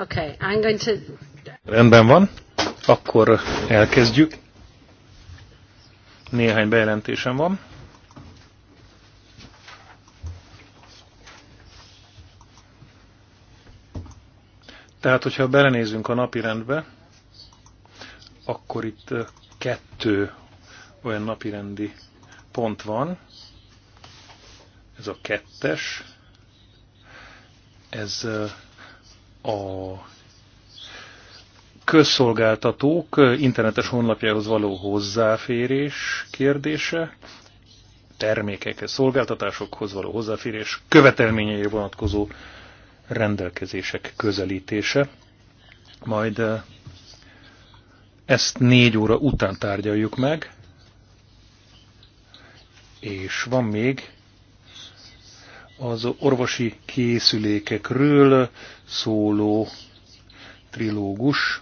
Okay, I'm going to... Rendben van, akkor elkezdjük. Néhány bejelentésem van. Tehát, hogyha belenézünk a napirendbe, akkor itt kettő olyan napirendi pont van. Ez a kettes. Ez a közszolgáltatók internetes honlapjához való hozzáférés kérdése, termékekhez, szolgáltatásokhoz való hozzáférés követelményeire vonatkozó rendelkezések közelítése. Majd eh, ezt négy óra után tárgyaljuk meg, és van még az orvosi készülékekről szóló trilógus.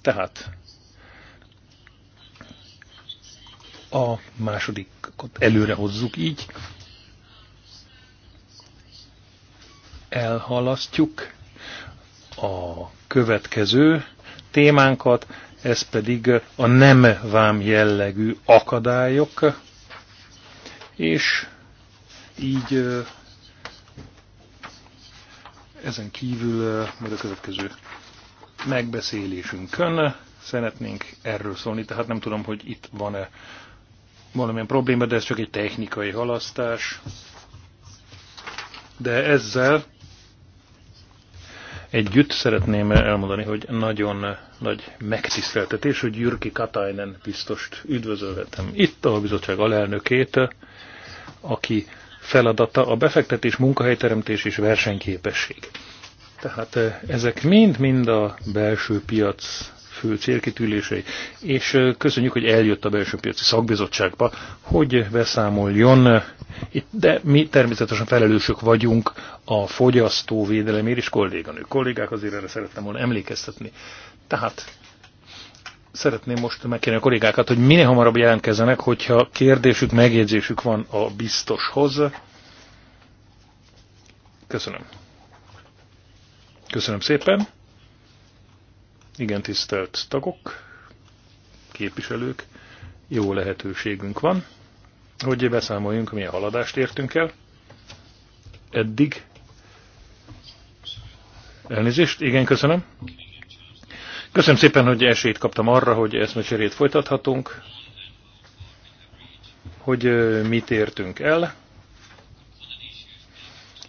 Tehát a másodikat előre hozzuk így, elhalasztjuk a következő témánkat, ez pedig a nem vám jellegű akadályok, és így ezen kívül majd a következő megbeszélésünkön szeretnénk erről szólni, tehát nem tudom, hogy itt van-e valamilyen probléma, de ez csak egy technikai halasztás. De ezzel együtt szeretném elmondani, hogy nagyon nagy megtiszteltetés, hogy Jürki Katainen biztost üdvözölhetem itt a bizottság alelnökét, aki feladata a befektetés, munkahelyteremtés és versenyképesség. Tehát eh, ezek mind-mind a belső piac fő célkitűlései, és eh, köszönjük, hogy eljött a belső piaci szakbizottságba, hogy beszámoljon, de mi természetesen felelősök vagyunk a fogyasztóvédelemért és kolléganők. Kollégák azért erre szerettem volna emlékeztetni. Tehát szeretném most megkérni a kollégákat, hogy minél hamarabb jelentkezzenek, hogyha kérdésük, megjegyzésük van a biztoshoz. Köszönöm. Köszönöm szépen. Igen, tisztelt tagok, képviselők, jó lehetőségünk van, hogy beszámoljunk, milyen haladást értünk el. Eddig. Elnézést, igen, köszönöm. Köszönöm szépen, hogy esélyt kaptam arra, hogy eszmecserét folytathatunk, hogy mit értünk el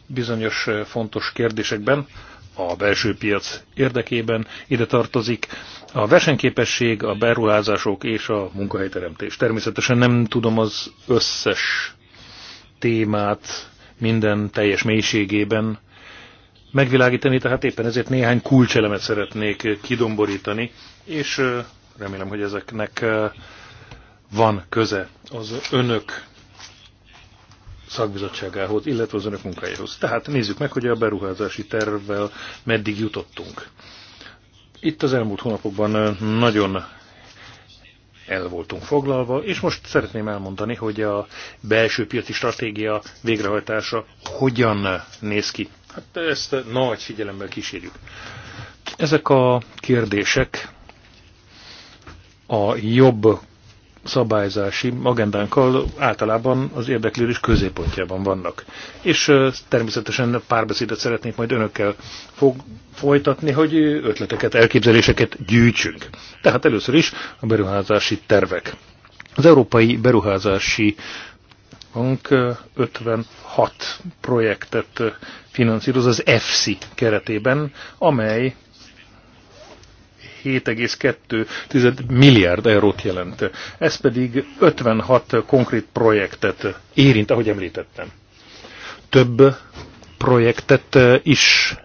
bizonyos fontos kérdésekben a belső piac érdekében. Ide tartozik a versenyképesség, a beruházások és a munkahelyteremtés. Természetesen nem tudom az összes témát minden teljes mélységében megvilágítani, tehát éppen ezért néhány kulcselemet szeretnék kidomborítani, és remélem, hogy ezeknek van köze az önök szakbizottságához, illetve az önök munkájához. Tehát nézzük meg, hogy a beruházási tervvel meddig jutottunk. Itt az elmúlt hónapokban nagyon el voltunk foglalva, és most szeretném elmondani, hogy a belső piaci stratégia végrehajtása hogyan néz ki Hát ezt nagy figyelemmel kísérjük. Ezek a kérdések a jobb szabályzási agendánkkal általában az érdeklődés középpontjában vannak. És természetesen párbeszédet szeretnék majd önökkel fog folytatni, hogy ötleteket, elképzeléseket gyűjtsünk. Tehát először is a beruházási tervek. Az Európai Beruházási Bank 56 projektet finanszíroz az EFSI keretében, amely 7,2 milliárd eurót jelent. Ez pedig 56 konkrét projektet érint, ahogy említettem. Több projektet is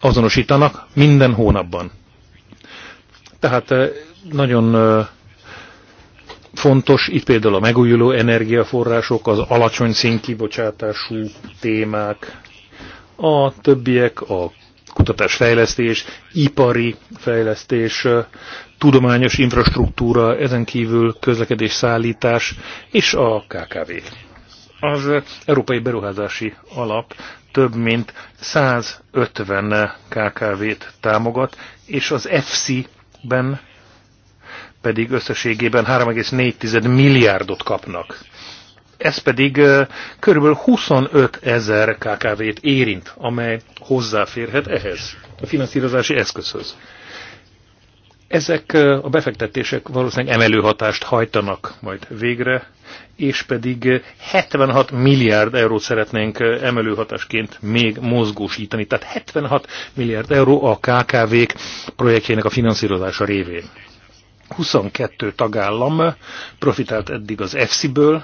azonosítanak minden hónapban. Tehát nagyon fontos, itt például a megújuló energiaforrások, az alacsony színkibocsátású témák, a többiek a kutatásfejlesztés, ipari fejlesztés, tudományos infrastruktúra, ezen kívül közlekedés, szállítás és a KKV. Az Európai Beruházási Alap több mint 150 KKV-t támogat, és az EFSI-ben pedig összességében 3,4 milliárdot kapnak. Ez pedig körülbelül 25 ezer KKV-t érint, amely hozzáférhet ehhez, a finanszírozási eszközhöz. Ezek a befektetések valószínűleg emelő hatást hajtanak majd végre, és pedig 76 milliárd eurót szeretnénk emelő hatásként még mozgósítani. Tehát 76 milliárd euró a KKV-k projektjének a finanszírozása révén. 22 tagállam profitált eddig az EFSI-ből,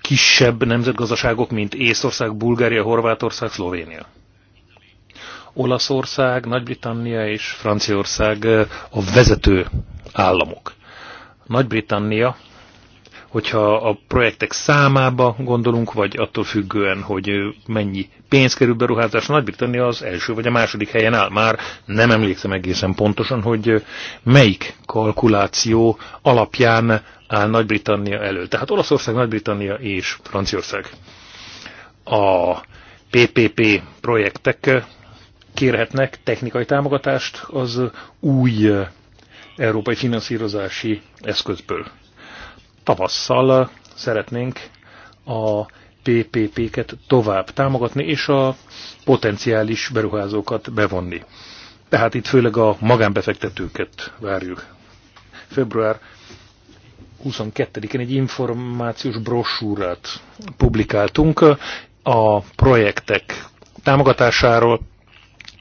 kisebb nemzetgazdaságok, mint Észország, Bulgária, Horvátország, Szlovénia. Olaszország, Nagy-Britannia és Franciaország eh, a vezető államok. Nagy-Britannia hogyha a projektek számába gondolunk, vagy attól függően, hogy mennyi pénz kerül beruházás, Nagy-Britannia az első vagy a második helyen áll. Már nem emlékszem egészen pontosan, hogy melyik kalkuláció alapján áll Nagy-Britannia elő. Tehát Olaszország, Nagy-Britannia és Franciaország. A PPP projektek kérhetnek technikai támogatást az új európai finanszírozási eszközből tavasszal szeretnénk a PPP-ket tovább támogatni, és a potenciális beruházókat bevonni. Tehát itt főleg a magánbefektetőket várjuk. Február 22-én egy információs brosúrát publikáltunk a projektek támogatásáról,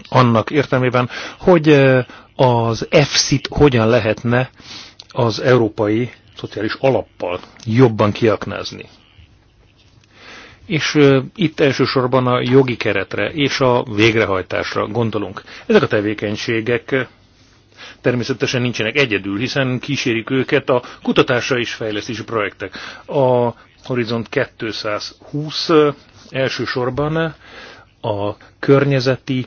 annak értelmében, hogy eh, az EFSIT hogyan lehetne az európai szociális alappal jobban kiaknázni. És itt elsősorban a jogi keretre és a végrehajtásra gondolunk. Ezek a tevékenységek természetesen nincsenek egyedül, hiszen kísérik őket a kutatásra és fejlesztési projektek. A Horizont 220 elsősorban a környezeti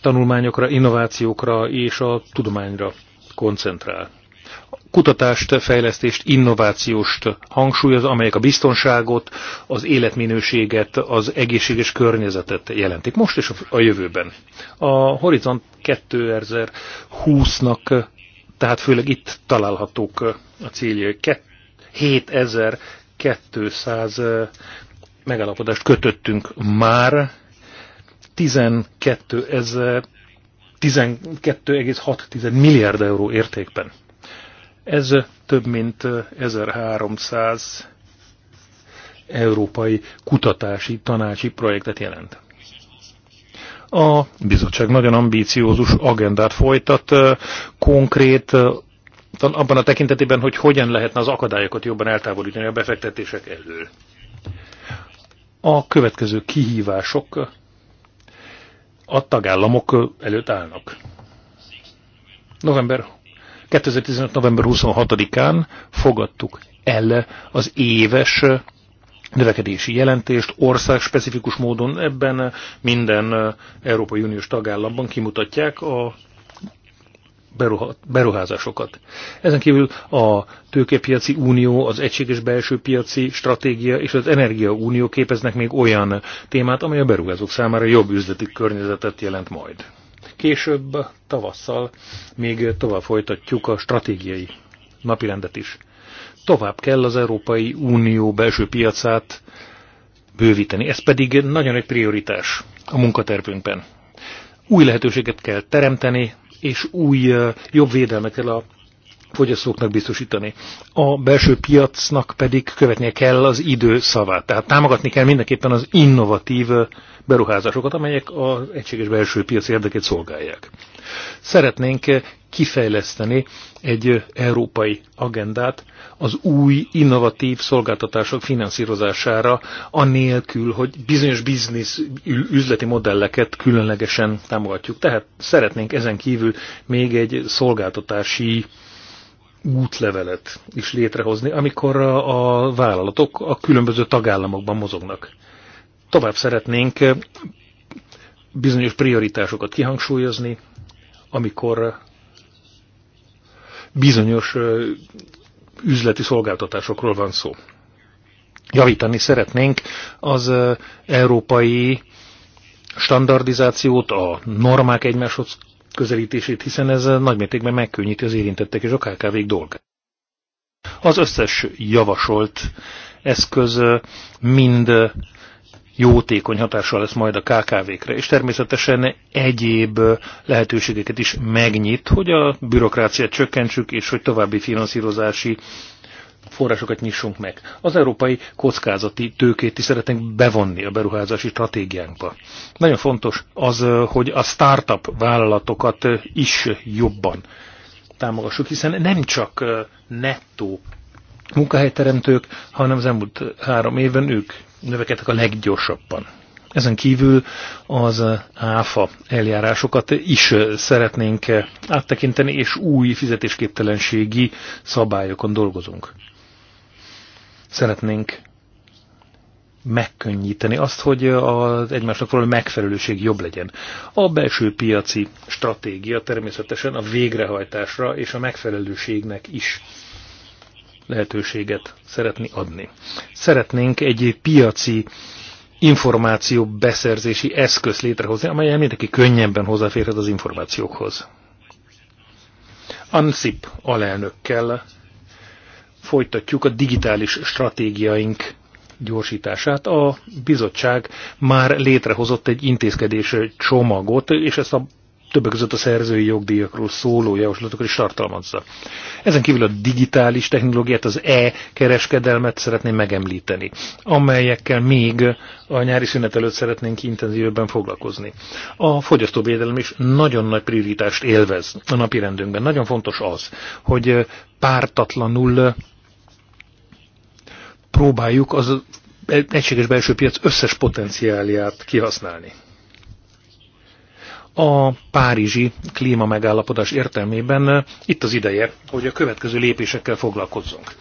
tanulmányokra, innovációkra és a tudományra koncentrál kutatást, fejlesztést, innovációst hangsúlyoz, amelyek a biztonságot, az életminőséget, az egészséges környezetet jelentik most és a jövőben. A Horizont 2020-nak, tehát főleg itt találhatók a céljai. 7200 megállapodást kötöttünk már, 12 ezer 12,6 milliárd euró értékben. Ez több mint 1300 európai kutatási tanácsi projektet jelent. A bizottság nagyon ambíciózus agendát folytat, konkrét abban a tekintetében, hogy hogyan lehetne az akadályokat jobban eltávolítani a befektetések elől. A következő kihívások a tagállamok előtt állnak. November 2015. november 26-án fogadtuk el az éves növekedési jelentést országspecifikus módon ebben minden Európai Uniós tagállamban kimutatják a beruházásokat. Ezen kívül a tőkepiaci unió, az egységes belső piaci stratégia és az energiaunió képeznek még olyan témát, amely a beruházók számára jobb üzleti környezetet jelent majd később tavasszal még tovább folytatjuk a stratégiai napirendet is. Tovább kell az Európai Unió belső piacát bővíteni. Ez pedig nagyon egy prioritás a munkatervünkben. Új lehetőséget kell teremteni, és új, jobb védelmet kell a fogyasztóknak biztosítani. A belső piacnak pedig követnie kell az idő szavát. Tehát támogatni kell mindenképpen az innovatív beruházásokat, amelyek az egységes belső piac érdekét szolgálják. Szeretnénk kifejleszteni egy európai agendát az új innovatív szolgáltatások finanszírozására, anélkül, hogy bizonyos biznisz üzleti modelleket különlegesen támogatjuk. Tehát szeretnénk ezen kívül még egy szolgáltatási útlevelet is létrehozni, amikor a vállalatok a különböző tagállamokban mozognak. Tovább szeretnénk eh, bizonyos prioritásokat kihangsúlyozni, amikor eh, bizonyos eh, üzleti szolgáltatásokról van szó. Javítani szeretnénk az európai standardizációt, a normák egymáshoz közelítését hiszen ez eh, nagymértékben megkönnyíti az érintettek és a kkv dolgát. Az összes javasolt eszköz eh, mind eh, jótékony hatással lesz majd a KKV-kre, és természetesen egyéb lehetőségeket is megnyit, hogy a bürokráciát csökkentsük, és hogy további finanszírozási forrásokat nyissunk meg. Az európai kockázati tőkét is szeretnénk bevonni a beruházási stratégiánkba. Nagyon fontos az, hogy a startup vállalatokat is jobban támogassuk, hiszen nem csak nettó munkahelyteremtők, hanem az elmúlt három évben ők növekedtek a leggyorsabban. Ezen kívül az ÁFA eljárásokat is szeretnénk áttekinteni, és új fizetésképtelenségi szabályokon dolgozunk szeretnénk megkönnyíteni azt, hogy az egymásnak való megfelelőség jobb legyen. A belső piaci stratégia természetesen a végrehajtásra és a megfelelőségnek is lehetőséget szeretni adni. Szeretnénk egy piaci információ beszerzési eszköz létrehozni, amelyen mindenki könnyebben hozzáférhet az információkhoz. ANSIP alelnökkel folytatjuk a digitális stratégiaink gyorsítását. A bizottság már létrehozott egy intézkedés csomagot, és ezt a többek között a szerzői jogdíjakról szóló javaslatokat is tartalmazza. Ezen kívül a digitális technológiát, az e-kereskedelmet szeretném megemlíteni, amelyekkel még a nyári szünet előtt szeretnénk intenzívebben foglalkozni. A fogyasztóvédelem is nagyon nagy prioritást élvez a napi rendünkben. Nagyon fontos az, hogy pártatlanul próbáljuk az egységes belső piac összes potenciáliát kihasználni. A párizsi klíma megállapodás értelmében eh, itt az ideje, hogy a következő lépésekkel foglalkozzunk.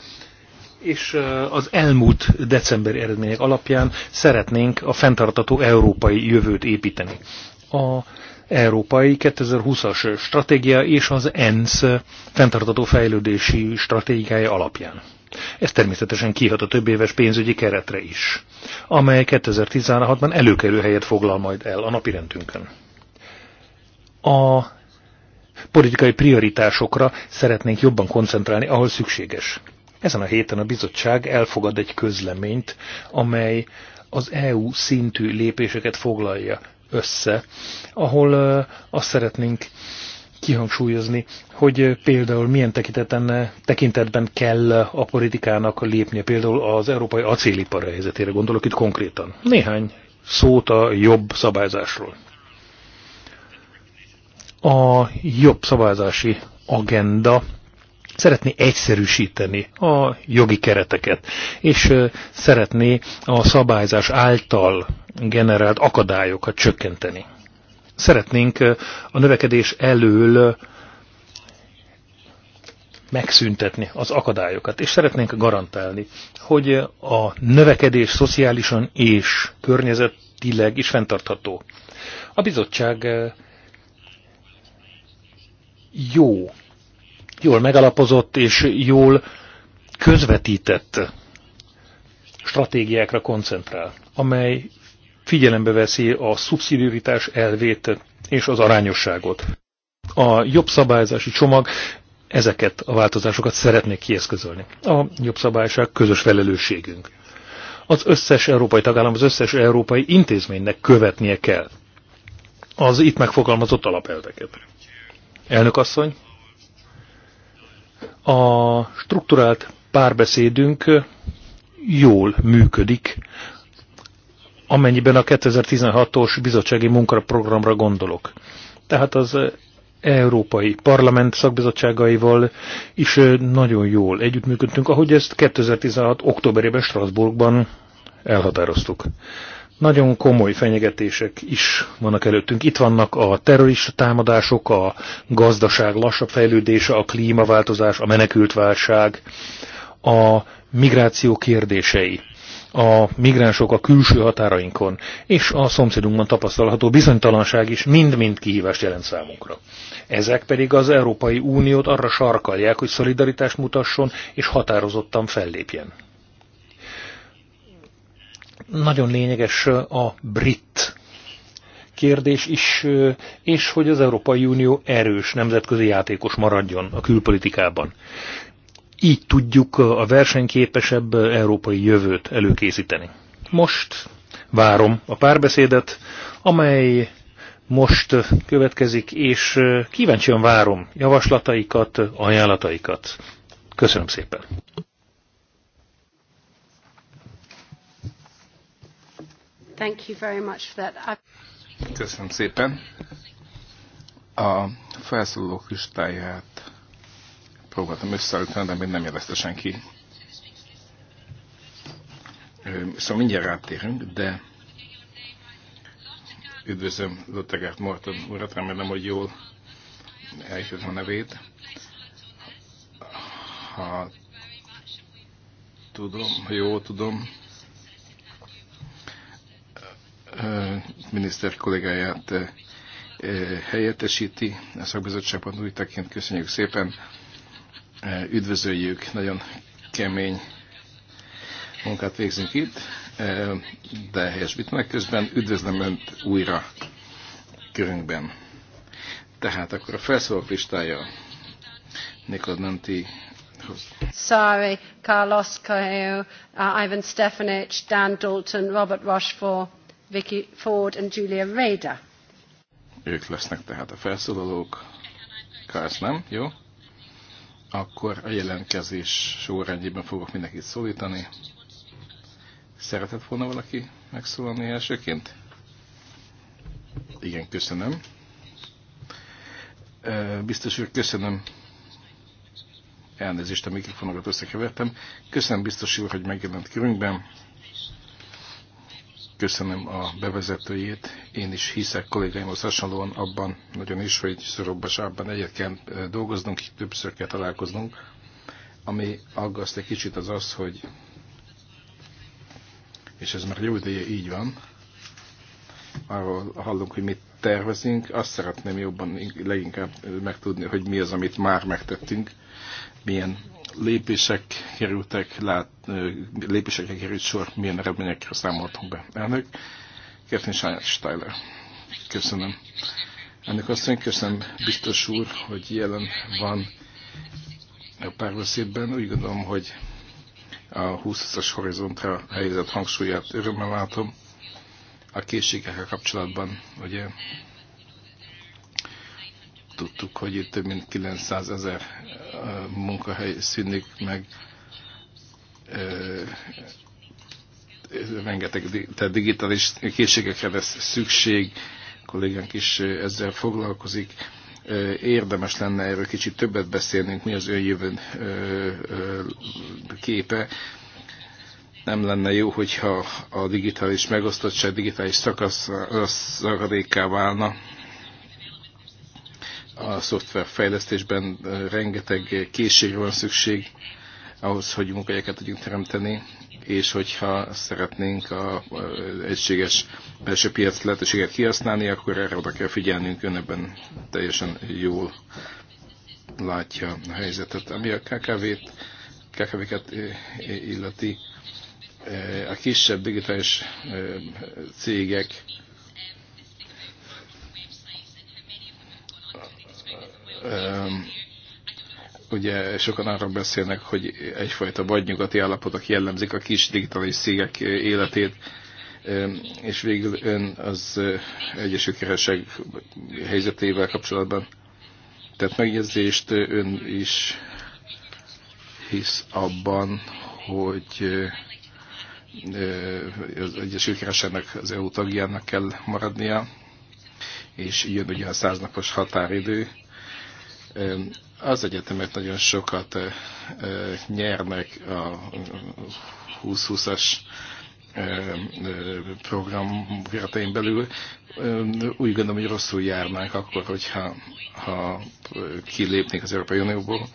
És eh, az elmúlt decemberi eredmények alapján szeretnénk a fenntartató európai jövőt építeni. A Európai 2020-as stratégia és az ENSZ fenntartató fejlődési stratégiája alapján. Ez természetesen kihat a több éves pénzügyi keretre is, amely 2016-ban előkerül helyet foglal majd el a napirendünkön. A politikai prioritásokra szeretnénk jobban koncentrálni, ahol szükséges. Ezen a héten a bizottság elfogad egy közleményt, amely az EU szintű lépéseket foglalja össze, ahol azt szeretnénk kihangsúlyozni, hogy például milyen tekintetben, tekintetben kell a politikának lépnie, például az európai acélipar helyzetére gondolok itt konkrétan. Néhány szót a jobb szabályzásról. A jobb szabályzási agenda szeretné egyszerűsíteni a jogi kereteket, és szeretné a szabályzás által generált akadályokat csökkenteni. Szeretnénk a növekedés elől megszüntetni az akadályokat, és szeretnénk garantálni, hogy a növekedés szociálisan és környezetileg is fenntartható. A bizottság jó, jól megalapozott és jól közvetített stratégiákra koncentrál, amely figyelembe veszi a szubszidiaritás elvét és az arányosságot. A jobb szabályozási csomag ezeket a változásokat szeretnék kieszközölni. A jobb szabályság közös felelősségünk. Az összes európai tagállam, az összes európai intézménynek követnie kell az itt megfogalmazott alapelveket. Elnök asszony, a strukturált párbeszédünk jól működik amennyiben a 2016-os bizottsági munkaprogramra gondolok. Tehát az Európai Parlament szakbizottságaival is nagyon jól együttműködtünk, ahogy ezt 2016. októberében Strasbourgban elhatároztuk. Nagyon komoly fenyegetések is vannak előttünk. Itt vannak a terrorista támadások, a gazdaság lassabb fejlődése, a klímaváltozás, a menekültválság, a migráció kérdései a migránsok a külső határainkon és a szomszédunkban tapasztalható bizonytalanság is mind-mind kihívást jelent számunkra. Ezek pedig az Európai Uniót arra sarkalják, hogy szolidaritást mutasson és határozottan fellépjen. Nagyon lényeges a brit kérdés is, és hogy az Európai Unió erős nemzetközi játékos maradjon a külpolitikában így tudjuk a versenyképesebb európai jövőt előkészíteni. Most várom a párbeszédet, amely most következik, és kíváncsian várom javaslataikat, ajánlataikat. Köszönöm szépen! Thank you very much for that. Köszönöm szépen. A felszólók listáját próbáltam összeállítani, de még nem jelezte senki. Szóval mindjárt rátérünk, de üdvözlöm Lottegert Morton urat, remélem, hogy jól ejtettem a nevét. Ha tudom, ha jól tudom, miniszter kollégáját helyettesíti a szakbizottságban új tekint. Köszönjük szépen! Eh, üdvözöljük, nagyon kemény munkát végzünk itt, eh, de helyesbít meg közben üdvözlöm Önt újra körünkben. Tehát akkor a felszólók listája Nikod Nanti Sorry, Carlos Coelho, uh, Ivan Stefanich, Dan Dalton, Robert Rochefort, Vicky Ford and Julia Rader. Ők lesznek tehát a felszólalók. Kársz nem, jó? akkor a jelentkezés sorrendjében fogok mindenkit szólítani. Szeretett volna valaki megszólalni elsőként? Igen, köszönöm. Biztos úr, köszönöm. Elnézést, a mikrofonokat összekevertem. Köszönöm biztos úr, hogy megjelent körünkben köszönöm a bevezetőjét. Én is hiszek kollégáimhoz hasonlóan abban nagyon is, hogy szorobbasabban egyet kell dolgoznunk, többször kell találkoznunk. Ami aggaszt egy kicsit az az, hogy és ez már jó ideje így van, arról hallunk, hogy mit tervezünk, azt szeretném jobban leginkább megtudni, hogy mi az, amit már megtettünk, milyen lépések kerültek, lát, lépésekre került sor, milyen eredményekre számoltunk be. Elnök, Kertin Steiner. Köszönöm. Ennek azt köszönöm, biztos úr, hogy jelen van a párbeszédben. Úgy gondolom, hogy a 20-as horizontra helyezett hangsúlyát örömmel látom. A készségekkel kapcsolatban, ugye, tudtuk, hogy itt több mint 900 ezer munkahely szűnik meg, rengeteg tehát digitális készségekre lesz szükség, a kollégánk is ezzel foglalkozik. Érdemes lenne erről kicsit többet beszélnünk, mi az önjövőn képe nem lenne jó, hogyha a digitális megosztottság digitális szakasz szakadékká válna, a szoftverfejlesztésben rengeteg készségre van szükség ahhoz, hogy munkahelyeket tudjunk teremteni, és hogyha szeretnénk a egységes belső piac lehetőséget kihasználni, akkor erre oda kell figyelnünk, ön ebben teljesen jól látja a helyzetet. Ami a KKV-t, KKV-ket illeti, a kisebb digitális cégek ugye sokan arról beszélnek, hogy egyfajta vadnyugati állapotok jellemzik a kis digitális szégek életét, és végül ön az Egyesült Királyság helyzetével kapcsolatban tett megjegyzést, ön is hisz abban, hogy az Egyesült Királyságnak az EU tagjának kell maradnia, és jön ugye a száznapos határidő, az egyetemek nagyon sokat nyernek a 20-20-as program keretein belül. Úgy gondolom, hogy rosszul járnánk akkor, hogyha ha kilépnék az Európai Unióból.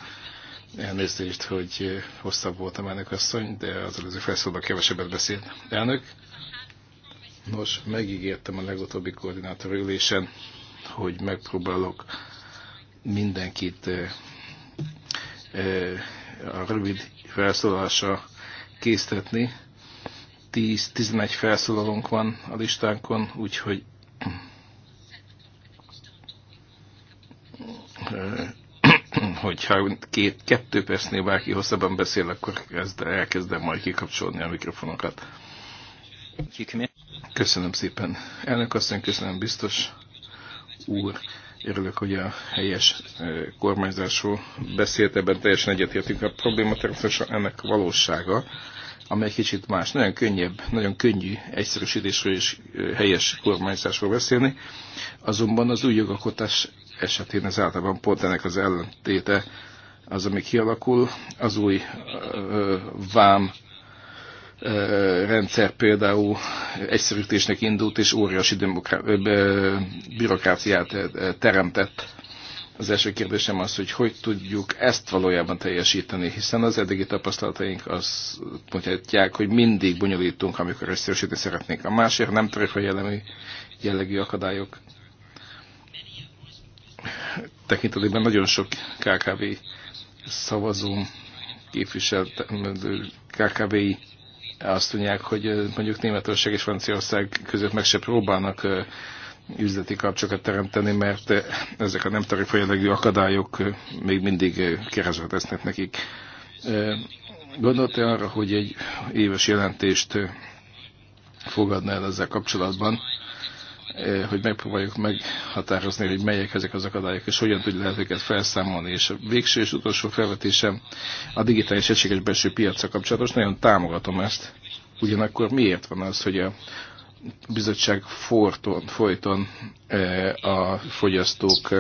Elnézést, hogy hosszabb voltam elnök asszony, de az előző felszólban kevesebbet beszélt elnök. Nos, megígértem a legutóbbi koordinátor ülésen, hogy megpróbálok mindenkit a rövid felszólalásra késztetni. 10-11 felszólalónk van a listánkon, úgyhogy hogyha két, kettő percnél bárki hosszabban beszél, akkor kezd, elkezdem majd kikapcsolni a mikrofonokat. Köszönöm szépen. Elnök asszony, köszönöm biztos úr. Örülök, hogy a helyes kormányzásról beszélt, ebben teljesen egyetértünk. A probléma természetesen ennek valósága, amely kicsit más. Nagyon könnyebb, nagyon könnyű egyszerűsítésről és helyes kormányzásról beszélni, azonban az új jogalkotás esetén ez általában pont ennek az ellentéte az, ami kialakul, az új vám rendszer például egyszerűtésnek indult, és óriási bürokráciát teremtett. Az első kérdésem az, hogy hogy tudjuk ezt valójában teljesíteni, hiszen az eddigi tapasztalataink azt mutatják, hogy mindig bonyolítunk, amikor egyszerűsíteni szeretnénk. A másik nem török jellemű jellegű akadályok tekintetében nagyon sok KKV szavazó képviselt KKV-i azt tudják, hogy mondjuk Németország és Franciaország között meg se próbálnak üzleti kapcsokat teremteni, mert ezek a nem tarifa akadályok még mindig keresztbe tesznek nekik. Gondolta arra, hogy egy éves jelentést fogadna el ezzel kapcsolatban, hogy megpróbáljuk meghatározni, hogy melyek ezek az akadályok, és hogyan tudjuk lehet őket felszámolni. És a végső és utolsó felvetésem a digitális egységes belső piacra kapcsolatos, nagyon támogatom ezt. Ugyanakkor miért van az, hogy a bizottság forton, folyton a fogyasztók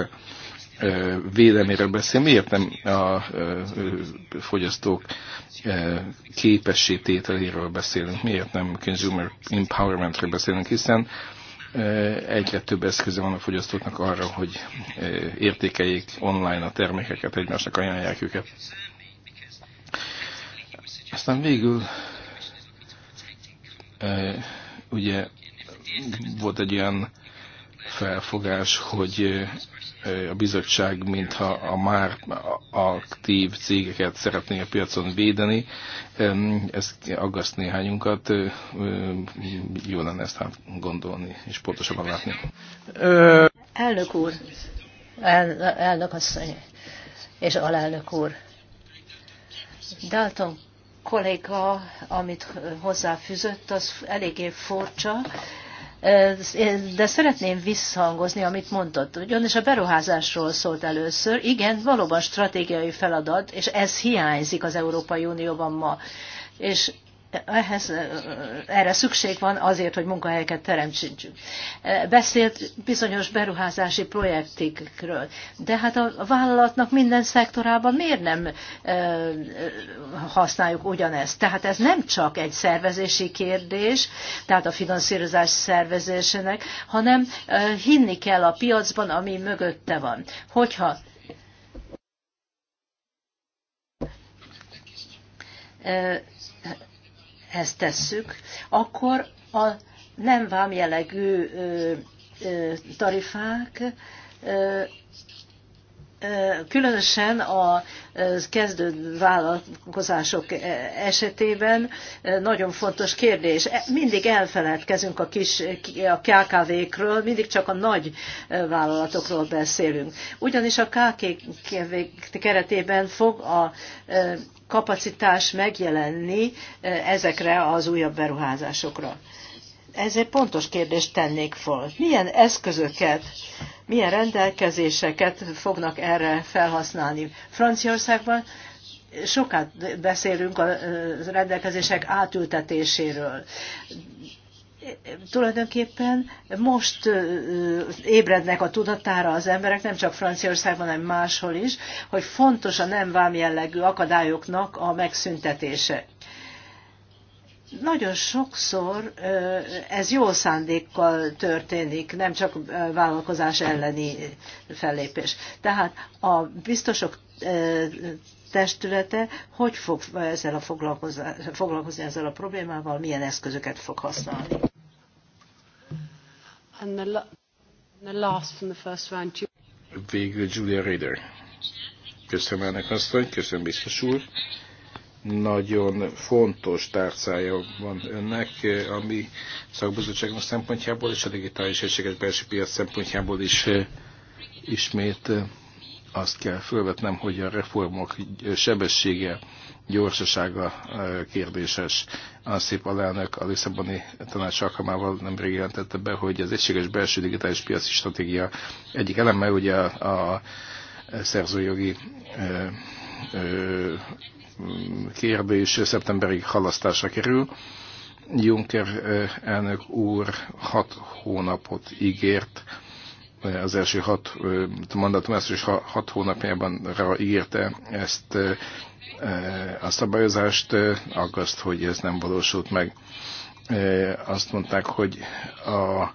védelméről beszél, miért nem a fogyasztók képessé tételéről beszélünk, miért nem consumer empowerment beszélünk, hiszen egyre több eszköze van a fogyasztóknak arra, hogy értékeljék online a termékeket, egymásnak ajánlják őket. Aztán végül ugye volt egy olyan felfogás, hogy a bizottság, mintha a már aktív cégeket szeretné a piacon védeni. Ez aggaszt néhányunkat. Jó lenne ezt hát gondolni és pontosabban látni. Elnök úr, el, elnök asszony és alelnök úr. Dalton kolléga, amit hozzáfűzött, az eléggé furcsa de szeretném visszhangozni, amit mondott. Ugyanis a beruházásról szólt először. Igen, valóban stratégiai feladat, és ez hiányzik az Európai Unióban ma. És ehhez, erre szükség van azért, hogy munkahelyeket teremtsünk. Beszélt bizonyos beruházási projektikről, de hát a vállalatnak minden szektorában miért nem használjuk ugyanezt? Tehát ez nem csak egy szervezési kérdés, tehát a finanszírozás szervezésének, hanem hinni kell a piacban, ami mögötte van. Hogyha Uh ezt tesszük, akkor a nem vám tarifák Különösen a kezdő vállalkozások esetében nagyon fontos kérdés. E, mindig elfeledkezünk a kis a KKV-kről, mindig csak a nagy vállalatokról beszélünk. Ugyanis a KKV keretében fog a kapacitás megjelenni ezekre az újabb beruházásokra. Ezért pontos kérdést tennék fel. Milyen eszközöket, milyen rendelkezéseket fognak erre felhasználni? Franciaországban sokat beszélünk a rendelkezések átültetéséről. Tulajdonképpen most ébrednek a tudatára az emberek, nem csak Franciaországban, hanem máshol is, hogy fontos a nem jellegű akadályoknak a megszüntetése nagyon sokszor ez jó szándékkal történik, nem csak vállalkozás elleni fellépés. Tehát a biztosok testülete hogy fog ezzel a foglalkozni ezzel a problémával, milyen eszközöket fog használni. Végül Julia Rader. Köszönöm azt, hogy köszönöm biztos úr nagyon fontos tárcája van önnek, eh, ami szakbizottságunk szempontjából és a digitális egységes belső piac szempontjából is eh, ismét eh, azt kell fölvetnem, hogy a reformok sebessége, gyorsasága kérdéses. A szép alelnök a Lisszaboni tanács alkalmával nemrég jelentette be, hogy az egységes belső digitális piaci stratégia egyik eleme ugye a, a szerzőjogi kérdés szeptemberig halasztásra kerül. Juncker elnök úr hat hónapot ígért, az első hat mandatum első hat hónapjában ígérte ezt a szabályozást, aggaszt, hogy ez nem valósult meg. Azt mondták, hogy a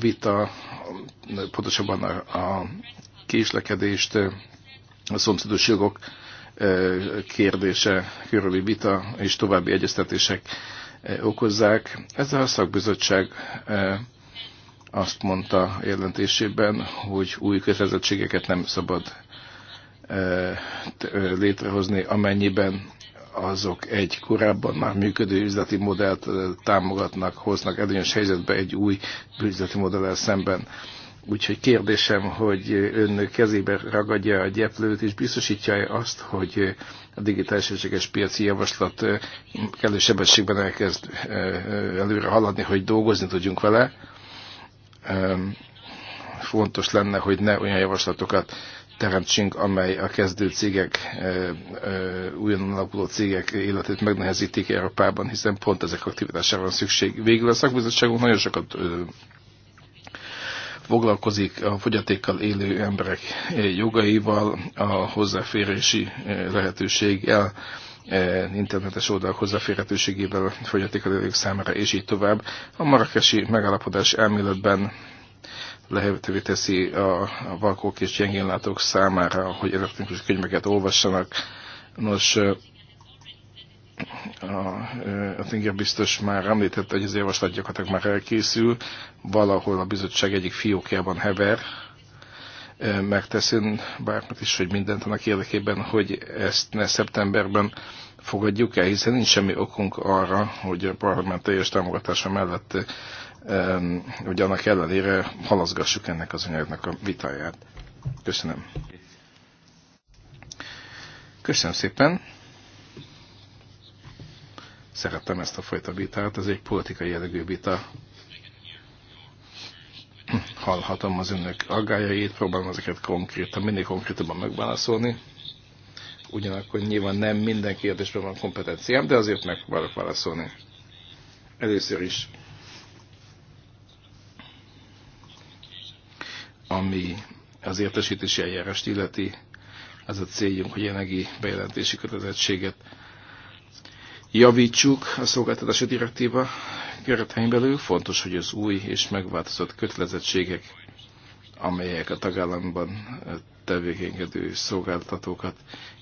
vita, pontosabban a, a késlekedést a szomszédos jogok kérdése körüli vita és további egyeztetések okozzák. Ez a szakbizottság azt mondta jelentésében, hogy új kötelezettségeket nem szabad létrehozni, amennyiben azok egy korábban már működő üzleti modellt támogatnak, hoznak előnyös helyzetbe egy új üzleti modellel szemben. Úgyhogy kérdésem, hogy ön kezébe ragadja a gyeplőt, és biztosítja -e azt, hogy a digitális egységes piaci javaslat eh, kellő sebességben elkezd eh, előre haladni, hogy dolgozni tudjunk vele. Ehm, fontos lenne, hogy ne olyan javaslatokat teremtsünk, amely a kezdő cégek, eh, újonnan alakuló cégek életét megnehezítik Európában, hiszen pont ezek aktivitására van szükség. Végül a szakbizottságunk nagyon sokat foglalkozik a fogyatékkal élő emberek jogaival, a hozzáférési eh, lehetőséggel, eh, internetes oldalak hozzáférhetőségével fogyatékkal élők számára, és így tovább. A marakesi megállapodás elméletben lehetővé teszi a vakok és gyengénlátók számára, hogy elektronikus könyveket olvassanak. Nos, eh, a Tinger biztos már említette, hogy az javaslat gyakorlatilag már elkészül, valahol a bizottság egyik fiókjában hever, megteszünk bármit is, hogy mindent annak érdekében, hogy ezt ne szeptemberben fogadjuk el, hiszen nincs semmi okunk arra, hogy a parlament teljes támogatása mellett hogy annak ellenére halaszgassuk ennek az anyagnak a vitáját. Köszönöm. Köszönöm szépen szerettem ezt a fajta vitát, ez egy politikai jellegű vita. Hallhatom az önök aggájait, próbálom ezeket konkrétan, mindig konkrétabban megválaszolni. Ugyanakkor nyilván nem minden kérdésben van kompetenciám, de azért meg fogok válaszolni. Először is, ami az értesítési eljárást illeti, az a céljunk, hogy jelenlegi bejelentési kötelezettséget javítsuk a szolgáltatási direktíva keretein belül. Fontos, hogy az új és megváltozott kötelezettségek, amelyek a tagállamban tevékenykedő szolgáltatókat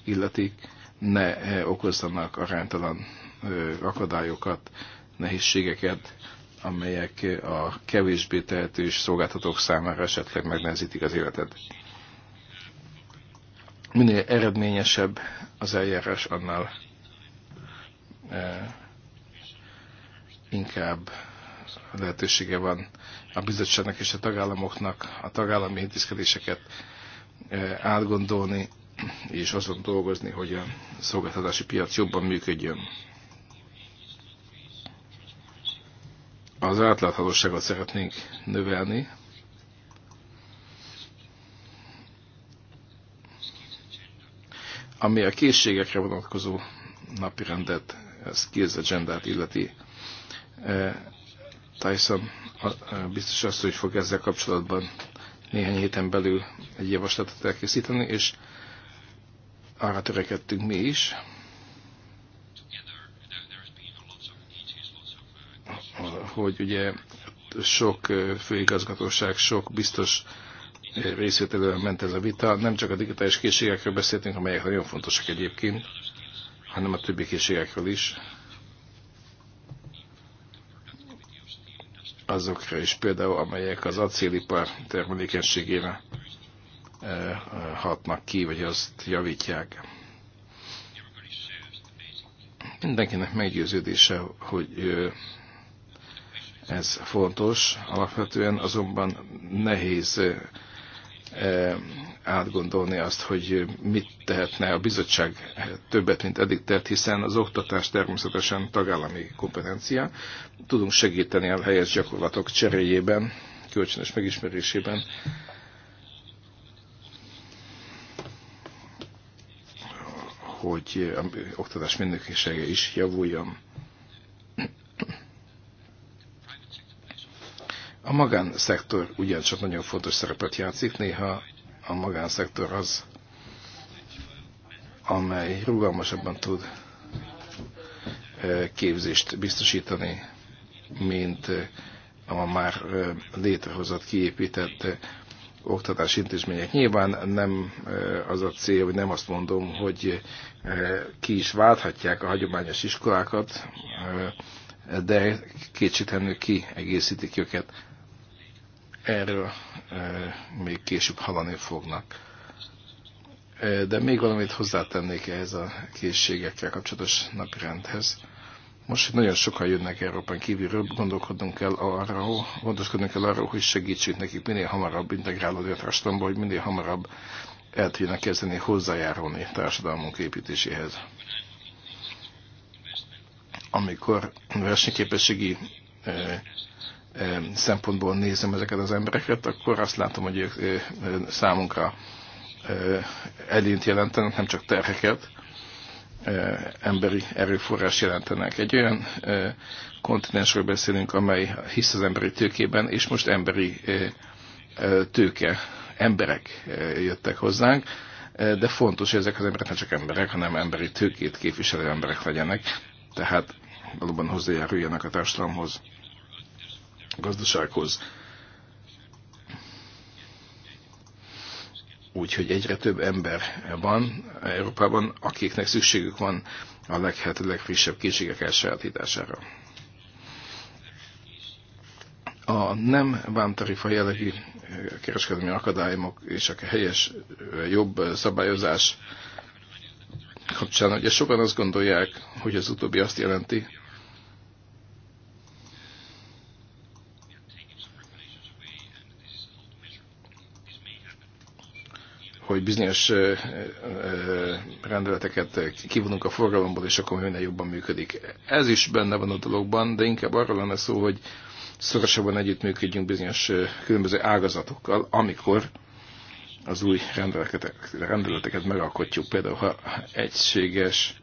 illetik, ne eh, okozzanak aránytalan eh, akadályokat, nehézségeket, amelyek eh, a kevésbé tehetős szolgáltatók számára esetleg megnehezítik az életet. Minél eredményesebb az eljárás, annál inkább lehetősége van a bizottságnak és a tagállamoknak a tagállami intézkedéseket átgondolni, és azon dolgozni, hogy a szolgáltatási piac jobban működjön. Az átláthatóságot szeretnénk növelni. Ami a készségekre vonatkozó napirendet skills agendát illeti. E, Tyson biztos azt, hogy fog ezzel kapcsolatban néhány héten belül egy javaslatot elkészíteni, és arra törekedtünk mi is, hogy ugye sok e, főigazgatóság, sok biztos e, részvételően ment ez a vita. Nem csak a digitális készségekről beszéltünk, amelyek nagyon fontosak egyébként, hanem a többi készségekről is. Azokra is például, amelyek az acélipar termelékenységére eh, hatnak ki, vagy azt javítják. Mindenkinek meggyőződése, hogy eh, ez fontos, alapvetően azonban nehéz eh, átgondolni azt, hogy mit tehetne a bizottság többet, mint eddig tett, hiszen az oktatás természetesen tagállami kompetencia. Tudunk segíteni a helyes gyakorlatok cseréjében, kölcsönös megismerésében. hogy a oktatás minősége is javuljon. A magánszektor ugyancsak nagyon fontos szerepet játszik, néha a magánszektor az, amely rugalmasabban tud képzést biztosítani, mint a már létrehozott, kiépített oktatási intézmények. Nyilván nem az a cél, hogy nem azt mondom, hogy ki is válthatják a hagyományos iskolákat, de kétségtelenül egészítik őket. Erről még később hallani fognak. De még valamit hozzátennék ehhez a készségekkel kapcsolatos napirendhez. Most, hogy nagyon sokan jönnek Európán kívülről, gondolkodunk el arra, gondolkodunk el arra, hogy segítsünk nekik minél hamarabb integrálódni a társadalomba, hogy minél hamarabb el tudjanak kezdeni hozzájárulni társadalmunk építéséhez. Amikor versenyképességi szempontból nézem ezeket az embereket, akkor azt látom, hogy ők számunkra elint jelentenek, nem csak terheket, emberi erőforrás jelentenek. Egy olyan kontinensről beszélünk, amely hisz az emberi tőkében, és most emberi tőke, emberek jöttek hozzánk, de fontos, hogy ezek az emberek nem csak emberek, hanem emberi tőkét képviselő emberek legyenek, tehát valóban hozzájáruljanak a társadalomhoz gazdasághoz. Úgyhogy egyre több ember van Európában, akiknek szükségük van a leghető legfrissebb készségek elsajátítására. A nem vámtarifa jellegű eh, kereskedelmi akadályok és a helyes, eh, jobb szabályozás kapcsán ugye sokan azt gondolják, hogy az utóbbi azt jelenti, hogy bizonyos rendeleteket kivonunk a forgalomból, és akkor minden jobban működik. Ez is benne van a dologban, de inkább arról lenne szó, hogy szorosabban együttműködjünk bizonyos különböző ágazatokkal, amikor az új rendeleteket, rendeleteket megalkotjuk. Például, ha egységes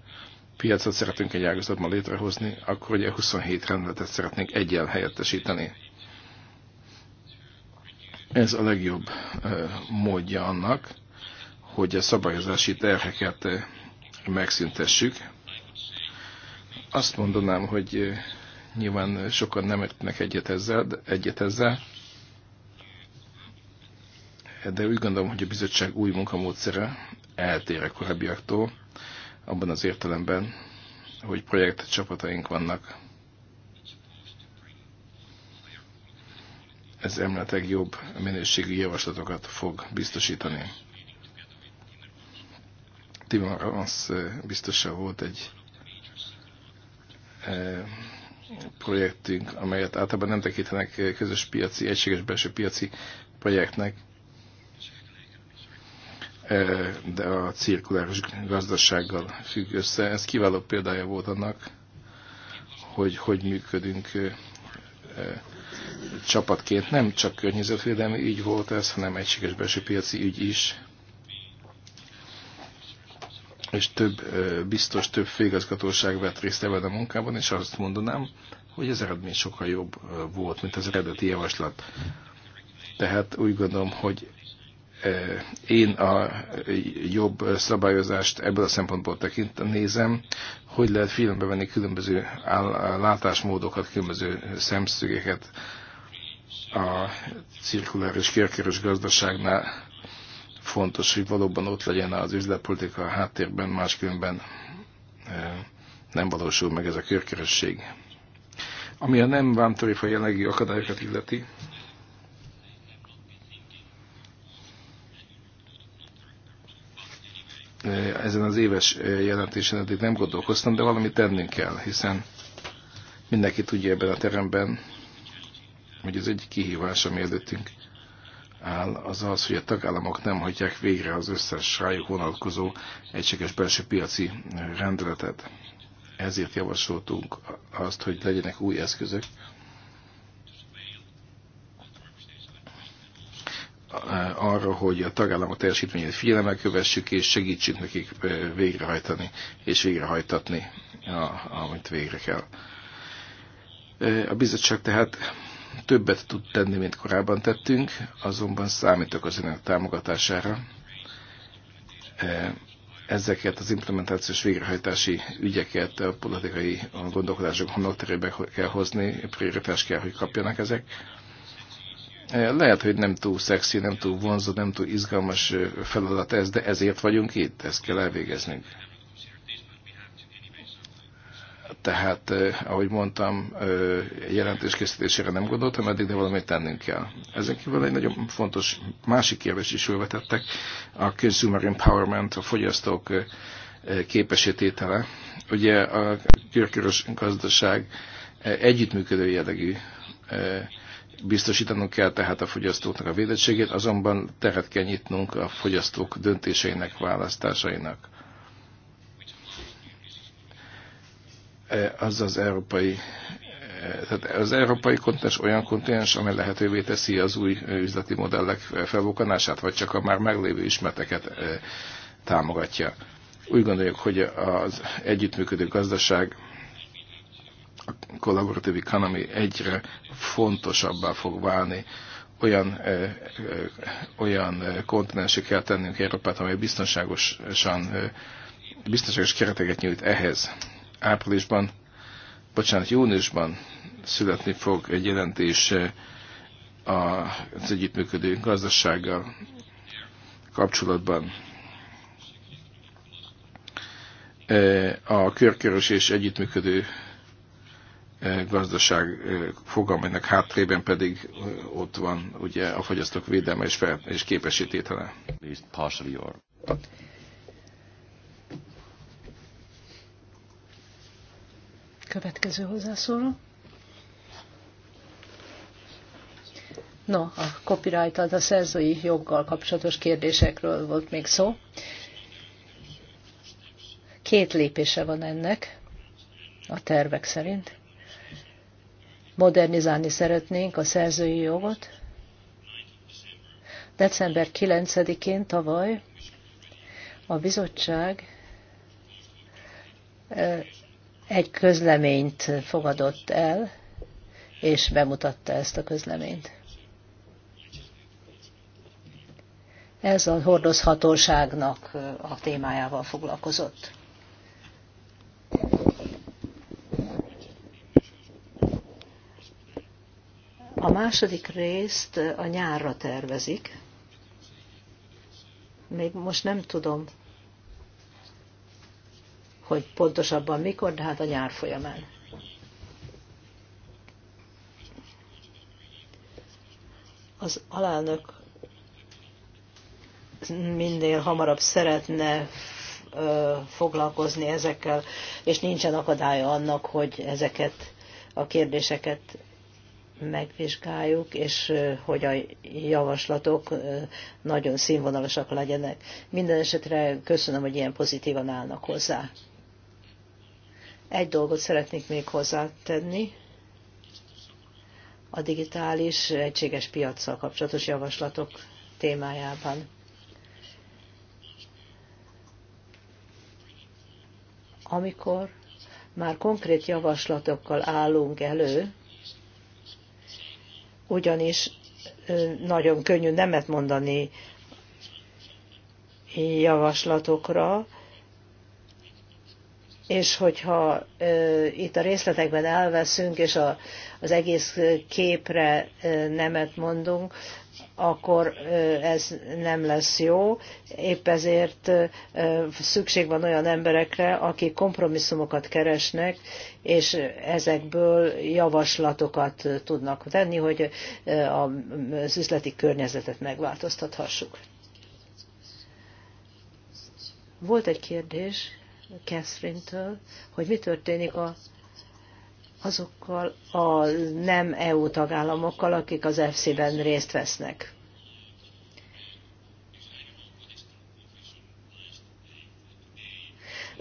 piacot szeretünk egy ágazatban létrehozni, akkor ugye 27 rendeletet szeretnénk egyel helyettesíteni. Ez a legjobb módja annak, hogy a szabályozási terheket eh, megszüntessük. Azt mondanám, hogy eh, nyilván sokan nem értnek egyet ezzel, de, egyet ezzel, de úgy gondolom, hogy a bizottság új munkamódszere eltér a korábbiaktól, abban az értelemben, hogy projekt csapataink vannak. Ez emletek jobb minőségű javaslatokat fog biztosítani az biztosan volt egy projektünk, amelyet általában nem tekintenek közös piaci, egységes belső piaci projektnek, de a cirkuláris gazdasággal függ össze. Ez kiváló példája volt annak, hogy hogy működünk csapatként. Nem csak környezetvédelmi ügy volt ez, hanem egységes belső piaci ügy is és több biztos, több főigazgatóság vett részt ebben a munkában, és azt mondanám, hogy az eredmény sokkal jobb volt, mint az eredeti javaslat. Tehát úgy gondolom, hogy én a jobb szabályozást ebből a szempontból tekint, nézem, hogy lehet figyelembe venni különböző látásmódokat, különböző szemszögeket a cirkuláris kérkeres gazdaságnál Fontos, hogy valóban ott legyen az üzletpolitika a háttérben, máskülönben e, nem valósul meg ez a körkörösség. Ami a nem vámtarifa jelenlegi akadályokat illeti, e, ezen az éves e, jelentésen eddig nem gondolkoztam, de valamit tennünk kell, hiszen mindenki tudja ebben a teremben, hogy ez egy kihívás, ami előttünk áll, az az, hogy a tagállamok nem hagyják végre az összes rájuk vonatkozó egységes belső piaci eh, rendeletet. Ezért javasoltunk azt, hogy legyenek új eszközök, eh, arra, hogy a tagállamok teljesítményét figyelemmel kövessük, és segítsünk nekik eh, végrehajtani és végrehajtatni, amit végre kell. A bizottság tehát Többet tud tenni, mint korábban tettünk, azonban számítok az önök támogatására. E, ezeket az implementációs végrehajtási ügyeket a politikai gondolkodások homlokterébe kell hozni, prioritás kell, hogy kapjanak ezek e, lehet, hogy nem túl szexi, nem túl vonzó, nem túl izgalmas feladat ez, de ezért vagyunk itt, ezt kell elvégeznünk. Tehát, ahogy mondtam, jelentés készítésére nem gondoltam eddig, de valamit tennünk kell. Ezen kívül egy nagyon fontos másik kérdés is felvetettek, a consumer empowerment, a fogyasztók képesítétele. Ugye a körkörös gazdaság együttműködő jellegű biztosítanunk kell tehát a fogyasztóknak a védettségét, azonban teret kell nyitnunk a fogyasztók döntéseinek, választásainak E, az az európai e, tehát az európai kontinens olyan kontinens, amely lehetővé teszi az új üzleti modellek felbukkanását, vagy csak a már meglévő ismerteket e, támogatja. Úgy gondoljuk, hogy az együttműködő gazdaság, a kollaboratív economy egyre fontosabbá fog válni. Olyan, olyan kontinensé kell tennünk Európát, amely biztonságosan biztonságos kereteket nyújt ehhez áprilisban, bocsánat, júniusban születni fog egy jelentés eh, az együttműködő gazdasággal kapcsolatban. Eh, a körkörös és együttműködő eh, gazdaság fogalmának hátrében pedig ott van ugye a fogyasztók védelme és, fel, és képesítétele. Következő hozzászóló. No, a copyright az a szerzői joggal kapcsolatos kérdésekről volt még szó. Két lépése van ennek a tervek szerint. Modernizálni szeretnénk a szerzői jogot. December 9-én tavaly a bizottság eh, egy közleményt fogadott el, és bemutatta ezt a közleményt. Ez a hordozhatóságnak a témájával foglalkozott. A második részt a nyárra tervezik. Még most nem tudom hogy pontosabban mikor, de hát a nyár folyamán. Az alelnök minél hamarabb szeretne foglalkozni ezekkel, és nincsen akadálya annak, hogy ezeket a kérdéseket megvizsgáljuk, és hogy a javaslatok nagyon színvonalasak legyenek. Minden esetre köszönöm, hogy ilyen pozitívan állnak hozzá. Egy dolgot szeretnék még hozzátenni, a digitális egységes piacsal kapcsolatos javaslatok témájában. Amikor már konkrét javaslatokkal állunk elő, ugyanis nagyon könnyű nemet mondani javaslatokra, és hogyha itt a részletekben elveszünk, és a, az egész képre nemet mondunk, akkor ez nem lesz jó. Épp ezért szükség van olyan emberekre, akik kompromisszumokat keresnek, és ezekből javaslatokat tudnak tenni, hogy az üzleti környezetet megváltoztathassuk. Volt egy kérdés. Catherine-től, hogy mi történik a, azokkal a nem EU tagállamokkal, akik az FC-ben részt vesznek.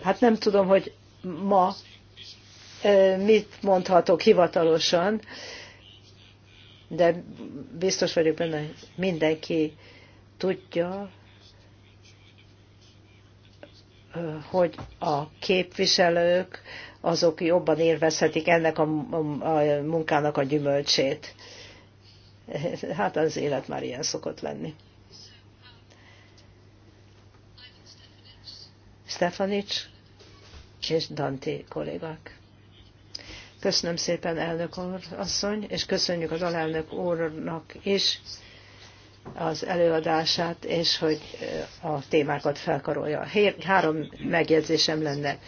Hát nem tudom, hogy ma mit mondhatok hivatalosan, de biztos vagyok benne, hogy mindenki tudja, hogy a képviselők azok jobban élvezhetik ennek a, munkának a gyümölcsét. Hát az élet már ilyen szokott lenni. Stefanics és Danti kollégák. Köszönöm szépen, elnök úr, asszony, és köszönjük az alelnök úrnak is az előadását, és hogy a témákat felkarolja. Három megjegyzésem lenne.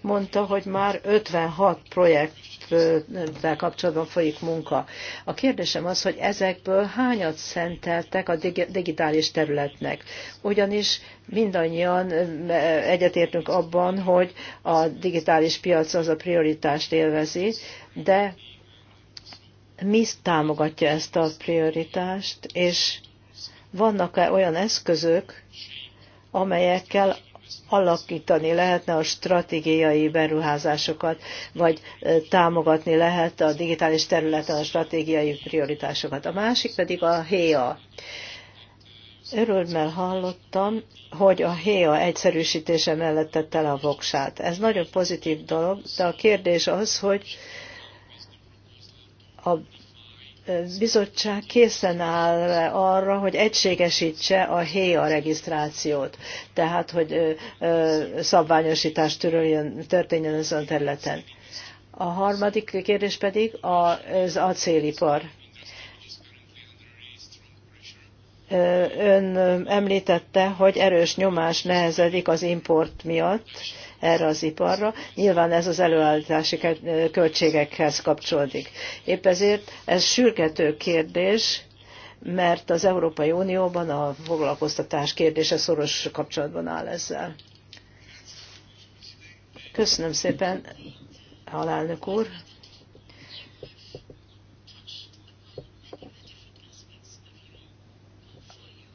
Mondta, hogy már 56 projekttel kapcsolatban folyik munka. A kérdésem az, hogy ezekből hányat szenteltek a digitális területnek. Ugyanis mindannyian egyetértünk abban, hogy a digitális piac az a prioritást élvezi, de mi támogatja ezt a prioritást, és vannak-e olyan eszközök, amelyekkel alakítani lehetne a stratégiai beruházásokat, vagy támogatni lehet a digitális területen a stratégiai prioritásokat. A másik pedig a HEA. Örülmel hallottam, hogy a HEA egyszerűsítése mellett tette le a voksát. Ez nagyon pozitív dolog, de a kérdés az, hogy a bizottság készen áll arra, hogy egységesítse a HEA regisztrációt, tehát hogy szabványosítás történjen ezen a területen. A harmadik kérdés pedig az acélipar. Ön említette, hogy erős nyomás nehezedik az import miatt, erre az iparra. Nyilván ez az előállítási költségekhez kapcsolódik. Épp ezért ez sürgető kérdés, mert az Európai Unióban a foglalkoztatás kérdése szoros kapcsolatban áll ezzel. Köszönöm szépen, halálnök úr.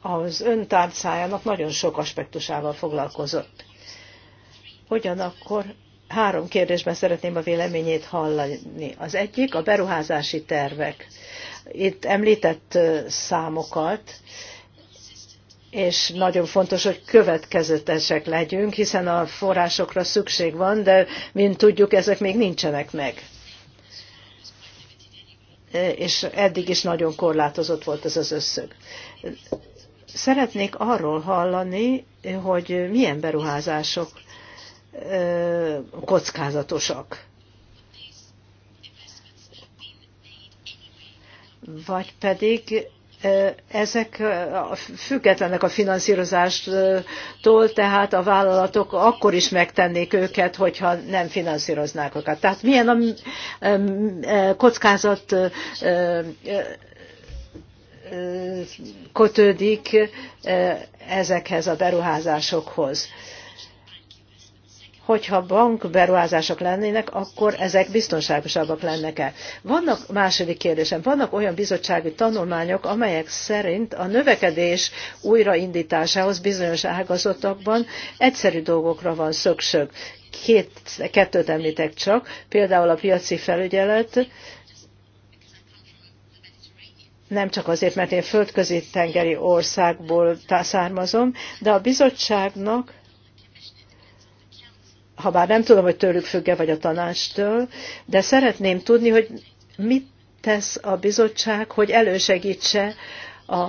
Az ön tárcájának nagyon sok aspektusával foglalkozott. Ugyanakkor három kérdésben szeretném a véleményét hallani. Az egyik a beruházási tervek. Itt említett számokat, és nagyon fontos, hogy következetesek legyünk, hiszen a forrásokra szükség van, de mint tudjuk, ezek még nincsenek meg. És eddig is nagyon korlátozott volt ez az összög. Szeretnék arról hallani, hogy milyen beruházások kockázatosak. Vagy pedig ezek függetlenek a finanszírozástól, tehát a vállalatok akkor is megtennék őket, hogyha nem finanszíroznák őket. Tehát milyen a kockázat kötődik ezekhez a beruházásokhoz hogyha bankberuházások lennének, akkor ezek biztonságosabbak lennek-e. Vannak második kérdésem, vannak olyan bizottsági tanulmányok, amelyek szerint a növekedés újraindításához bizonyos ágazatokban egyszerű dolgokra van szükség. Két, kettőt említek csak, például a piaci felügyelet, nem csak azért, mert én földközi tengeri országból származom, de a bizottságnak ha bár nem tudom, hogy tőlük függ-e vagy a tanástól, de szeretném tudni, hogy mit tesz a bizottság, hogy elősegítse a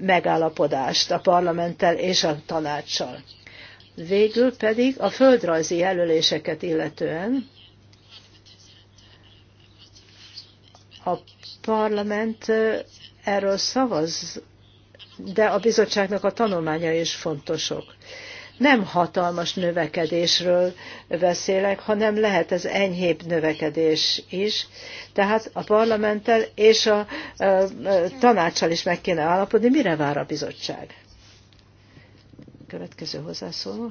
megállapodást a parlamenttel és a tanácssal. Végül pedig a földrajzi jelöléseket illetően a parlament erről szavaz, de a bizottságnak a tanulmánya is fontosok. Nem hatalmas növekedésről beszélek, hanem lehet ez enyhébb növekedés is. Tehát a parlamenttel és a, a, a tanácssal is meg kéne állapodni, mire vár a bizottság. Következő hozzászóló.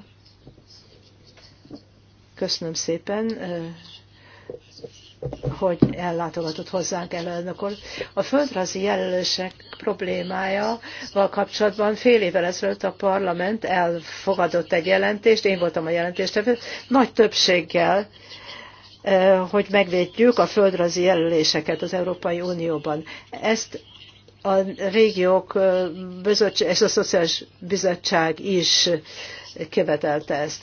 Köszönöm szépen, hogy ellátogatott hozzánk elnök úr. A földrajzi jelölések problémájával kapcsolatban fél évvel ezelőtt a parlament elfogadott egy jelentést, én voltam a jelentéstevő, nagy többséggel, eh, hogy megvédjük a földrajzi jelöléseket az Európai Unióban. Ezt a régiók és eh, a Szociális Bizottság is követelte ezt.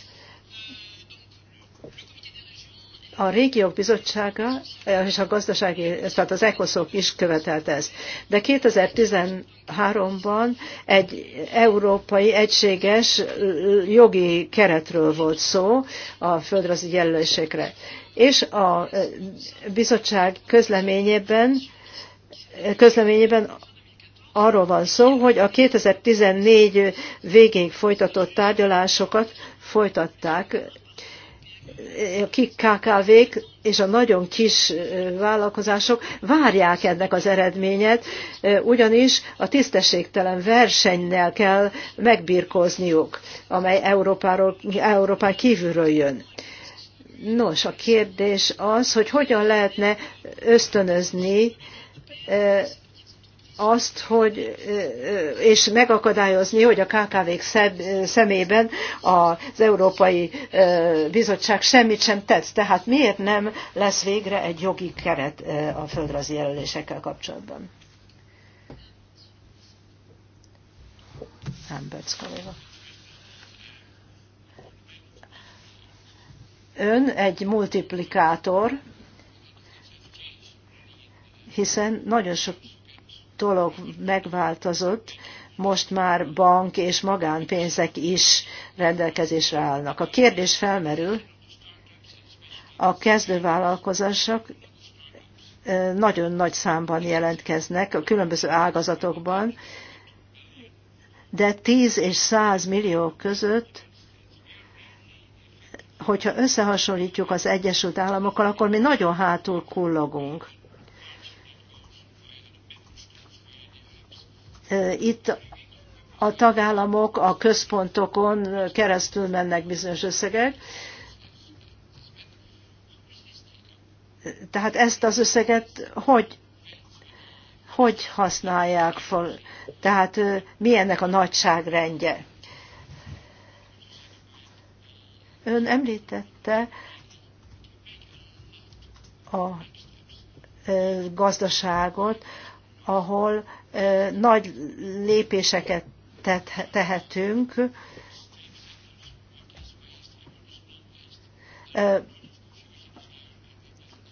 A régiók bizottsága eh, és a gazdasági, tehát az ECOSZOK is követelte ezt. De 2013-ban egy európai egységes eh, jogi keretről volt szó a földrajzi jelölésekre. És a eh, bizottság közleményében, közleményében arról van szó, hogy a 2014 végéig folytatott tárgyalásokat folytatták a kik KKV-k és a nagyon kis vállalkozások várják ennek az eredményet, ugyanis a tisztességtelen versennyel kell megbirkózniuk, amely Európáról, Európán kívülről jön. Nos, a kérdés az, hogy hogyan lehetne ösztönözni azt, hogy, és megakadályozni, hogy a KKV-k szemében az Európai Bizottság semmit sem tett. Tehát miért nem lesz végre egy jogi keret a földrajzi jelölésekkel kapcsolatban? Ámberc Ön egy multiplikátor, hiszen nagyon sok dolog megváltozott, most már bank és magánpénzek is rendelkezésre állnak. A kérdés felmerül, a kezdővállalkozások nagyon nagy számban jelentkeznek a különböző ágazatokban, de 10 és 100 millió között, hogyha összehasonlítjuk az Egyesült Államokkal, akkor mi nagyon hátul kullogunk. Itt a tagállamok a központokon keresztül mennek bizonyos összegek. Tehát ezt az összeget hogy, hogy használják fel? Tehát mi ennek a nagyságrendje? Ön említette a gazdaságot, ahol nagy lépéseket tehetünk,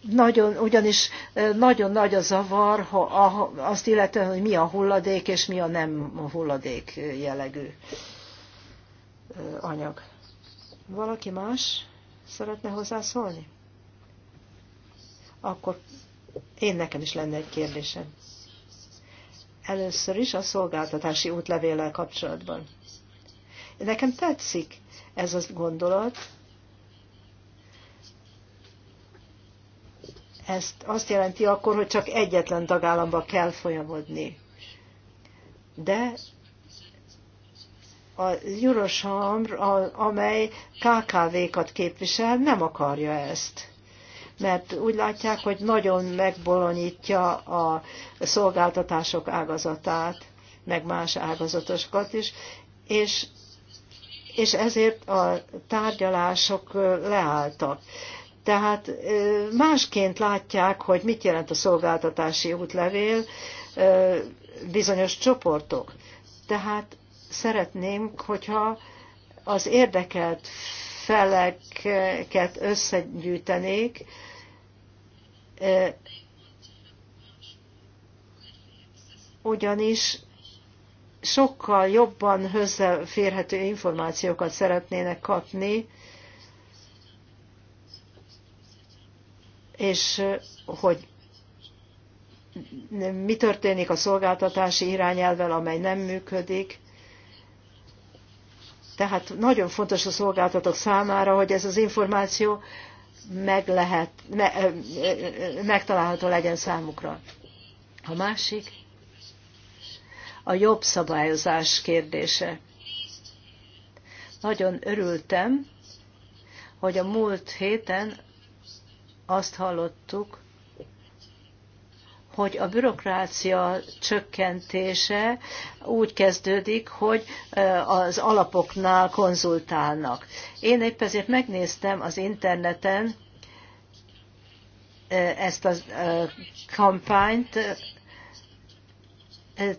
nagyon, ugyanis nagyon nagy a zavar ha, azt illetően, hogy mi a hulladék és mi a nem a hulladék jellegű anyag. Valaki más szeretne hozzászólni? Akkor én nekem is lenne egy kérdésem. Először is a szolgáltatási útlevéllel kapcsolatban. Nekem tetszik ez a gondolat. Ezt, azt jelenti akkor, hogy csak egyetlen tagállamba kell folyamodni. De a Jurosham, amely KKV-kat képvisel, nem akarja ezt mert úgy látják, hogy nagyon megbolonyítja a szolgáltatások ágazatát, meg más ágazatosokat is, és, és ezért a tárgyalások leálltak. Tehát másként látják, hogy mit jelent a szolgáltatási útlevél bizonyos csoportok. Tehát szeretném, hogyha az érdekelt feleket összegyűjtenék, ugyanis sokkal jobban hozzáférhető információkat szeretnének kapni, és hogy mi történik a szolgáltatási irányelvel, amely nem működik. Tehát nagyon fontos a szolgáltatók számára, hogy ez az információ meg lehet, me, megtalálható legyen számukra. A másik a jobb szabályozás kérdése. Nagyon örültem, hogy a múlt héten azt hallottuk, hogy a bürokrácia csökkentése úgy kezdődik, hogy az alapoknál konzultálnak. Én épp ezért megnéztem az interneten ezt a kampányt,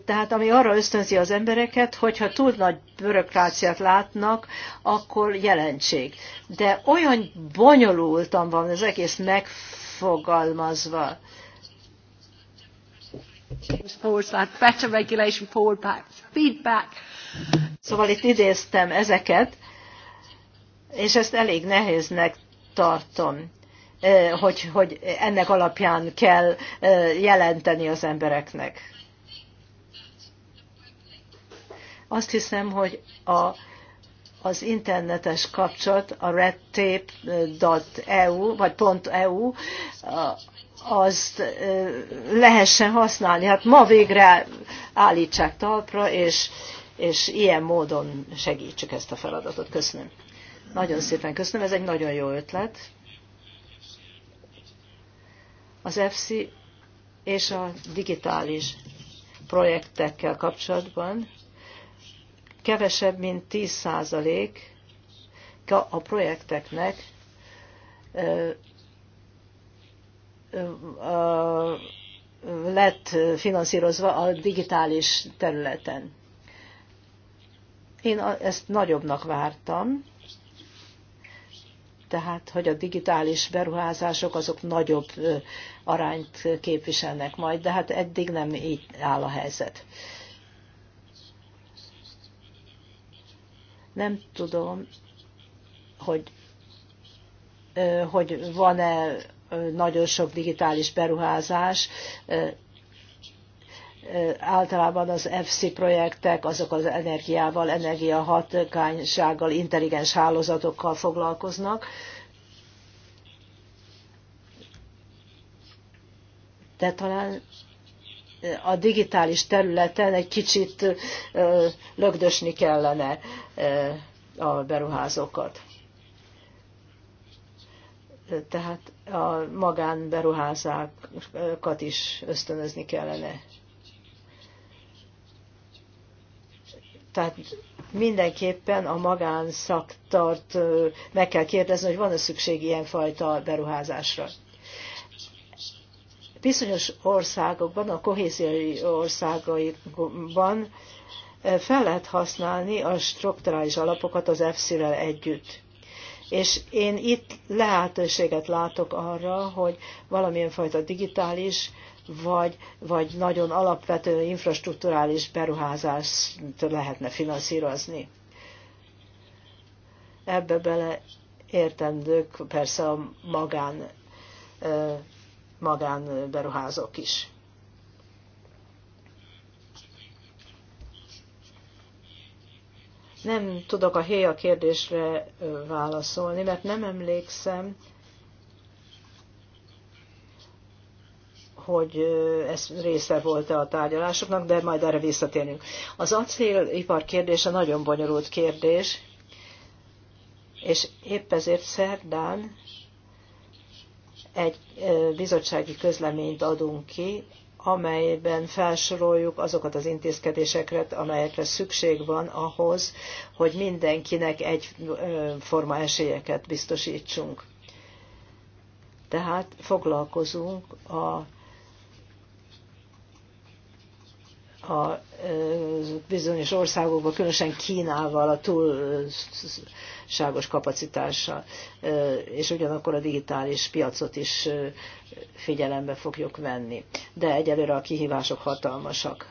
tehát ami arra ösztönzi az embereket, hogyha túl nagy bürokráciát látnak, akkor jelentség. De olyan bonyolultan van az egész megfogalmazva Szóval itt idéztem ezeket, és ezt elég nehéznek tartom, hogy, hogy ennek alapján kell jelenteni az embereknek. Azt hiszem, hogy a az internetes kapcsolat, a redtape.eu vagy .eu azt lehessen használni. Hát ma végre állítsák talpra, és, és ilyen módon segítsük ezt a feladatot. Köszönöm. Nagyon szépen köszönöm, ez egy nagyon jó ötlet. Az FC és a digitális projektekkel kapcsolatban kevesebb, mint 10% a projekteknek lett finanszírozva a digitális területen. Én ezt nagyobbnak vártam, tehát hogy a digitális beruházások azok nagyobb arányt képviselnek majd, de hát eddig nem így áll a helyzet. Nem tudom, hogy, hogy van-e nagyon sok digitális beruházás. Általában az FC projektek azok az energiával, energiahatkánysággal, intelligens hálózatokkal foglalkoznak. De talán a digitális területen egy kicsit lögdösni kellene a beruházókat. Tehát a magánberuházákat is ösztönözni kellene. Tehát mindenképpen a magánszaktart meg kell kérdezni, hogy van-e szükség ilyenfajta beruházásra. Bizonyos országokban, a kohéziai országokban eh, fel lehet használni a strukturális alapokat az EFSZ-rel együtt. És én itt lehetőséget látok arra, hogy valamilyen fajta digitális vagy, vagy nagyon alapvető infrastruktúrális beruházást lehetne finanszírozni. Ebbe bele értendők persze a magán eh, magánberuházók is. Nem tudok a héja kérdésre válaszolni, mert nem emlékszem, hogy ez része volt-e a tárgyalásoknak, de majd erre visszatérünk. Az acélipar kérdése nagyon bonyolult kérdés, és épp ezért szerdán egy bizottsági közleményt adunk ki, amelyben felsoroljuk azokat az intézkedéseket, amelyekre szükség van ahhoz, hogy mindenkinek egyforma esélyeket biztosítsunk. Tehát foglalkozunk a a bizonyos országokban, különösen Kínával a túl ságos kapacitással, és ugyanakkor a digitális piacot is figyelembe fogjuk venni. De egyelőre a kihívások hatalmasak.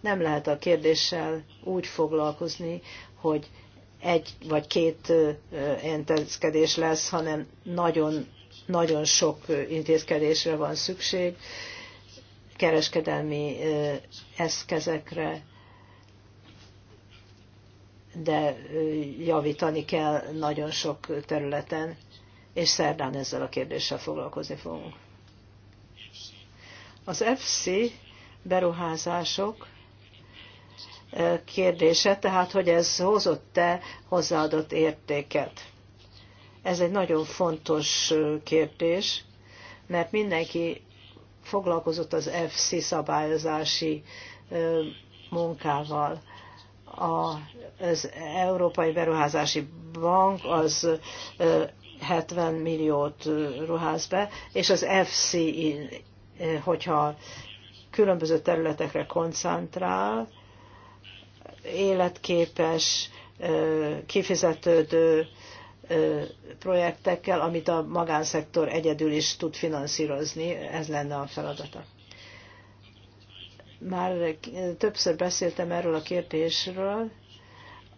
Nem lehet a kérdéssel úgy foglalkozni, hogy egy vagy két intézkedés lesz, hanem nagyon, nagyon sok intézkedésre van szükség, kereskedelmi eszközekre, de javítani kell nagyon sok területen, és szerdán ezzel a kérdéssel foglalkozni fogunk. Az FC beruházások kérdése, tehát hogy ez hozott-e hozzáadott értéket. Ez egy nagyon fontos kérdés, mert mindenki foglalkozott az FC szabályozási munkával az Európai Beruházási Bank az 70 milliót ruház be, és az FC, hogyha különböző területekre koncentrál, életképes, kifizetődő projektekkel, amit a magánszektor egyedül is tud finanszírozni, ez lenne a feladata. Már többször beszéltem erről a kérdésről,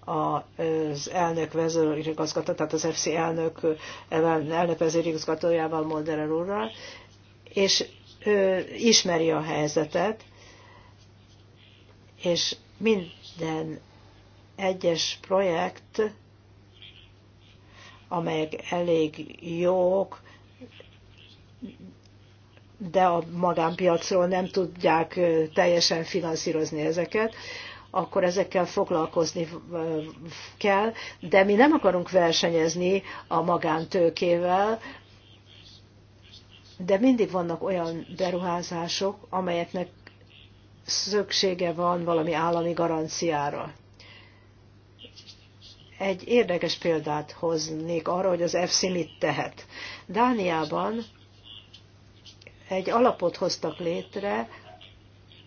az elnök vezérigazgató, tehát az FC elnök, elnök vezérigazgatójával, Molderer úrral, és ő ismeri a helyzetet, és minden egyes projekt, amelyek elég jók, de a magánpiacról nem tudják teljesen finanszírozni ezeket, akkor ezekkel foglalkozni kell, de mi nem akarunk versenyezni a magántőkével, de mindig vannak olyan beruházások, amelyeknek szüksége van valami állami garanciára. Egy érdekes példát hoznék arra, hogy az FC mit tehet. Dániában egy alapot hoztak létre,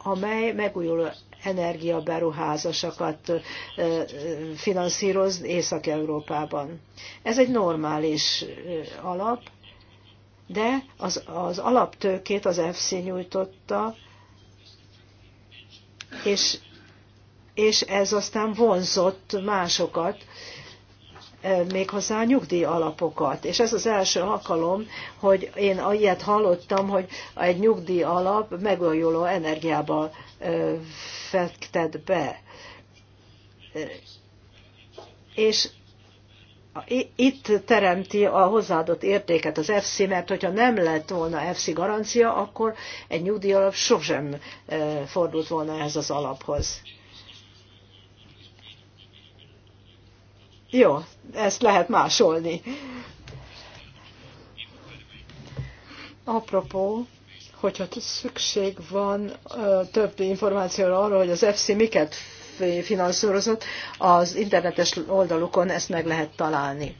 amely megújuló energiaberuházásokat finanszíroz Észak-Európában. Ez egy normális alap, de az, az alaptőkét az FC nyújtotta, és, és ez aztán vonzott másokat, méghozzá a nyugdíj alapokat. És ez az első alkalom, hogy én ilyet hallottam, hogy egy nyugdíj alap megoljuló energiába fektet be. És itt teremti a hozzáadott értéket az FC, mert hogyha nem lett volna FC garancia, akkor egy nyugdíjalap sosem fordult volna ehhez az alaphoz. Jó, ezt lehet másolni. Apropó, hogyha szükség van több információra arról, hogy az FC miket finanszírozott, az internetes oldalukon ezt meg lehet találni.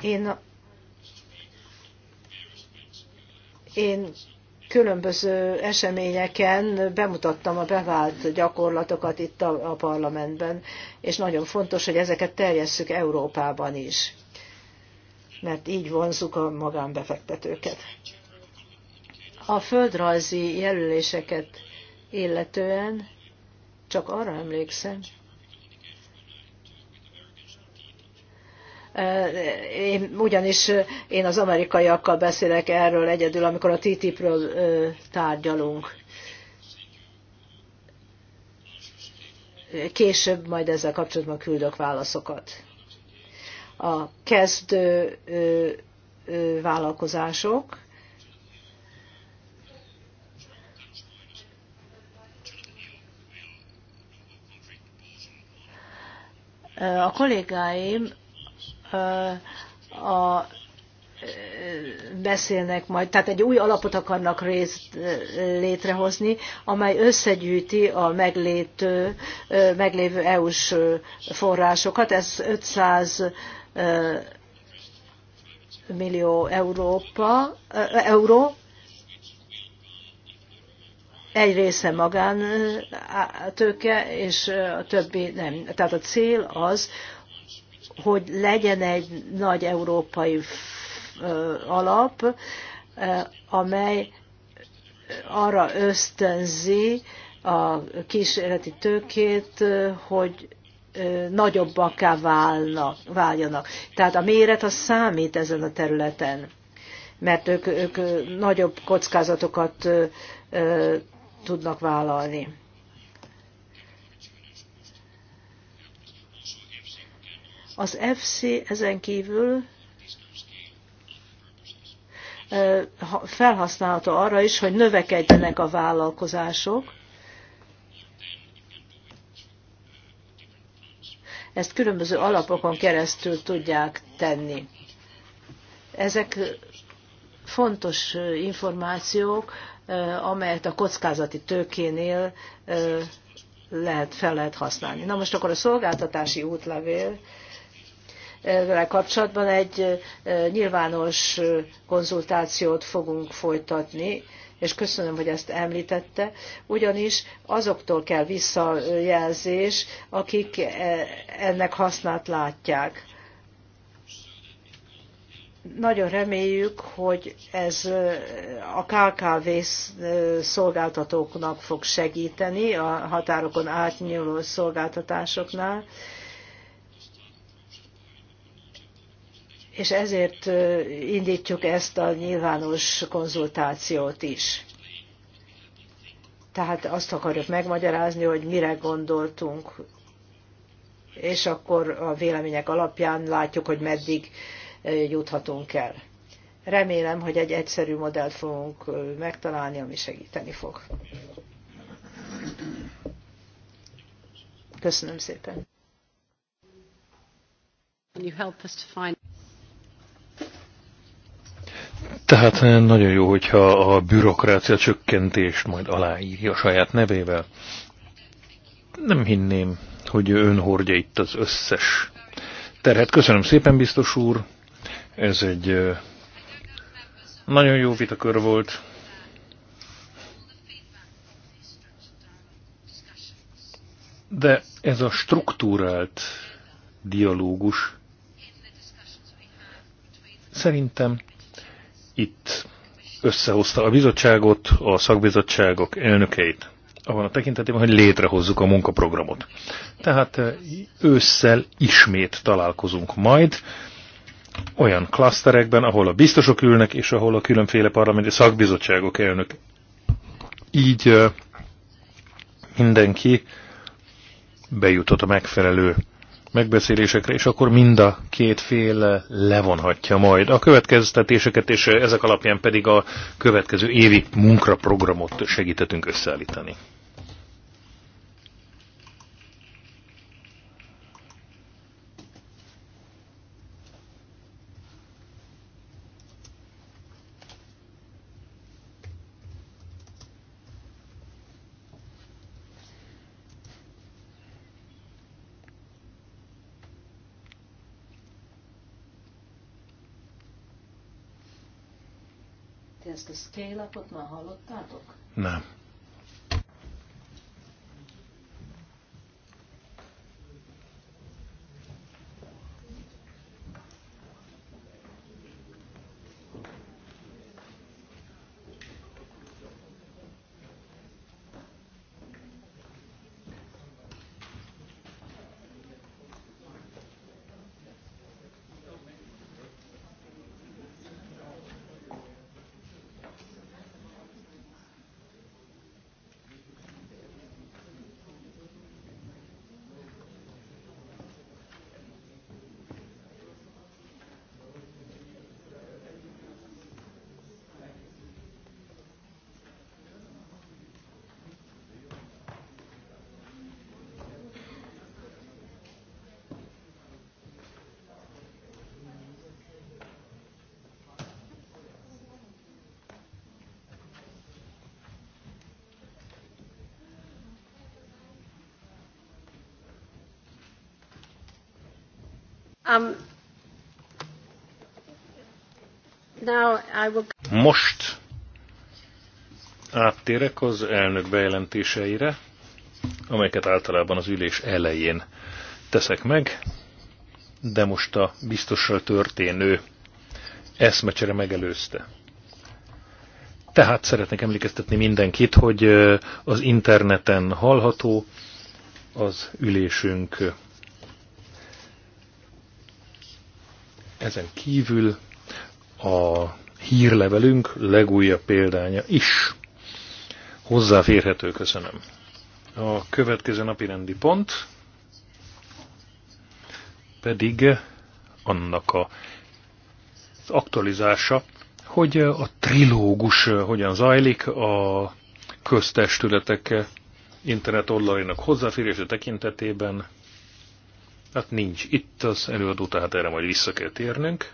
Én, én különböző eseményeken bemutattam a bevált gyakorlatokat itt a, a parlamentben, és nagyon fontos, hogy ezeket terjesszük Európában is, mert így vonzuk a magánbefektetőket. A földrajzi jelöléseket illetően csak arra emlékszem, Én, ugyanis én az amerikaiakkal beszélek erről egyedül, amikor a TTIP-ről tárgyalunk. Később majd ezzel kapcsolatban küldök válaszokat. A kezdő vállalkozások, A kollégáim a beszélnek majd, tehát egy új alapot akarnak részt létrehozni, amely összegyűjti a meglétő, meglévő EU-s forrásokat. Ez 500 millió Európa, euró, egy része magántőke, és a többi nem. Tehát a cél az, hogy legyen egy nagy európai alap, amely arra ösztönzi a kísérleti tőkét, hogy nagyobbakká váljanak. Tehát a méret az számít ezen a területen, mert ők, ők nagyobb kockázatokat tudnak vállalni. Az FC ezen kívül felhasználható arra is, hogy növekedjenek a vállalkozások. Ezt különböző alapokon keresztül tudják tenni. Ezek fontos információk, amelyet a kockázati tőkénél lehet, fel lehet használni. Na most akkor a szolgáltatási útlevél vele kapcsolatban egy nyilvános konzultációt fogunk folytatni, és köszönöm, hogy ezt említette, ugyanis azoktól kell visszajelzés, akik e, ennek hasznát látják. Nagyon reméljük, hogy ez a KKV szolgáltatóknak fog segíteni a határokon átnyúló szolgáltatásoknál, és ezért indítjuk ezt a nyilvános konzultációt is. Tehát azt akarjuk megmagyarázni, hogy mire gondoltunk, és akkor a vélemények alapján látjuk, hogy meddig juthatunk el. Remélem, hogy egy egyszerű modellt fogunk megtalálni, ami segíteni fog. Köszönöm szépen. Tehát eh, nagyon jó, hogyha a bürokrácia csökkentést majd aláírja saját nevével. Nem hinném, hogy ön hordja itt az összes terhet. Köszönöm szépen, biztos úr. Ez egy eh, nagyon jó vitakör volt. De ez a struktúrált dialógus szerintem itt összehozta a bizottságot, a szakbizottságok elnökeit, abban a tekintetében, hogy létrehozzuk a munkaprogramot. Tehát eh, ősszel ismét találkozunk majd, olyan klaszterekben, ahol a biztosok ülnek, és ahol a különféle parlamenti szakbizottságok elnök. Így eh, mindenki bejutott a megfelelő megbeszélésekre, és akkor mind a két fél levonhatja majd a következtetéseket, és ezek alapján pedig a következő évi munkaprogramot segítetünk összeállítani. célapot már hallottátok? Nem. Um, most áttérek az elnök bejelentéseire, amelyeket általában az ülés elején teszek meg, de most a biztossal történő eszmecsere megelőzte. Tehát szeretnék emlékeztetni mindenkit, hogy az interneten hallható az ülésünk Ezen kívül a hírlevelünk legújabb példánya is hozzáférhető, köszönöm. A következő napi rendi pont pedig annak a aktualizása, hogy a trilógus hogyan zajlik a köztestületek internet oldalainak hozzáférése tekintetében. Hát nincs. Itt az előadó, tehát erre majd vissza kell térnünk.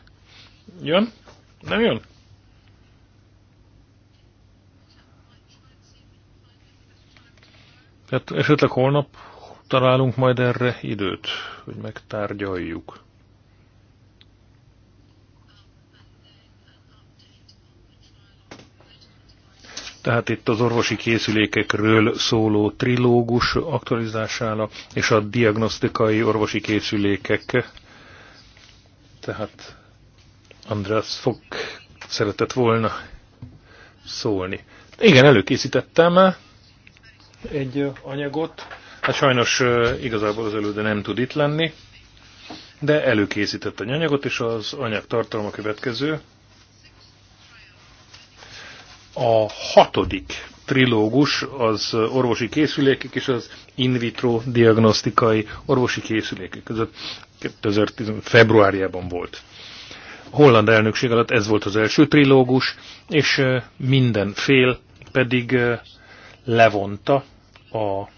Jön? Nem jön? Hát esetleg holnap találunk majd erre időt, hogy megtárgyaljuk. Tehát itt az orvosi készülékekről szóló trilógus aktualizására és a diagnosztikai orvosi készülékek. Tehát András fog szeretett volna szólni. Igen, előkészítettem egy anyagot. Hát sajnos igazából az előde nem tud itt lenni, de előkészített egy anyagot, és az anyag tartalma következő a hatodik trilógus az orvosi készülékek és az in vitro diagnosztikai orvosi készülékek között 2010 februárjában volt. A holland elnökség alatt ez volt az első trilógus, és minden fél pedig levonta a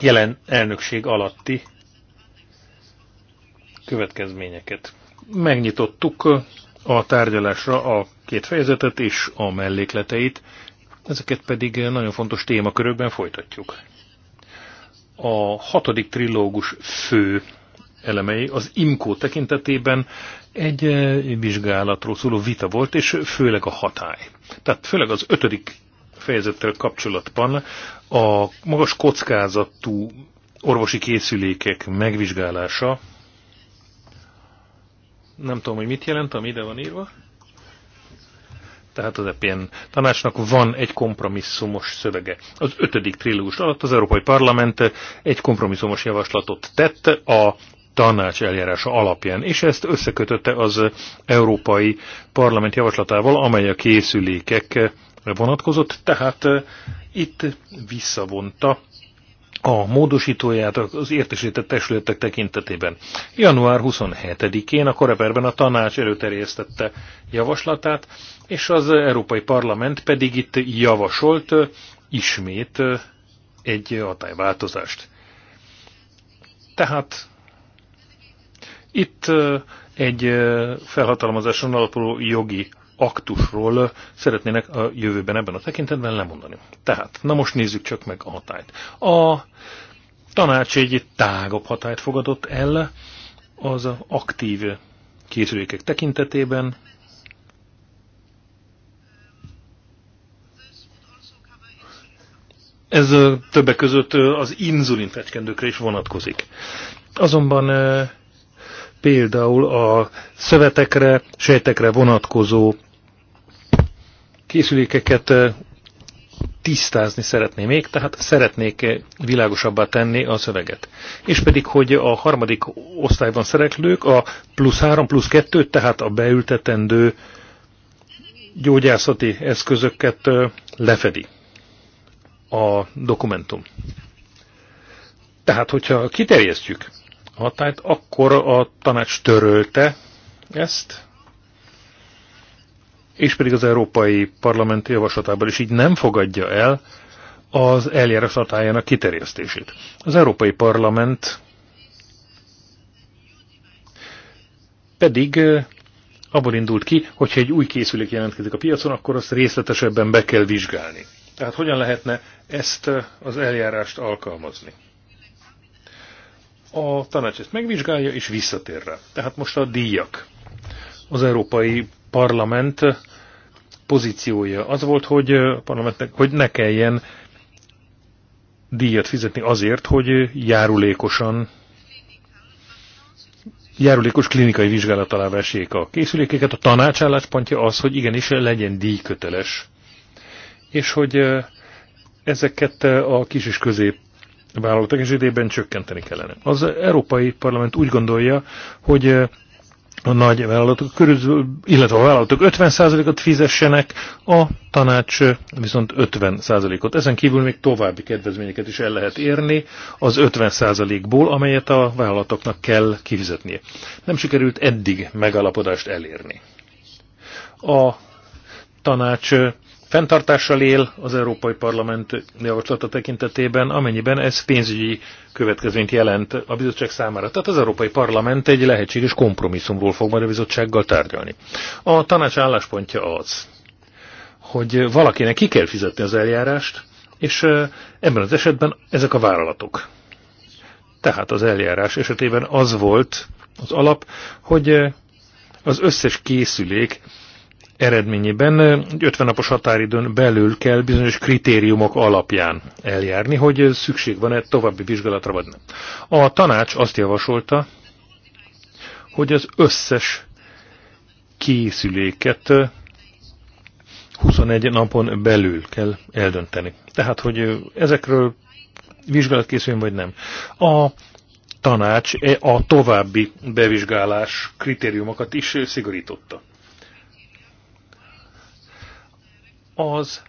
jelen elnökség alatti következményeket. Megnyitottuk a tárgyalásra a két fejezetet és a mellékleteit, ezeket pedig nagyon fontos témakörökben folytatjuk. A hatodik trilógus fő elemei az IMCO tekintetében egy eh, vizsgálatról szóló vita volt, és főleg a hatály. Tehát főleg az ötödik fejezettel kapcsolatban a magas kockázatú orvosi készülékek megvizsgálása, nem tudom, hogy mit jelent, ami ide van írva tehát az EPN tanácsnak van egy kompromisszumos szövege. Az ötödik trilógus alatt az Európai Parlament egy kompromisszumos javaslatot tett a tanács eljárása alapján, és ezt összekötötte az Európai Parlament javaslatával, amely a készülékek vonatkozott, tehát eh, itt visszavonta a módosítóját az értesített testületek tekintetében. Január 27-én a koreperben a tanács előterjesztette javaslatát, és az Európai Parlament pedig itt javasolt ismét egy hatályváltozást. Tehát itt egy felhatalmazáson alapuló jogi aktusról szeretnének a jövőben ebben a tekintetben lemondani. Tehát, na most nézzük csak meg a hatályt. A tanács egy tágabb hatályt fogadott el az aktív készülékek tekintetében, Ez többek között az inzulin fecskendőkre is vonatkozik. Azonban például a szövetekre, sejtekre vonatkozó készülékeket tisztázni szeretné még, tehát szeretnék világosabbá tenni a szöveget. És pedig, hogy a harmadik osztályban szereklők a plusz 3, plusz 2, tehát a beültetendő gyógyászati eszközöket lefedi a dokumentum. Tehát, hogyha kiterjesztjük hatályt, akkor a tanács törölte ezt, és pedig az Európai Parlament javaslatában is így nem fogadja el az eljárás hatájának kiterjesztését. Az Európai Parlament pedig eh, abból indult ki, hogyha egy új készülék jelentkezik a piacon, akkor azt részletesebben be kell vizsgálni. Tehát hogyan lehetne ezt eh, az eljárást alkalmazni? A tanács ezt megvizsgálja és visszatér rá. Tehát most a díjak. Az Európai Parlament pozíciója az volt, hogy a parlamentnek, hogy ne kelljen díjat fizetni azért, hogy járulékosan járulékos klinikai vizsgálat alá vessék a készülékeket. A tanács álláspontja az, hogy igenis legyen díjköteles. És hogy ezeket a kis és közép vállalatok esetében csökkenteni kellene. Az Európai Parlament úgy gondolja, hogy a nagy vállalatok körül, illetve a vállalatok 50%-ot fizessenek, a tanács viszont 50%-ot. Ezen kívül még további kedvezményeket is el lehet érni az 50%-ból, amelyet a vállalatoknak kell kifizetnie. Nem sikerült eddig megalapodást elérni. A tanács fenntartással él az Európai Parlament javaslata tekintetében, amennyiben ez pénzügyi következményt jelent a bizottság számára. Tehát az Európai Parlament egy lehetséges kompromisszumról fog majd a bizottsággal tárgyalni. A tanács álláspontja az, hogy valakinek ki kell fizetni az eljárást, és ebben az esetben ezek a vállalatok. Tehát az eljárás esetében az volt az alap, hogy az összes készülék eredményében 50 napos határidőn belül kell bizonyos kritériumok alapján eljárni, hogy szükség van-e további vizsgálatra vagy nem. A tanács azt javasolta, hogy az összes készüléket 21 napon belül kell eldönteni. Tehát, hogy ezekről vizsgálat készüljön, vagy nem. A tanács e a további bevizsgálás kritériumokat is szigorította. az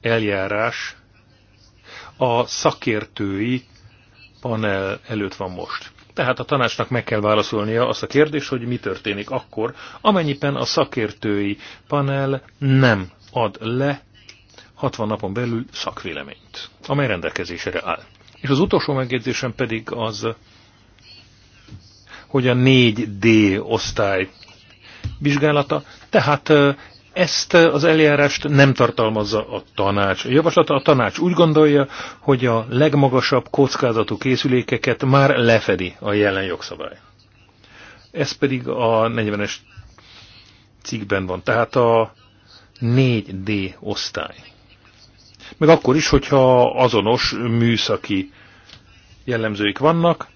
eljárás a szakértői panel előtt van most. Tehát a tanácsnak meg kell válaszolnia azt a kérdés, hogy mi történik akkor, amennyiben a szakértői panel nem ad le 60 napon belül szakvéleményt, amely rendelkezésre áll. És az utolsó megjegyzésem pedig az, hogy a 4D osztály vizsgálata, tehát ezt az eljárást nem tartalmazza a tanács. A javaslata a tanács úgy gondolja, hogy a legmagasabb kockázatú készülékeket már lefedi a jelen jogszabály. Ez pedig a 40-es cikkben van, tehát a 4D osztály. Meg akkor is, hogyha azonos műszaki jellemzőik vannak,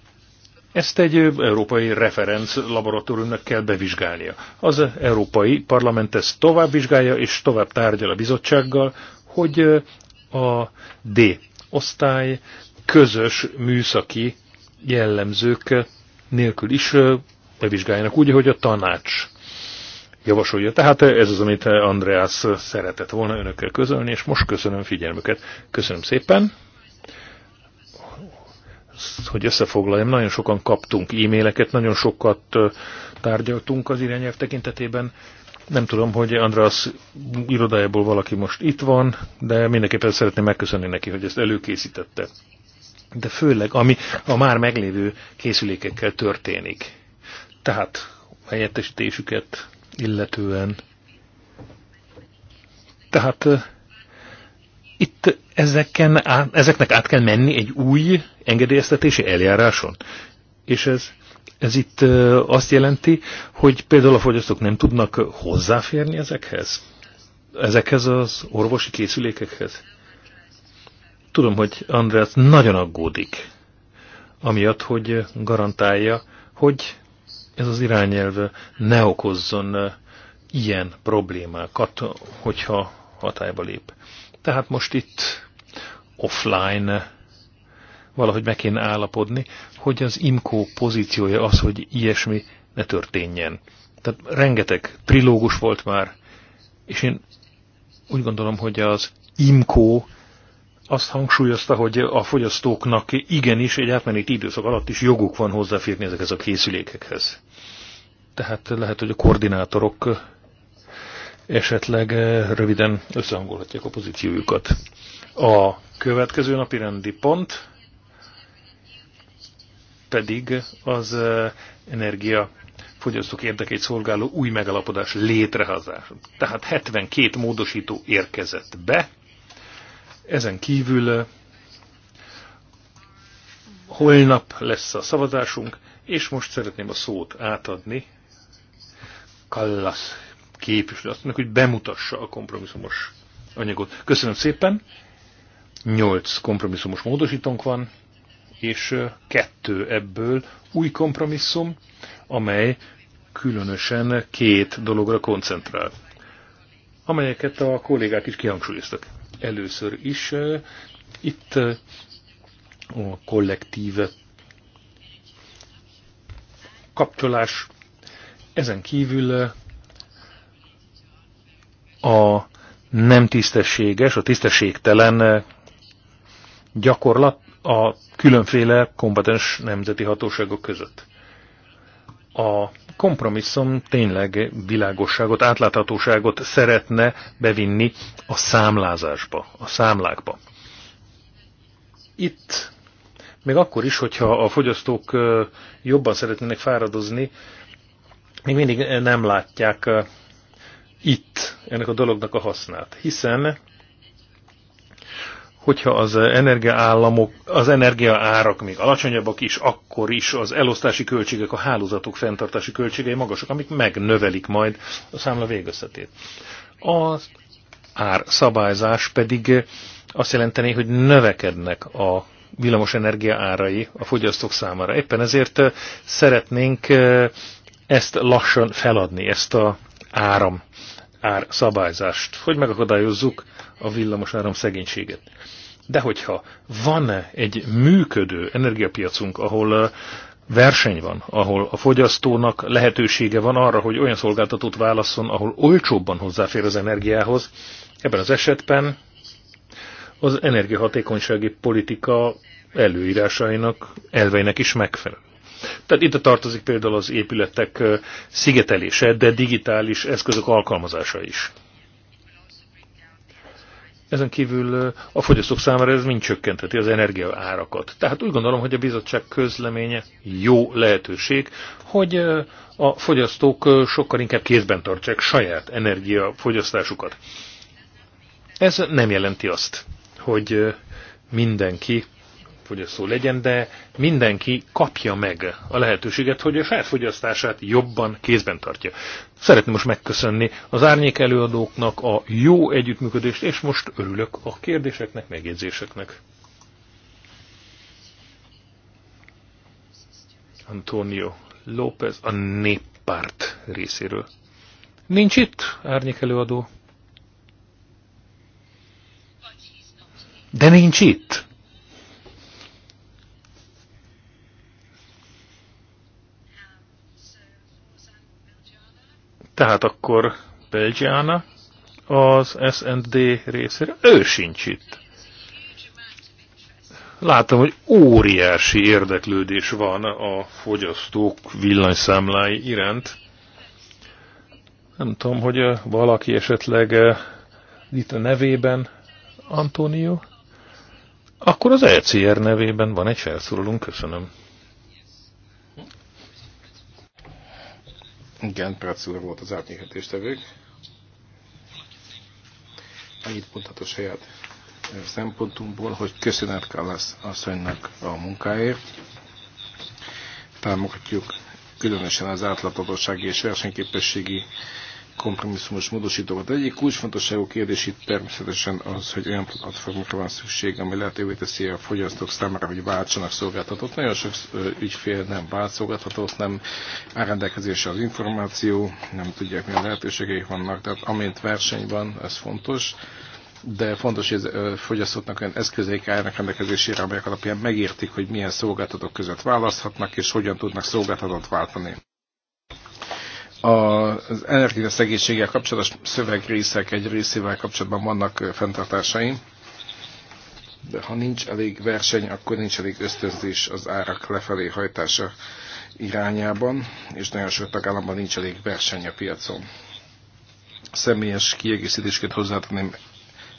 ezt egy európai referenc laboratóriumnak kell bevizsgálnia. Az Európai Parlament ezt tovább vizsgálja, és tovább tárgyal a bizottsággal, hogy a D osztály közös műszaki jellemzők nélkül is bevizsgáljanak úgy, hogy a tanács javasolja. Tehát ez az, amit Andreas szeretett volna önökkel közölni, és most köszönöm figyelmüket. Köszönöm szépen! hogy összefoglaljam, nagyon sokan kaptunk e-maileket, nagyon sokat tárgyaltunk az irányelv tekintetében. Nem tudom, hogy András irodájából valaki most itt van, de mindenképpen szeretném megköszönni neki, hogy ezt előkészítette. De főleg, ami a már meglévő készülékekkel történik. Tehát helyettesítésüket illetően. Tehát itt ezeken át, ezeknek át kell menni egy új engedélyeztetési eljáráson. És ez, ez itt azt jelenti, hogy például a fogyasztók nem tudnak hozzáférni ezekhez? Ezekhez az orvosi készülékekhez? Tudom, hogy András nagyon aggódik, amiatt, hogy garantálja, hogy ez az irányelv ne okozzon ilyen problémákat, hogyha hatályba lép. Tehát most itt offline valahogy meg kéne állapodni, hogy az IMCO pozíciója az, hogy ilyesmi ne történjen. Tehát rengeteg trilógus volt már, és én úgy gondolom, hogy az IMCO azt hangsúlyozta, hogy a fogyasztóknak igenis egy átmeneti időszak alatt is joguk van hozzáférni ezekhez a készülékekhez. Tehát lehet, hogy a koordinátorok esetleg eh, röviden összehangolhatják a pozíciójukat. A következő napi rendi pont pedig az eh, energia fogyasztók érdekét szolgáló új megalapodás létrehozása. Tehát 72 módosító érkezett be, ezen kívül eh, holnap lesz a szavazásunk, és most szeretném a szót átadni Kallas mondjuk, hogy bemutassa a kompromisszumos anyagot. Köszönöm szépen! Nyolc kompromisszumos módosítónk van, és kettő ebből új kompromisszum, amely különösen két dologra koncentrál, amelyeket a kollégák is kihangsúlyoztak. Először is itt a kollektív kapcsolás, ezen kívül a nem tisztességes, a tisztességtelen eh, gyakorlat a különféle kompetens nemzeti hatóságok között. A kompromisszum tényleg világosságot, átláthatóságot szeretne bevinni a számlázásba, a számlákba. Itt még akkor is, hogyha a fogyasztók eh, jobban szeretnének fáradozni, még mindig nem látják eh, itt ennek a dolognak a hasznát. Hiszen, hogyha az energiaállamok, az energiaárak még alacsonyabbak is, akkor is az elosztási költségek, a hálózatok fenntartási költségei magasak, amik megnövelik majd a számla végösszetét. Az árszabályzás pedig azt jelenteni, hogy növekednek a energia árai a fogyasztók számára. Éppen ezért eh, szeretnénk eh, ezt lassan feladni, ezt a áram árszabályzást, hogy megakadályozzuk a villamos áram szegénységet. De hogyha van egy működő energiapiacunk, ahol uh, verseny van, ahol a fogyasztónak lehetősége van arra, hogy olyan szolgáltatót válasszon, ahol olcsóbban hozzáfér az energiához, ebben az esetben az energiahatékonysági politika előírásainak, elveinek is megfelel. Tehát itt tartozik például az épületek szigetelése, de digitális eszközök alkalmazása is. Ezen kívül a fogyasztók számára ez mind csökkentheti az energia árakat. Tehát úgy gondolom, hogy a bizottság közleménye jó lehetőség, hogy a fogyasztók sokkal inkább kézben tartsák saját energiafogyasztásukat. Ez nem jelenti azt, hogy mindenki fogyasztó legyen, de mindenki kapja meg a lehetőséget, hogy a saját fogyasztását jobban kézben tartja. Szeretném most megköszönni az árnyék előadóknak a jó együttműködést, és most örülök a kérdéseknek, megjegyzéseknek. Antonio López a néppárt részéről. Nincs itt árnyék előadó? De nincs itt. Tehát akkor Belgiana az SND részéről, ő sincs itt. Látom, hogy óriási érdeklődés van a fogyasztók villanyszámlái iránt. Nem tudom, hogy eh, valaki esetleg eh, itt a nevében, Antonio. Akkor az ECR nevében van egy felszólalunk, köszönöm. Igen, Prác volt az átnyéhetéstevők. Annyit mondható saját szempontunkból, hogy köszönet kell az asszonynak a munkáért. Támogatjuk különösen az átláthatósági és versenyképességi kompromisszumos módosítókat. Egyik kulcsfontosságú kérdés itt természetesen az, hogy olyan platformokra van szükség, ami lehetővé teszi a fogyasztók számára, hogy váltsanak szolgáltatót. Nagyon sok ügyfél nem vált szolgáltatót, nem áll rendelkezésre az információ, nem tudják, milyen lehetőségeik vannak. Tehát amint verseny van, ez fontos de fontos, hogy a fogyasztóknak olyan eszközeik állnak rendelkezésére, amelyek alapján megértik, hogy milyen szolgáltatók között választhatnak, és hogyan tudnak szolgáltatót váltani. Az energiaszegénységgel kapcsolatos szövegrészek egy részével kapcsolatban vannak fenntartásaim, de ha nincs elég verseny, akkor nincs elég ösztönzés az árak lefelé hajtása irányában, és nagyon sok tagállamban nincs elég verseny a piacon. Személyes kiegészítésként hozzátenném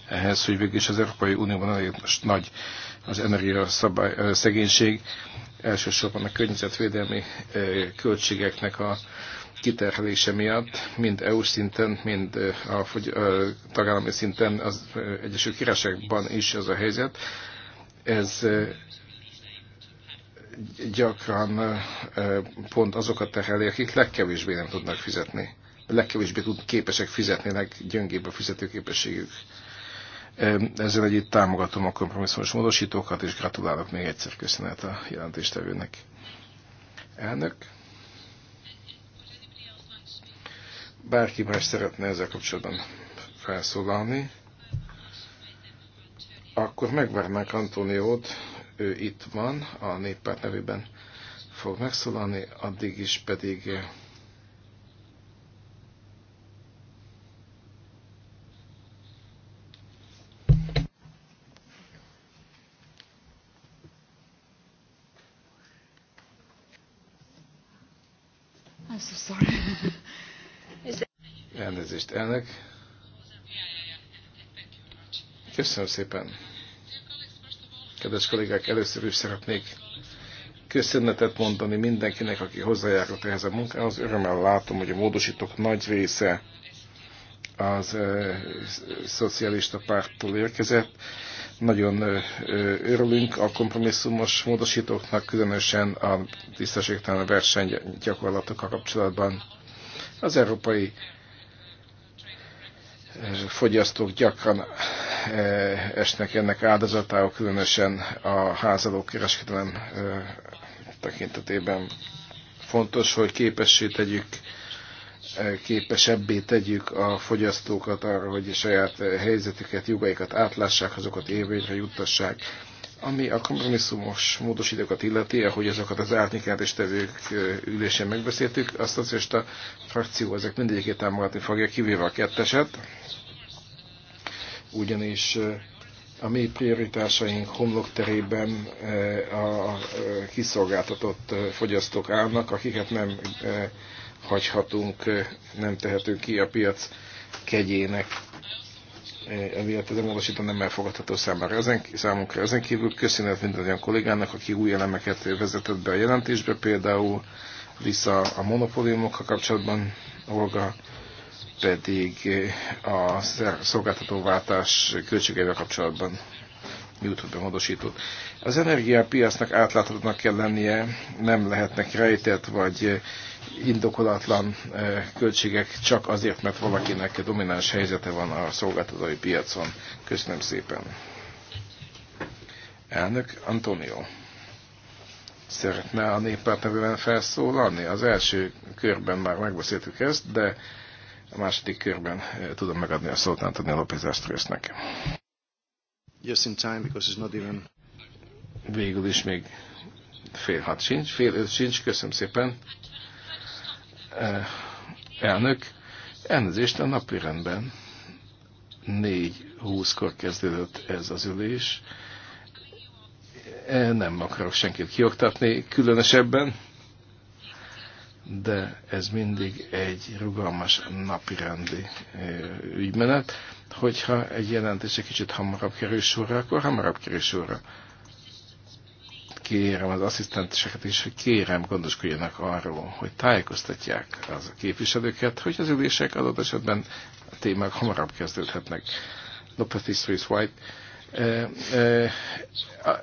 ehhez, hogy végül is az Európai Unióban nagyon nagy az energia szabály, szegénység, elsősorban a környezetvédelmi költségeknek a kiterhelése miatt, mind EU szinten, mind a tagállami szinten az Egyesült Királyságban is az a helyzet. Ez gyakran pont azokat terheli, akik legkevésbé nem tudnak fizetni, legkevésbé tud, képesek fizetni, leggyöngébb a fizetőképességük. Ezzel együtt támogatom a kompromisszumos módosítókat, és gratulálok még egyszer köszönet a jelentéstevőnek. Elnök. bárki más szeretne ezzel kapcsolatban felszólalni, akkor megvárnák Antóniót, ő itt van, a néppárt nevében fog megszólalni, addig is pedig elnök. Köszönöm szépen. Kedves kollégák, először is szeretnék köszönetet mondani mindenkinek, aki hozzájárult ehhez a munkához. Örömmel látom, hogy a módosítók nagy része az ö, szocialista párttól érkezett. Nagyon ö, örülünk a kompromisszumos módosítóknak, különösen a tisztességtelen gyakorlatok kapcsolatban. Az európai fogyasztók gyakran eh, esnek ennek áldozatául, különösen a házaló kereskedelem eh, tekintetében. Fontos, hogy képessé tegyük, eh, képesebbé tegyük a fogyasztókat arra, hogy a saját helyzetüket, jogaikat átlássák, azokat érvényre juttassák ami a kompromisszumos módosítókat illeti, ahogy azokat az tevők ülésén megbeszéltük, a szocialista frakció ezek mindegyikét támogatni fogja, kivéve a ketteset, ugyanis a mi prioritásaink terében a kiszolgáltatott fogyasztók állnak, akiket nem hagyhatunk, nem tehetünk ki a piac kegyének Eh, emiatt az módosító nem elfogadható számára. Ezen, számunkra ezen kívül köszönet minden olyan kollégának, aki új elemeket vezetett be a jelentésbe, például vissza a monopóliumokkal kapcsolatban, Olga pedig eh, a szolgáltatóváltás költségeivel kapcsolatban nyújtott be módosítót. Az energiapiacnak átláthatónak kell lennie, nem lehetnek rejtett vagy eh, indokolatlan eh, költségek csak azért, mert valakinek domináns helyzete van a szolgáltatói piacon. Köszönöm szépen. Elnök Antonio. Szeretne a néppárt nevében felszólalni? Az első körben már megbeszéltük ezt, de a második körben eh, tudom megadni a szót Antonio López Astrősznek. Just in time, because it's not even... Végül is még fél hat sincs, fél öt sincs, köszönöm szépen. Eh, elnök. Elnézést a napi rendben. 4.20-kor kezdődött ez az ülés. Eh, nem akarok senkit kioktatni különösebben, de ez mindig egy rugalmas napirendi eh, ügymenet. Hogyha egy jelentés egy kicsit hamarabb kerül sorra, akkor hamarabb kerül sorra kérem az asszisztenteseket is, hogy kérem gondoskodjanak arról, hogy tájékoztatják az a képviselőket, hogy az ülések adott esetben a témák hamarabb kezdődhetnek. Lopez Tisztrész White.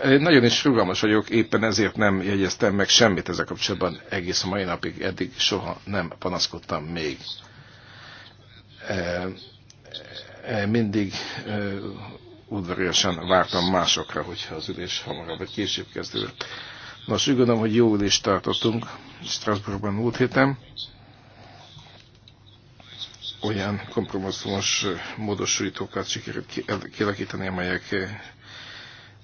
nagyon is rugalmas vagyok, éppen ezért nem jegyeztem meg semmit ezzel kapcsolatban egész a mai napig, eddig soha nem panaszkodtam még. Mindig udvariasan vártam másokra, hogyha az ülés hamarabb vagy később kezdődött. Nos, úgy gondolom, hogy jó ülést tartottunk Strasbourgban múlt héten. Olyan kompromisszumos módosítókat sikerült kialakítani, amelyek eh,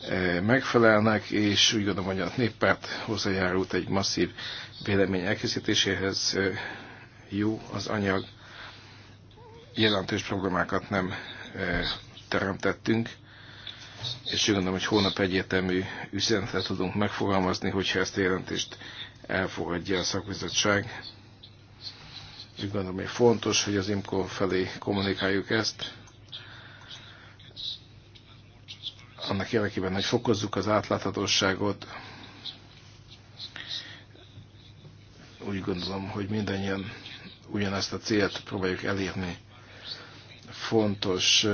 eh, megfelelnek, és úgy gondolom, hogy a néppárt hozzájárult egy masszív vélemény elkészítéséhez. Jó az anyag, jelentős problémákat nem eh, teremtettünk, és úgy gondolom, hogy hónap egyértelmű üzenetet tudunk megfogalmazni, hogyha ezt a jelentést elfogadja a szakbizottság. Úgy gondolom, hogy fontos, hogy az IMCO felé kommunikáljuk ezt, annak érdekében, hogy fokozzuk az átláthatóságot, úgy gondolom, hogy mindannyian ugyanezt a célt próbáljuk elérni. Fontos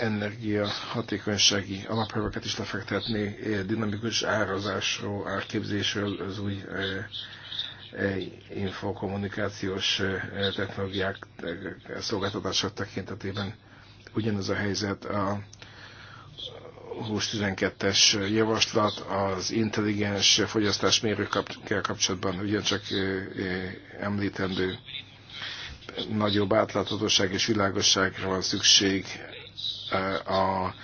energia hatékonysági alapelveket is lefektetni, eh, dinamikus árazásról, árképzésről, az új eh, eh, infokommunikációs technológiák szolgáltatások tekintetében ugyanez a helyzet a 2012-es javaslat az intelligens fogyasztásmérőkkel kapcsolatban ugyancsak említendő nagyobb átláthatóság és világosságra van szükség a,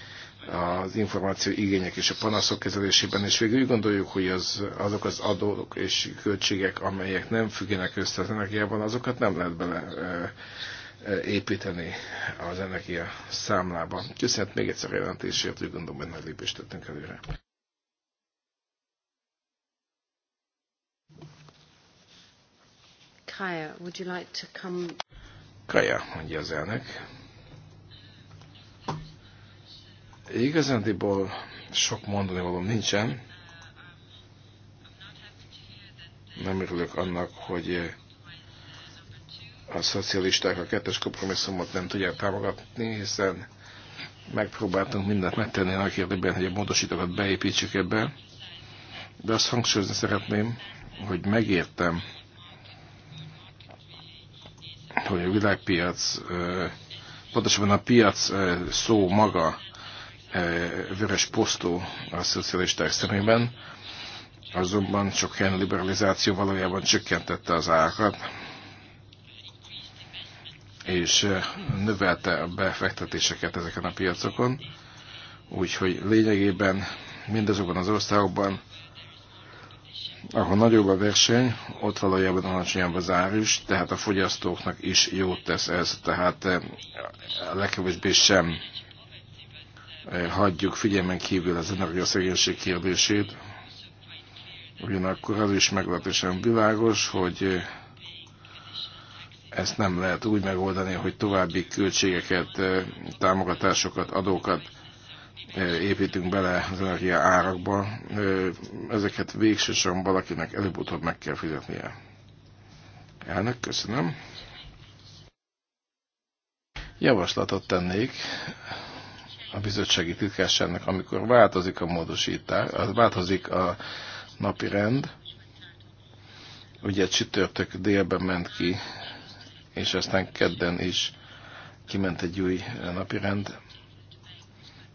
az információ igények és a panaszok kezelésében, és végül úgy gondoljuk, hogy az, azok az adók és költségek, amelyek nem függenek össze az energiában, azokat nem lehet bele építeni az energia számlába. Köszönhet még egyszer a jelentésért, úgy gondolom, hogy nagy lépést tettünk előre. Kaya, would you like to come? Kaja, mondja az elnök. Igazándiból sok mondani valam nincsen. Nem örülök annak, hogy eh, a szocialisták a kettes kompromisszumot nem tudják támogatni, hiszen megpróbáltunk mindent megtenni annak érdekében, hogy a módosítókat beépítsük ebbe. De azt hangsúlyozni szeretném, hogy megértem, hogy a világpiac, eh, pontosabban a piac eh, szó maga vörös posztó a szocialisták szemében, azonban csak ilyen liberalizáció valójában csökkentette az árakat, és növelte a befektetéseket ezeken a piacokon, úgyhogy lényegében mindazokban az országokban, ahol nagyobb a verseny, ott valójában alacsonyabb az is, tehát a fogyasztóknak is jót tesz ez, tehát legkevésbé sem hagyjuk figyelmen kívül az energiaszegénység kérdését. Ugyanakkor az is meglehetősen világos, hogy eh, ezt nem lehet úgy megoldani, hogy további költségeket, eh, támogatásokat, adókat eh, építünk bele az energia árakba. Ezeket végsősorban valakinek előbb-utóbb meg kell fizetnie. Elnök, köszönöm. Javaslatot tennék a bizottsági titkárságnak, amikor változik a módosítás, az változik a napi rend, ugye csütörtök délben ment ki, és aztán kedden is kiment egy új napi rend.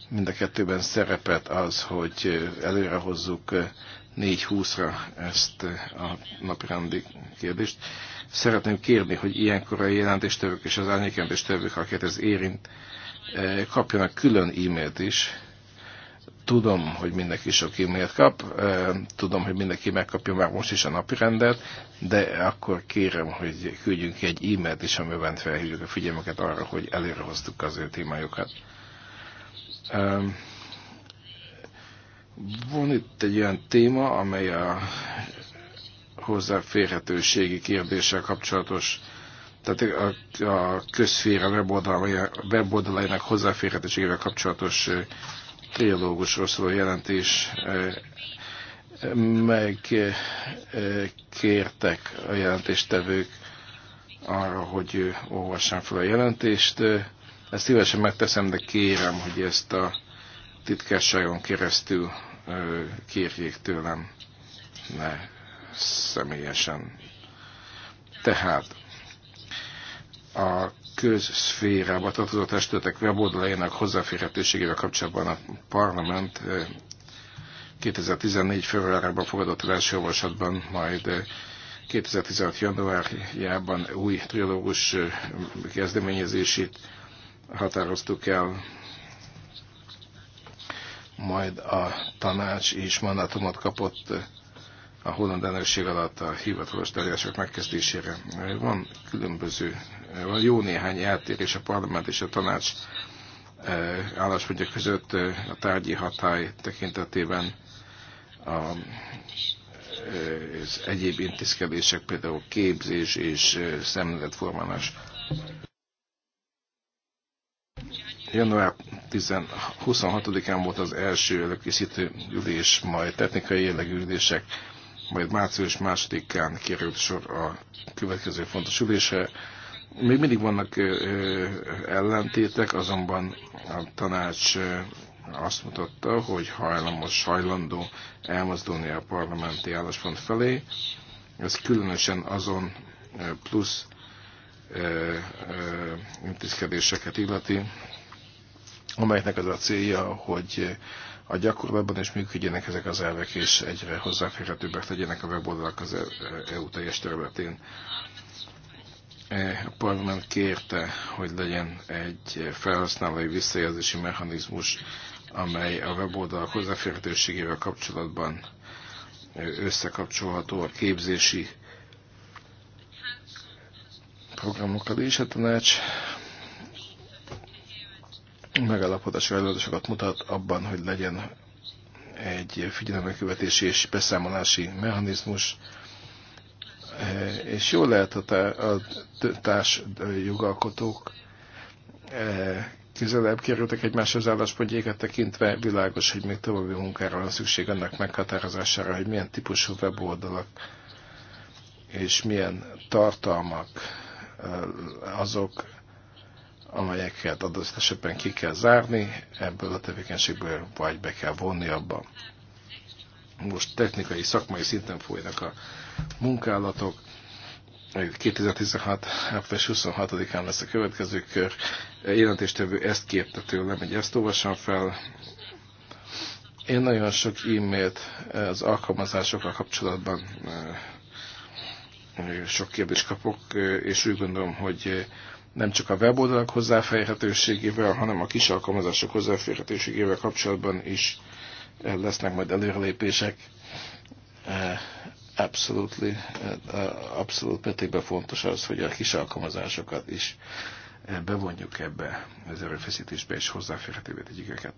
Mind a kettőben szerepet az, hogy előre hozzuk 20 ra ezt a napirendi kérdést. Szeretném kérni, hogy ilyenkor a jelentéstevők és az árnyékentéstevők, akiket ez érint, Eh, kapjanak külön e-mailt is. Tudom, hogy mindenki sok e-mailt kap, eh, tudom, hogy mindenki megkapja már most is a rendet, de akkor kérem, hogy küldjünk ki egy e-mailt is, amiben felhívjuk a figyelmeket arra, hogy előrehoztuk az ő témájukat. Van itt egy olyan téma, amely a hozzáférhetőségi kérdéssel kapcsolatos tehát a, a közféra weboldalainak hozzáférhetőségével kapcsolatos triológusról szóló jelentés kértek a jelentéstevők arra, hogy olvassam fel a jelentést. Ezt szívesen megteszem, de kérem, hogy ezt a titkárságon keresztül kérjék tőlem, ne személyesen. Tehát a közszférába tartozó testületek weboldalainak hozzáférhetőségével kapcsolatban a parlament 2014. Eh, februárában fogadott el első olvasatban, majd 2016. Eh, januárjában új trilógus eh, kezdeményezését határoztuk el, majd a tanács is mandátumot kapott a holland elnökség alatt a hivatalos terjesek megkezdésére. Van különböző van jó néhány eltérés a parlament és a tanács e, álláspontja között e, a tárgyi hatály tekintetében a, az e, egyéb intézkedések, például képzés és szemléletformálás. Január 26-án volt az első előkészítő ülés, majd technikai jellegű ülések, majd március 2-án került sor a következő fontos ülésre, még mindig vannak ellentétek, azonban a tanács azt mutatta, hogy hajlamos, hajlandó elmozdulni a parlamenti álláspont felé. Ez különösen azon plusz intézkedéseket illeti, amelynek az a célja, hogy a gyakorlatban is működjenek ezek az elvek, és egyre hozzáférhetőbbek legyenek a weboldalak az EU e- e teljes területén. E, a parlament kérte, hogy legyen egy felhasználói visszajelzési mechanizmus, amely a weboldal hozzáférhetőségével kapcsolatban e, összekapcsolható a képzési programokkal is. A tanács megállapodásra előadásokat mutat abban, hogy legyen egy figyelemekövetési és beszámolási mechanizmus, Eh, és jól lehet a társ eh, jogalkotók eh, közelebb kerültek egymáshoz álláspontjéket tekintve, világos, hogy még további munkára van szükség annak meghatározására, hogy milyen típusú weboldalak és milyen tartalmak azok, amelyeket adott esetben ki kell zárni, ebből a tevékenységből vagy be kell vonni abba. Most technikai, szakmai szinten folynak a munkálatok. 2016. április 26-án lesz a következő kör. Jelentéstevő ezt kérte tőlem, hogy ezt olvassam fel. Én nagyon sok e-mailt az alkalmazásokkal kapcsolatban eh, sok kérdést kapok, eh, és úgy gondolom, hogy eh, nem csak a weboldalak hozzáférhetőségével, hanem a kis alkalmazások hozzáférhetőségével kapcsolatban is lesznek majd előrelépések absolutely, eh, abszolút pedig fontos az, hogy a kis alkalmazásokat is eh, bevonjuk ebbe az erőfeszítésbe, és hozzáférhetővé tegyük őket.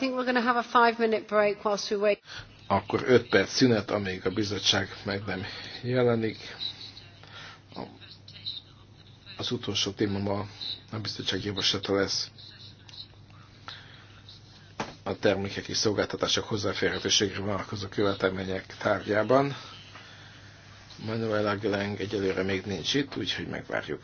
think we're going to have a five minute break whilst we wait. Akkor öt perc szünet, amíg a bizottság meg nem jelenik. Az utolsó téma ma a bizottság javaslata lesz a termékek és szolgáltatások hozzáférhetőségre vonatkozó követelmények tárgyában. Manuel Geleng egyelőre még nincs itt, úgyhogy megvárjuk.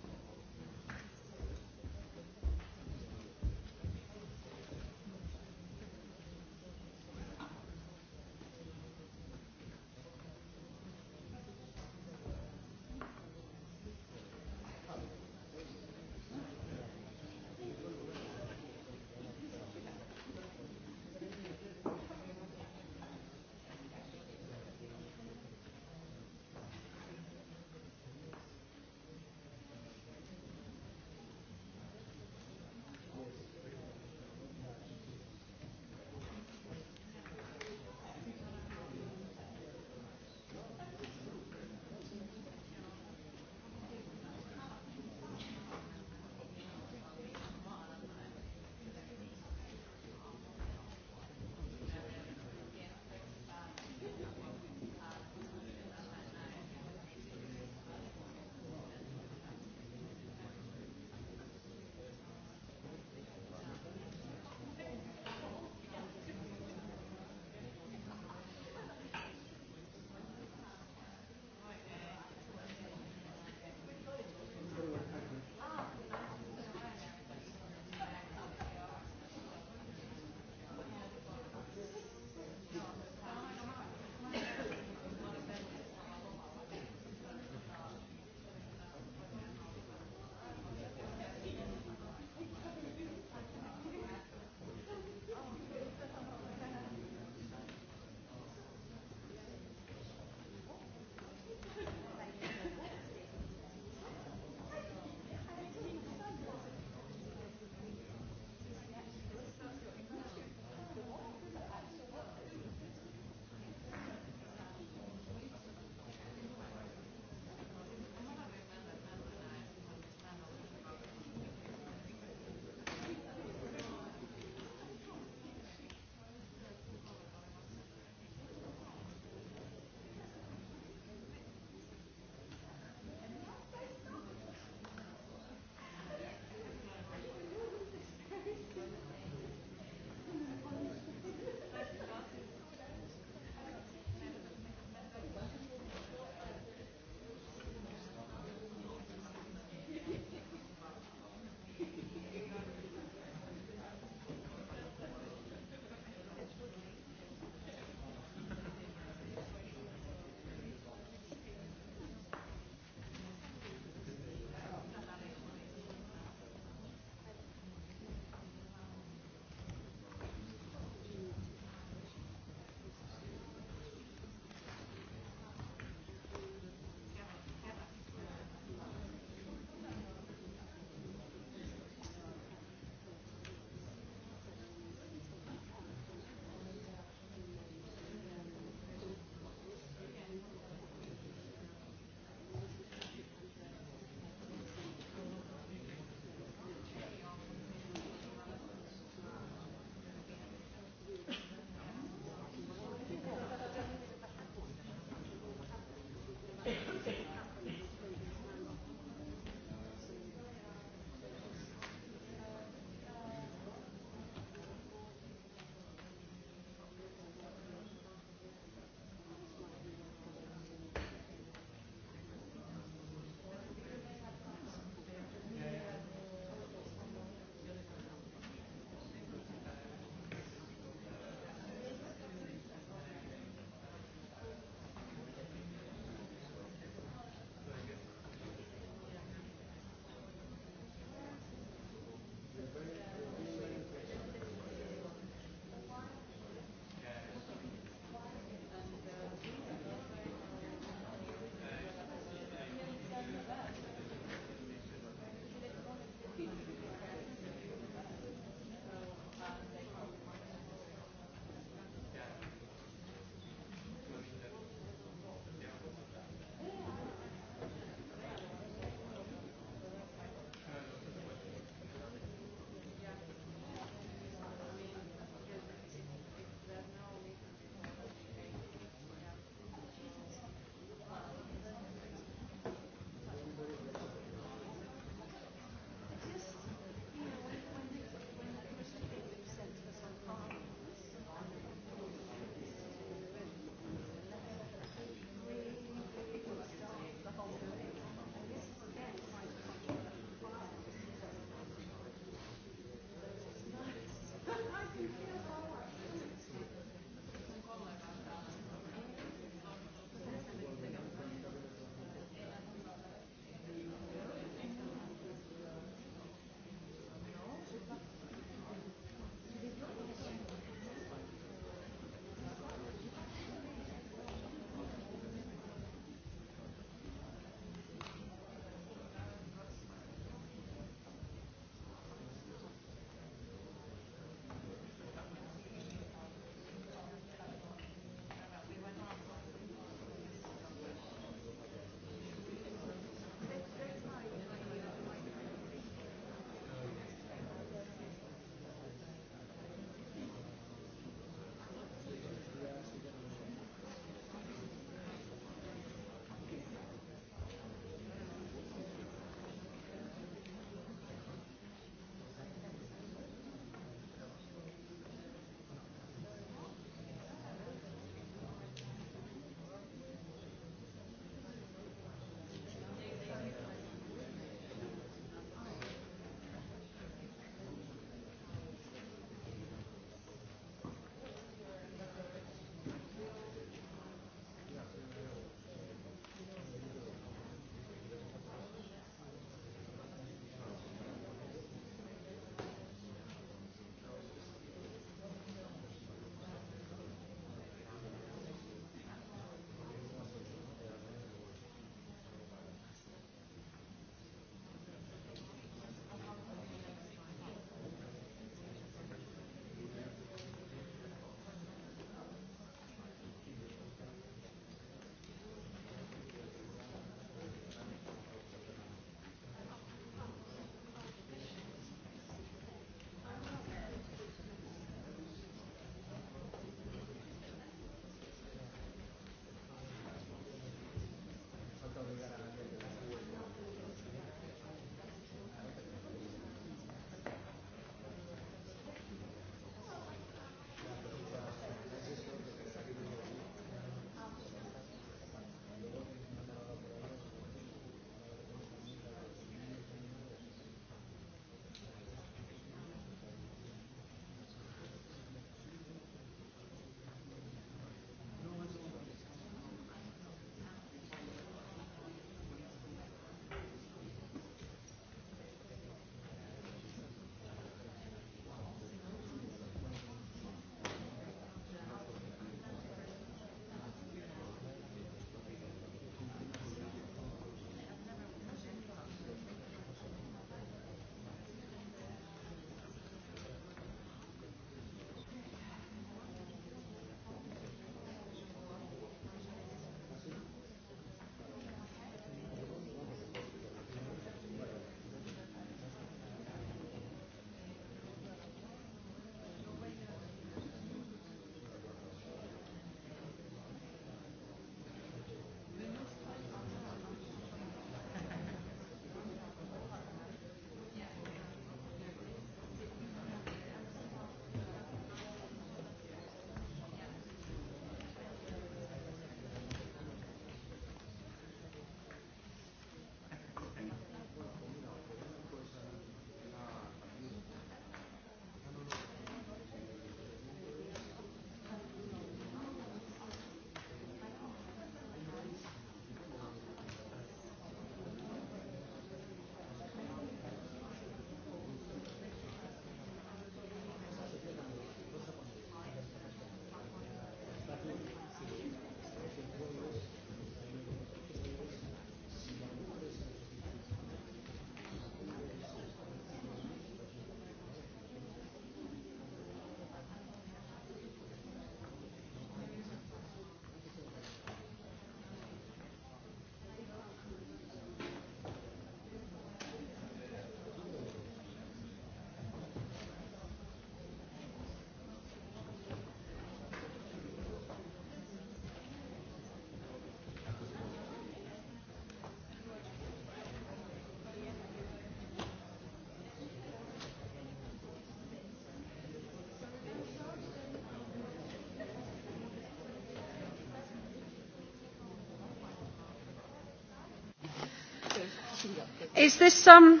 Is this um,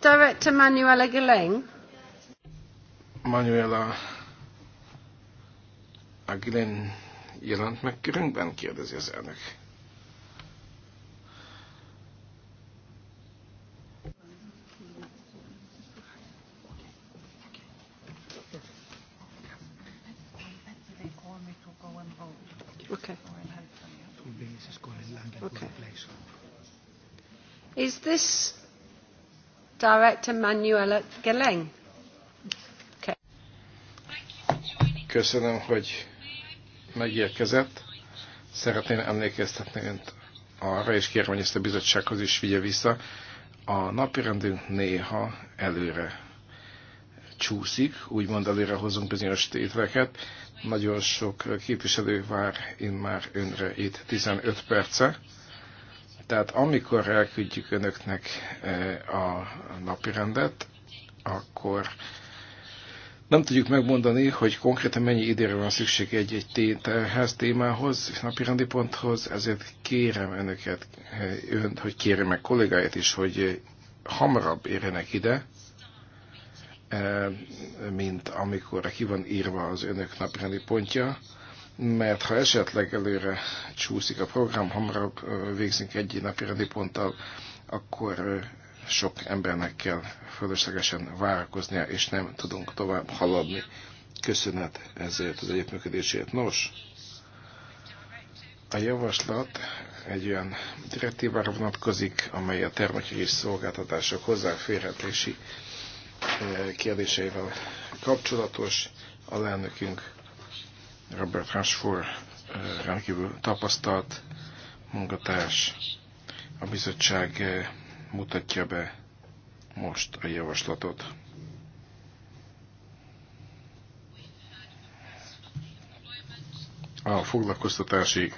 Director Manuela Gilling? Manuela Aguilén jelent meg körünkben? kérdezi az elnök. Okay. Okay. Is this Director Manuela Geleng. Okay. Köszönöm, hogy megérkezett. Szeretném emlékeztetni önt arra, és kérem, hogy ezt a bizottsághoz is vigye vissza. A rendünk néha előre csúszik, úgymond előre hozunk bizonyos tételeket. Nagyon sok képviselő vár én már önre itt 15 perce. Tehát amikor elküldjük önöknek e, a napirendet, akkor nem tudjuk megmondani, hogy konkrétan mennyi időre van szükség egy-egy tételhez, témához, napirendi ponthoz, ezért kérem önöket, e, önt, hogy kérem meg kollégáit is, hogy hamarabb érjenek ide, e, mint amikor ki van írva az önök napirendi pontja, mert ha esetleg előre csúszik a program, hamarabb végzünk egy napi ponttal, akkor sok embernek kell fölöslegesen várakoznia, és nem tudunk tovább haladni. Köszönet ezért az együttműködésért. Nos, a javaslat egy olyan direktívára vonatkozik, amely a termékek és szolgáltatások hozzáférhetési kérdéseivel kapcsolatos. A lelnökünk Robert Rashford rendkívül tapasztalt munkatárs. A bizottság mutatja be most a javaslatot. A foglalkoztatási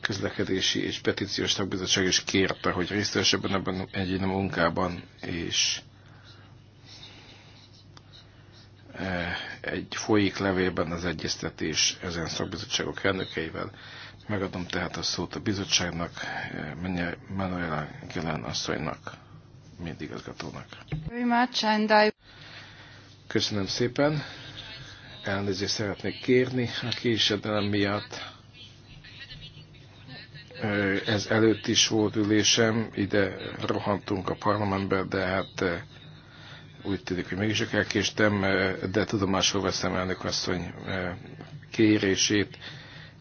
közlekedési és petíciós tagbizottság is kérte, hogy részt ebben ebben egy munkában, és egy folyik levélben az egyeztetés ezen szakbizottságok elnökeivel. Megadom tehát a szót a bizottságnak, Manuela Gelen asszonynak, mint igazgatónak. Köszönöm szépen. Elnézést szeretnék kérni a késedelem miatt. Ez előtt is volt ülésem, ide rohantunk a parlamentbe, de hát úgy tűnik, hogy mégis elkéstem, eh, de tudomásul veszem elnök asszony eh, kérését,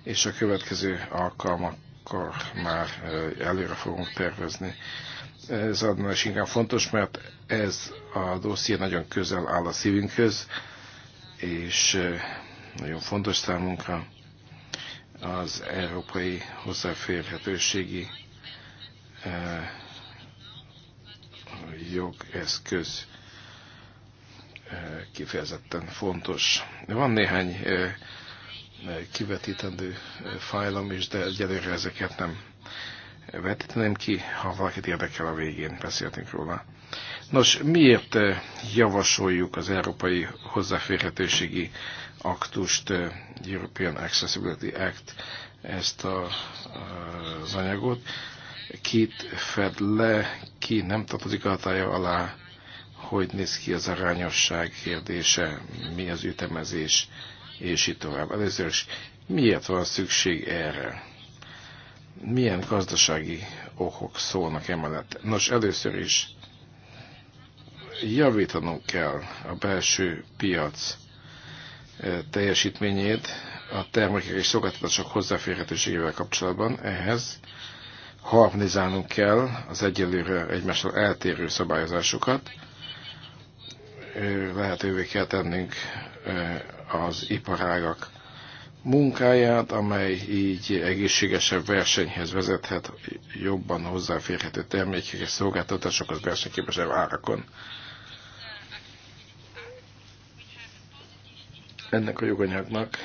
és a következő alkalmakkor már eh, előre fogunk tervezni. Ez adna is inkább fontos, mert ez a dosszié nagyon közel áll a szívünkhöz, és nagyon fontos számunkra az európai hozzáférhetőségi jogeszköz Eh, kifejezetten fontos. Van néhány eh, kivetítendő eh, fájlom is, de egyelőre ezeket nem vetíteném ki, ha valakit érdekel a végén, beszéltünk róla. Nos, miért javasoljuk az Európai Hozzáférhetőségi Aktust, European Accessibility Act, ezt a, az anyagot? Kit fed le, ki nem tartozik a alá, hogy néz ki az arányosság kérdése, mi az ütemezés, és így tovább. Először is, miért van szükség erre? Milyen gazdasági okok szólnak emellett? Nos, először is javítanunk kell a belső piac e, teljesítményét a termékek és szolgáltatások hozzáférhetőségével kapcsolatban. Ehhez harmonizálnunk kell az egyelőre egymással eltérő szabályozásokat, lehetővé kell tennünk az iparágak munkáját, amely így egészségesebb versenyhez vezethet, jobban hozzáférhető termékek és szolgáltatásokhoz versenyképesebb árakon. Ennek a joganyagnak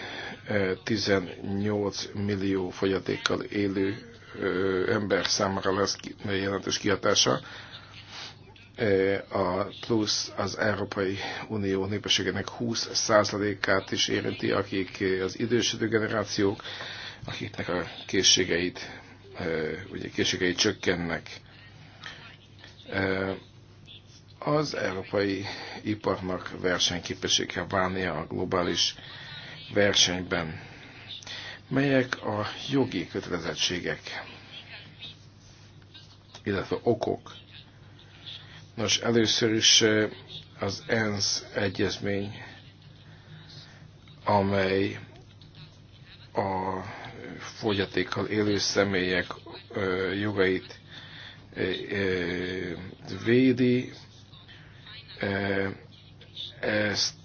18 millió fogyatékkal élő ember számára lesz jelentős kihatása, Eh, a plusz az Európai Unió népességének 20%-át is érinti, akik az idősödő generációk, akiknek a készségeit, eh, ugye készségei csökkennek. Eh, az európai iparnak versenyképessége kell válnia a globális versenyben. Melyek a jogi kötelezettségek, illetve okok, Nos, először is eh, az ENSZ egyezmény, amely a fogyatékkal élő személyek eh, jogait eh, védi. Ezt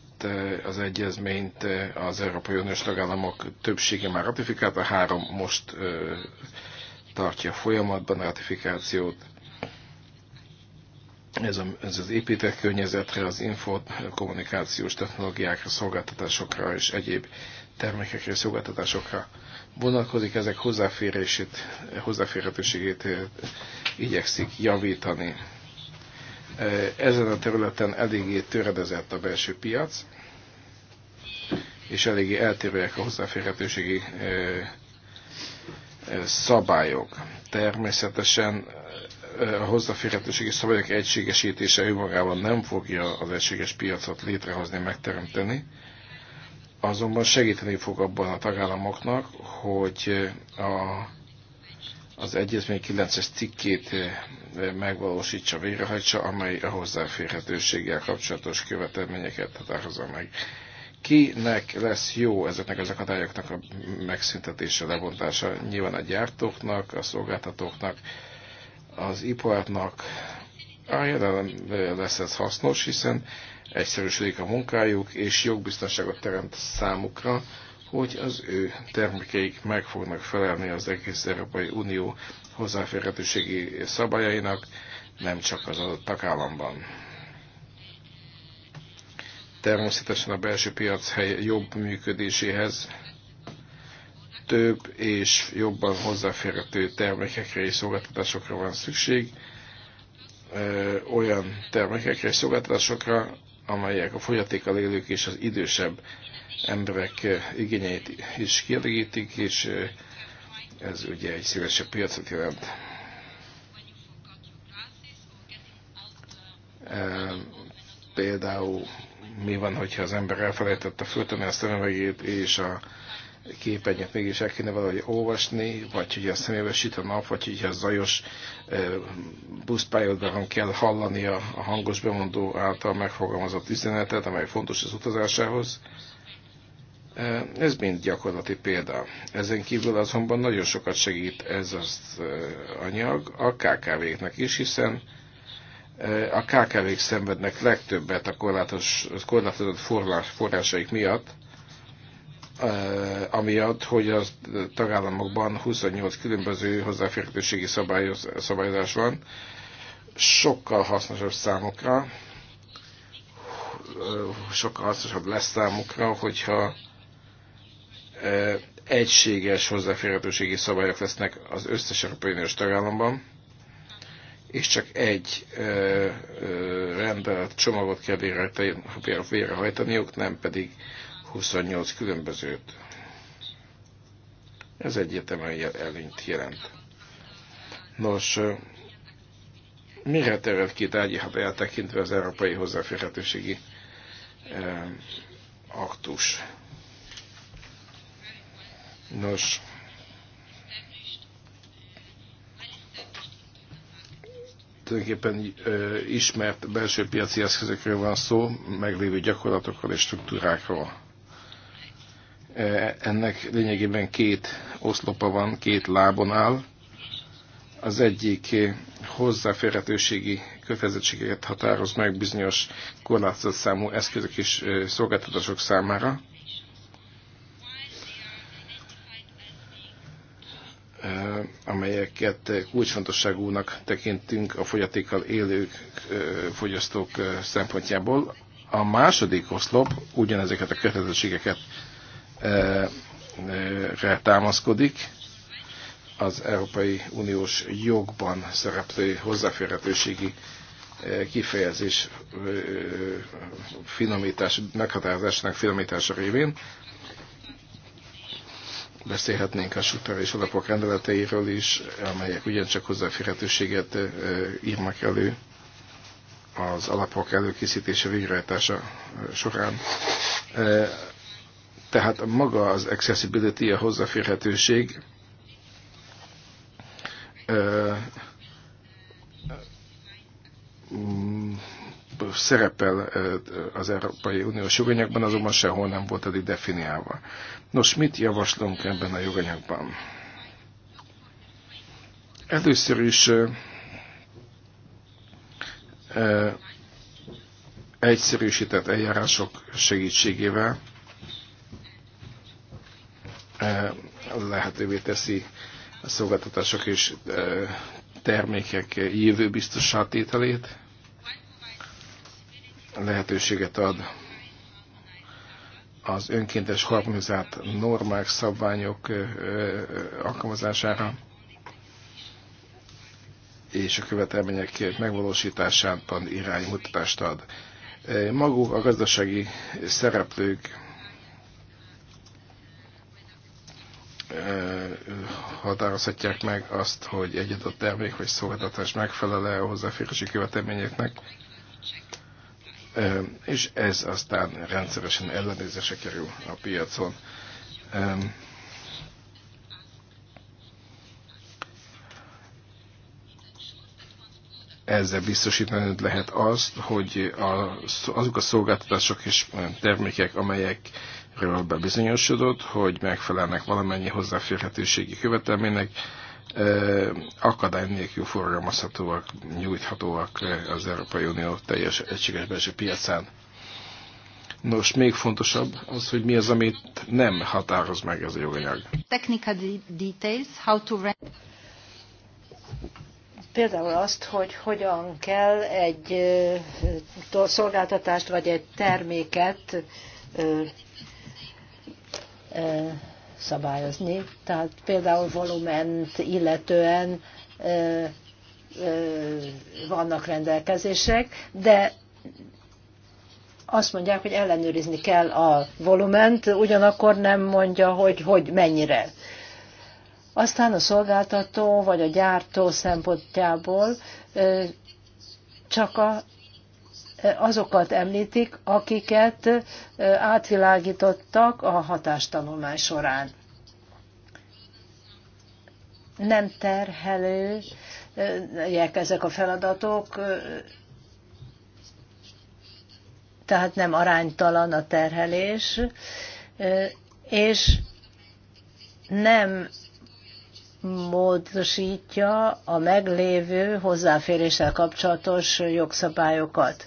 az egyezményt az Európai Uniós tagállamok többsége már ratifikálta, három most tartja folyamatban a ratifikációt ez, a, ez az építőkörnyezetre, az infokommunikációs technológiákra, szolgáltatásokra és egyéb termékekre, szolgáltatásokra vonatkozik, ezek hozzáférését, hozzáférhetőségét eh, igyekszik javítani. Eh, ezen a területen eléggé töredezett a belső piac, és eléggé eltérőek a hozzáférhetőségi eh, szabályok. Természetesen Eh, a hozzáférhetőségi szabályok egységesítése önmagában nem fogja az egységes piacot létrehozni, megteremteni, azonban segíteni fog abban a tagállamoknak, hogy eh, a, az egyezmény 9-es cikkét eh, megvalósítsa, végrehajtsa, amely a hozzáférhetőséggel kapcsolatos követelményeket határozza meg. Kinek lesz jó ezeknek az akadályoknak a megszüntetése, lebontása? Nyilván a gyártóknak, a szolgáltatóknak, az iparnak a jelenre lesz ez hasznos, hiszen egyszerűsödik a munkájuk, és jogbiztonságot teremt számukra, hogy az ő termékeik meg fognak felelni az egész Európai Unió hozzáférhetőségi szabályainak, nem csak az adott tagállamban. Természetesen a belső piac hely jobb működéséhez több és jobban hozzáférhető termékekre és szolgáltatásokra van szükség, olyan termékekre és szolgáltatásokra, amelyek a fogyatékkal élők és az idősebb emberek igényeit is kielégítik, és ez ugye egy szívesebb piacot jelent. Például mi van, hogyha az ember elfelejtette föltenni a szemüvegét, és a képernyőt mégis el kéne valahogy olvasni, vagy hogy a szemébe süt a nap, vagy hogy a zajos buszpályaudvaron kell hallani a, a hangos bemondó által megfogalmazott üzenetet, amely fontos az utazásához. Ez mind gyakorlati példa. Ezen kívül azonban nagyon sokat segít ez az anyag a KKV-knek is, hiszen a KKV-k szenvednek legtöbbet a korlátozott forrásaik miatt, amiatt, hogy a tagállamokban 28 különböző hozzáférhetőségi szabályozás van, sokkal hasznosabb számokra, sokkal hasznosabb lesz számukra, hogyha egységes hozzáférhetőségi szabályok lesznek az összes Európai Uniós tagállamban, és csak egy ö, ö, rendelt csomagot kell végrehajtaniuk, nem pedig 28 különbözőt. Ez egyértelműen előnyt jelent. Nos, mire terült ki tárgyhat tekintve az európai hozzáférhetőségi aktus? Nos, tulajdonképpen ismert belső piaci eszközökről van szó, meglévő gyakorlatokról és struktúrákról. Eh, ennek lényegében két oszlopa van, két lábon áll. Az egyik hozzáférhetőségi kötelezettségeket határoz meg bizonyos korlátozott számú eszközök és eh, szolgáltatások számára. Eh, amelyeket kulcsfontosságúnak tekintünk a fogyatékkal élők fogyasztók szempontjából. A második oszlop ugyanezeket a kötelezettségeket E, támaszkodik az Európai Uniós jogban szereplő hozzáférhetőségi e, kifejezés e, finomítás, meghatározásnak finomítása révén. Beszélhetnénk a és alapok rendeleteiről is, amelyek ugyancsak hozzáférhetőséget írnak elő az alapok előkészítése végrehajtása során. Tehát maga az accessibility, a hozzáférhetőség szerepel az Európai Uniós joganyagban, azonban sehol nem volt eddig definiálva. Nos, mit javaslunk ebben a joganyagban? Először is egyszerűsített eljárások segítségével E, lehetővé teszi a szolgáltatások és e, termékek jövőbiztossá tételét, lehetőséget ad az önkéntes harmonizált normák, szabványok e, alkalmazására és a követelmények megvalósításában iránymutatást ad. Maguk a gazdasági szereplők határozhatják meg azt, hogy egy adott termék vagy szolgáltatás megfelele a hozzáférési követelményeknek, és ez aztán rendszeresen ellenőrzése kerül a piacon. ezzel biztosítani lehet azt, hogy azok a szolgáltatások és termékek, amelyek ről bebizonyosodott, hogy megfelelnek valamennyi hozzáférhetőségi követelménynek, akadály nélkül forgalmazhatóak, nyújthatóak az Európai Unió teljes egységes belső piacán. Nos, még fontosabb az, hogy mi az, amit nem határoz meg ez a joganyag. Technical details, how to Például azt, hogy hogyan kell egy szolgáltatást vagy egy terméket szabályozni. Tehát például volument illetően vannak rendelkezések, de azt mondják, hogy ellenőrizni kell a volument, ugyanakkor nem mondja, hogy, hogy mennyire. Aztán a szolgáltató vagy a gyártó szempontjából csak a azokat említik, akiket átvilágítottak a hatástanulmány során. Nem terhelőek ezek a feladatok, tehát nem aránytalan a terhelés, és nem módosítja a meglévő hozzáféréssel kapcsolatos jogszabályokat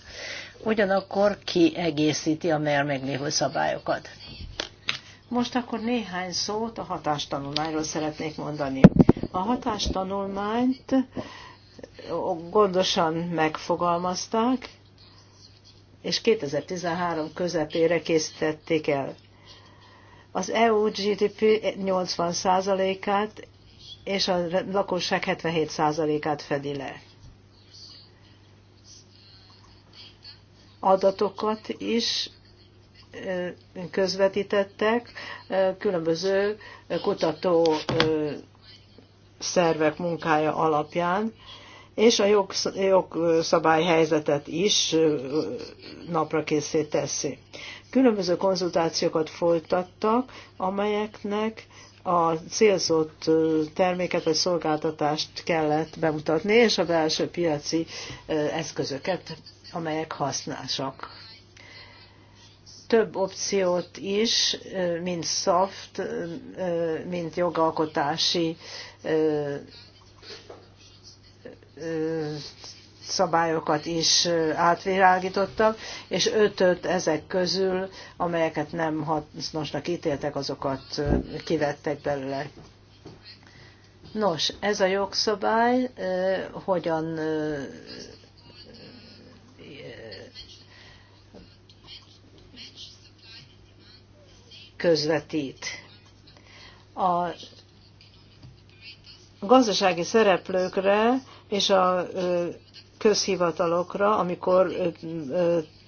ugyanakkor kiegészíti a már meglévő szabályokat. Most akkor néhány szót a hatástanulmányról szeretnék mondani. A hatástanulmányt gondosan megfogalmazták, és 2013 közepére készítették el. Az EU GDP 80%-át és a lakosság 77%-át fedi le. adatokat is közvetítettek különböző kutató szervek munkája alapján, és a jogszabály helyzetet is napra készé teszi. Különböző konzultációkat folytattak, amelyeknek a célzott terméket vagy szolgáltatást kellett bemutatni, és a belső piaci eszközöket amelyek hasznosak. Több opciót is, mint soft, mint jogalkotási szabályokat is átvirágítottak, és ötöt ezek közül, amelyeket nem hasznosnak ítéltek, azokat kivettek belőle. Nos, ez a jogszabály hogyan közvetít. A gazdasági szereplőkre és a közhivatalokra, amikor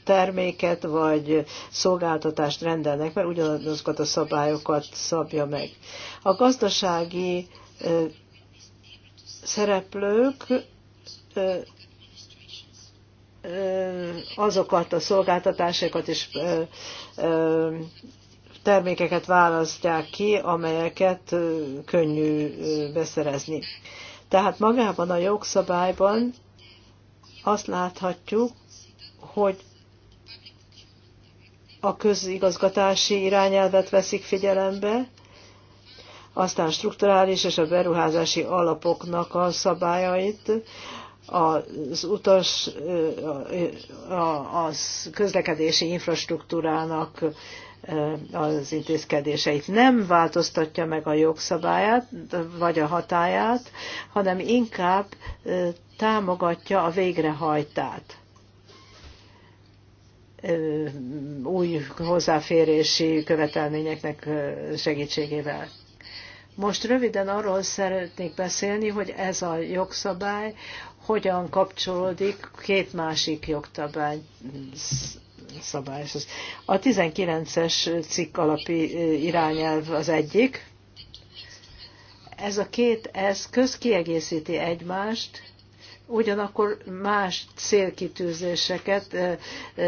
terméket vagy szolgáltatást rendelnek, mert ugyanazokat a szabályokat szabja meg. A gazdasági szereplők azokat a szolgáltatásokat is termékeket választják ki, amelyeket könnyű beszerezni. Tehát magában a jogszabályban azt láthatjuk, hogy a közigazgatási irányelvet veszik figyelembe, aztán strukturális és a beruházási alapoknak a szabályait, az utas, a közlekedési infrastruktúrának az intézkedéseit. Nem változtatja meg a jogszabályát, vagy a hatáját, hanem inkább támogatja a végrehajtát új hozzáférési követelményeknek segítségével. Most röviden arról szeretnék beszélni, hogy ez a jogszabály hogyan kapcsolódik két másik jogszabály szabály. A 19-es cikk alapi irányelv az egyik. Ez a két ez közkiegészíti egymást, ugyanakkor más célkitűzéseket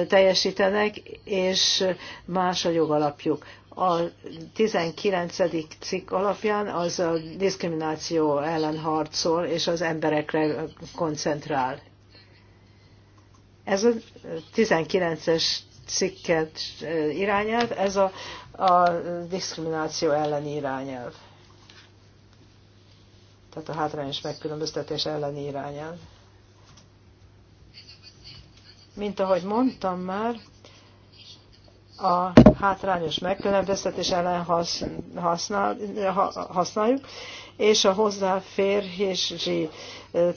teljesítenek, és más a jogalapjuk. A 19. cikk alapján az a diszkrimináció ellen harcol, és az emberekre koncentrál. Ez a 19-es cikket irányelv, ez a, a diszkrimináció elleni irányelv. Tehát a hátrányos megkülönböztetés elleni irányelv. Mint ahogy mondtam már, a hátrányos megkülönböztetés ellen használ, használjuk, és a hozzáférési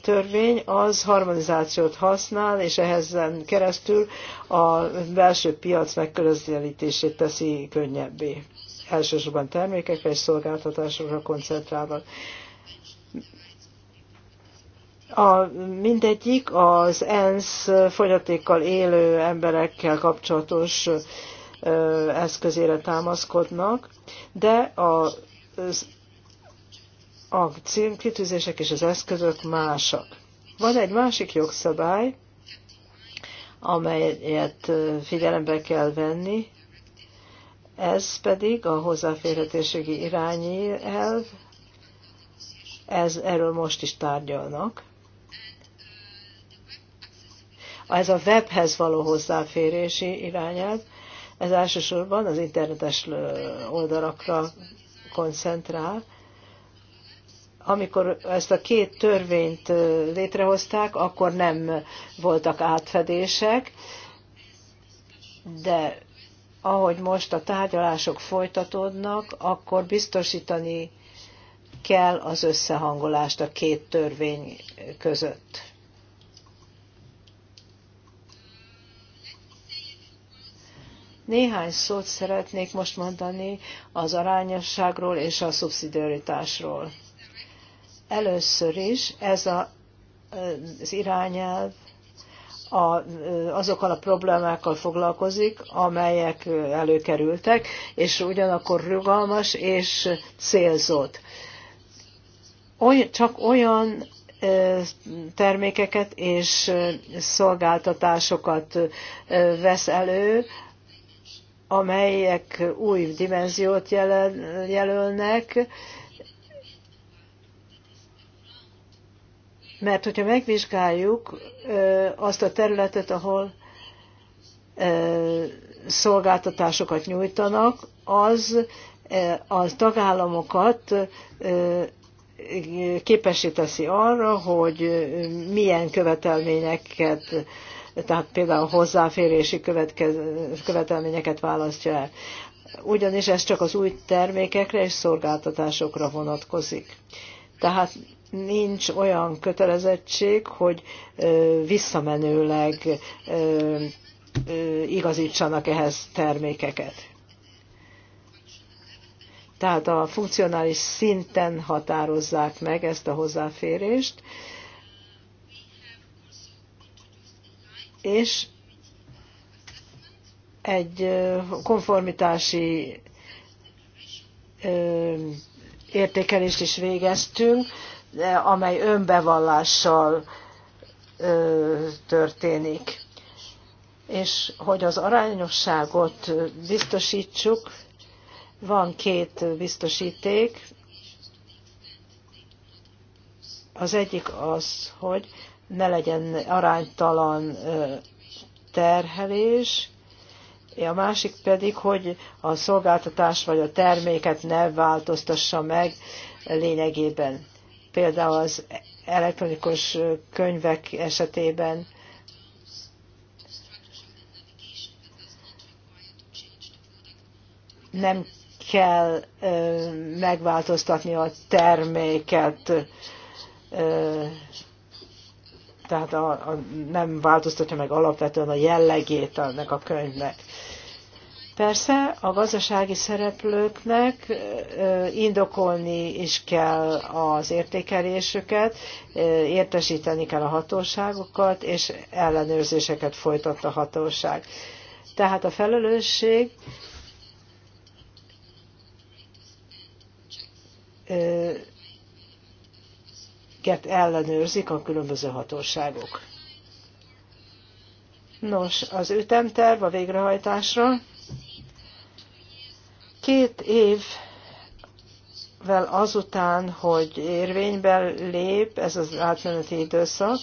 törvény az harmonizációt használ, és ehhez keresztül a belső piac megközelítését teszi könnyebbé. Elsősorban termékekre és szolgáltatásokra koncentrálva. A, mindegyik az ENSZ fogyatékkal élő emberekkel kapcsolatos eszközére támaszkodnak, de a, a címkitűzések és az eszközök másak. Van egy másik jogszabály, amelyet figyelembe kell venni, ez pedig a hozzáférhetőségi irányelv, ez, erről most is tárgyalnak. Ez a webhez való hozzáférési irányelv, ez elsősorban az internetes oldalakra koncentrál. Amikor ezt a két törvényt létrehozták, akkor nem voltak átfedések, de ahogy most a tárgyalások folytatódnak, akkor biztosítani kell az összehangolást a két törvény között. Néhány szót szeretnék most mondani az arányosságról és a szubszidiaritásról. Először is ez a, az irányelv a, azokkal a problémákkal foglalkozik, amelyek előkerültek, és ugyanakkor rugalmas és célzott. Oly, csak olyan termékeket és szolgáltatásokat vesz elő, amelyek új dimenziót jelölnek, mert hogyha megvizsgáljuk azt a területet, ahol szolgáltatásokat nyújtanak, az a tagállamokat képesé teszi arra, hogy milyen követelményeket tehát például hozzáférési követelményeket választja el. Ugyanis ez csak az új termékekre és szolgáltatásokra vonatkozik. Tehát nincs olyan kötelezettség, hogy visszamenőleg igazítsanak ehhez termékeket. Tehát a funkcionális szinten határozzák meg ezt a hozzáférést, és egy konformitási értékelést is végeztünk, amely önbevallással történik. És hogy az arányosságot biztosítsuk, van két biztosíték. Az egyik az, hogy ne legyen aránytalan terhelés, a másik pedig, hogy a szolgáltatás vagy a terméket ne változtassa meg lényegében. Például az elektronikus könyvek esetében nem kell megváltoztatni a terméket tehát a, a, nem változtatja meg alapvetően a jellegét ennek a könyvnek. Persze a gazdasági szereplőknek indokolni is kell az értékelésüket, értesíteni kell a hatóságokat, és ellenőrzéseket folytat a hatóság. Tehát a felelősség amiket ellenőrzik a különböző hatóságok. Nos, az ütemterv a végrehajtásra két évvel azután, hogy érvényben lép ez az átmeneti időszak,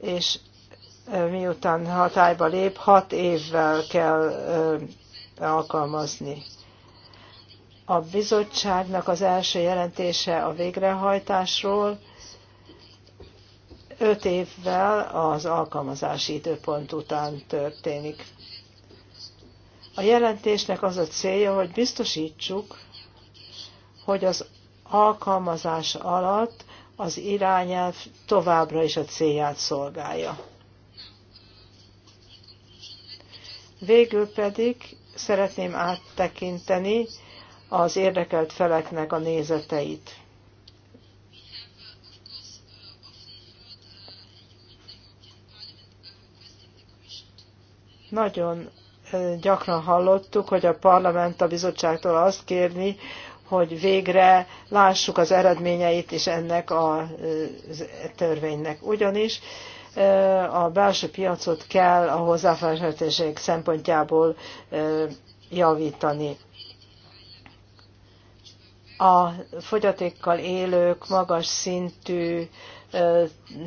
és miután hatályba lép, hat évvel kell alkalmazni. A bizottságnak az első jelentése a végrehajtásról öt évvel az alkalmazási időpont után történik. A jelentésnek az a célja, hogy biztosítsuk, hogy az alkalmazás alatt az irányelv továbbra is a célját szolgálja. Végül pedig szeretném áttekinteni az érdekelt feleknek a nézeteit. Nagyon gyakran hallottuk, hogy a parlament a bizottságtól azt kérni, hogy végre lássuk az eredményeit is ennek a e törvénynek. Ugyanis a belső piacot kell a hozzáfelelhetőség szempontjából javítani a fogyatékkal élők magas szintű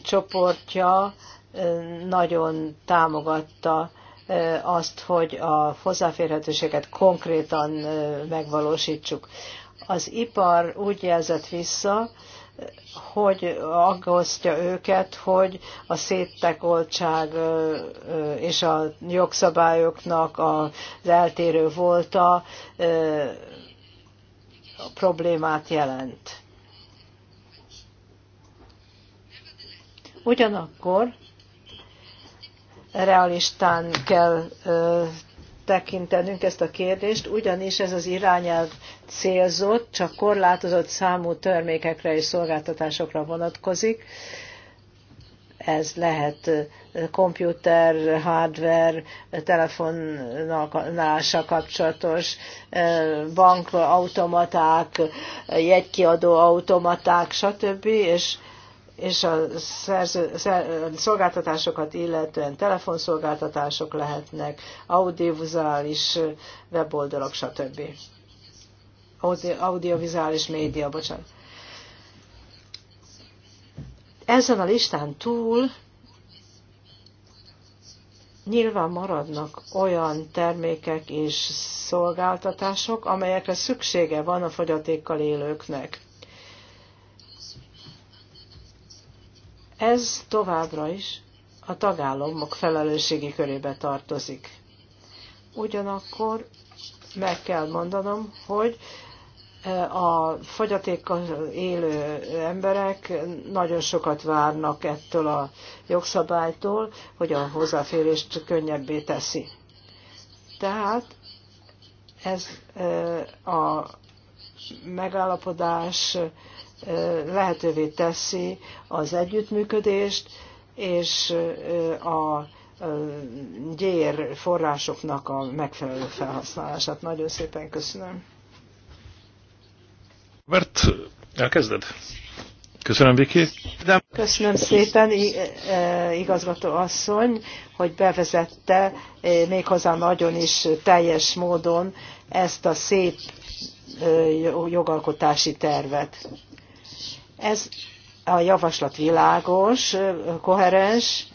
csoportja nagyon támogatta azt, hogy a hozzáférhetőséget konkrétan megvalósítsuk. Az ipar úgy jelzett vissza, hogy aggasztja őket, hogy a széttekoltság és a jogszabályoknak az eltérő volta problémát jelent. Ugyanakkor realistán kell ö, tekintenünk ezt a kérdést, ugyanis ez az irányelv célzott, csak korlátozott számú termékekre és szolgáltatásokra vonatkozik, ez lehet komputer, hardware, telefonálással kapcsolatos, bankautomaták, jegykiadó automaták, stb. és és a szerző, szer, szolgáltatásokat illetően telefonszolgáltatások lehetnek, audiovizuális weboldalak, stb. Audi, audiovizuális média, bocsánat. Ezen a listán túl nyilván maradnak olyan termékek és szolgáltatások, amelyekre szüksége van a fogyatékkal élőknek. Ez továbbra is a tagállamok felelősségi körébe tartozik. Ugyanakkor meg kell mondanom, hogy a fogyatékkal élő emberek nagyon sokat várnak ettől a jogszabálytól, hogy a hozzáférést könnyebbé teszi. Tehát ez a megállapodás lehetővé teszi az együttműködést, és a gyér forrásoknak a megfelelő felhasználását. Nagyon szépen köszönöm. Mert elkezded? Köszönöm, Viki. Köszönöm szépen, e, igazgató asszony, hogy bevezette e, méghozzá nagyon is teljes módon ezt a szép e, jogalkotási tervet. Ez a javaslat világos, koherens,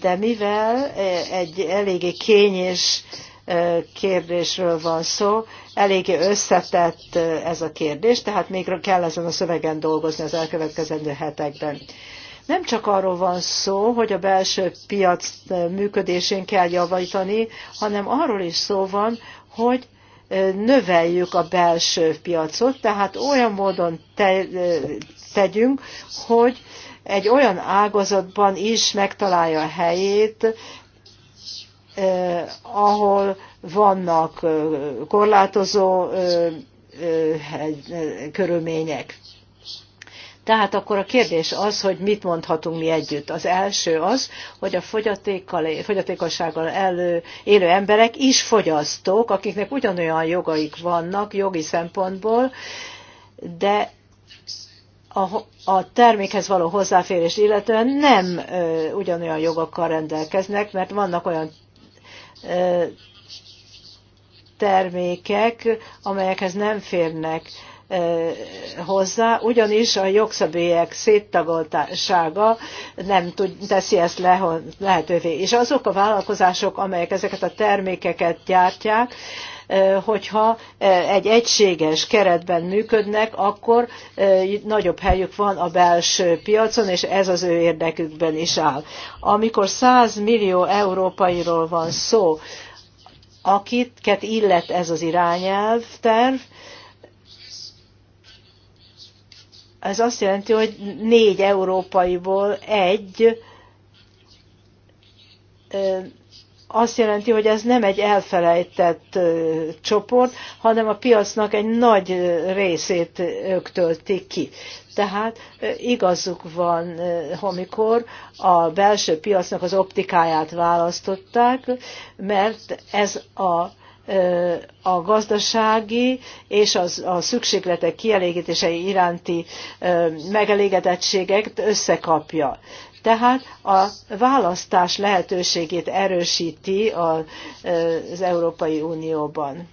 de mivel egy eléggé kényes kérdésről van szó. Eléggé összetett ez a kérdés, tehát még kell ezen a szövegen dolgozni az elkövetkezendő hetekben. Nem csak arról van szó, hogy a belső piac működésén kell javítani, hanem arról is szó van, hogy növeljük a belső piacot, tehát olyan módon te, tegyünk, hogy egy olyan ágazatban is megtalálja a helyét, Eh, ahol vannak eh, korlátozó eh, körülmények. Tehát akkor a kérdés az, hogy mit mondhatunk mi együtt. Az első az, hogy a fogyatékossággal elő, élő emberek is fogyasztók, akiknek ugyanolyan jogaik vannak jogi szempontból, de a, a termékhez való hozzáférés illetően nem ö, ugyanolyan jogokkal rendelkeznek, mert vannak olyan termékek, amelyekhez nem férnek hozzá, ugyanis a jogszabélyek széttagoltsága nem tud, teszi ezt lehetővé. És azok a vállalkozások, amelyek ezeket a termékeket gyártják, Eh, hogyha eh, egy egységes keretben működnek, akkor eh, nagyobb helyük van a belső piacon, és ez az ő érdekükben is áll. Amikor 100 millió európairól van szó, akiket illet ez az irányelv terv, ez azt jelenti, hogy négy európaiból egy azt jelenti, hogy ez nem egy elfelejtett csoport, hanem a piacnak egy nagy részét ők töltik ki. Tehát igazuk van, amikor a belső piacnak az optikáját választották, mert ez a a gazdasági és az, a szükségletek kielégítése iránti megelégedettséget összekapja. Tehát a választás lehetőségét erősíti az Európai Unióban.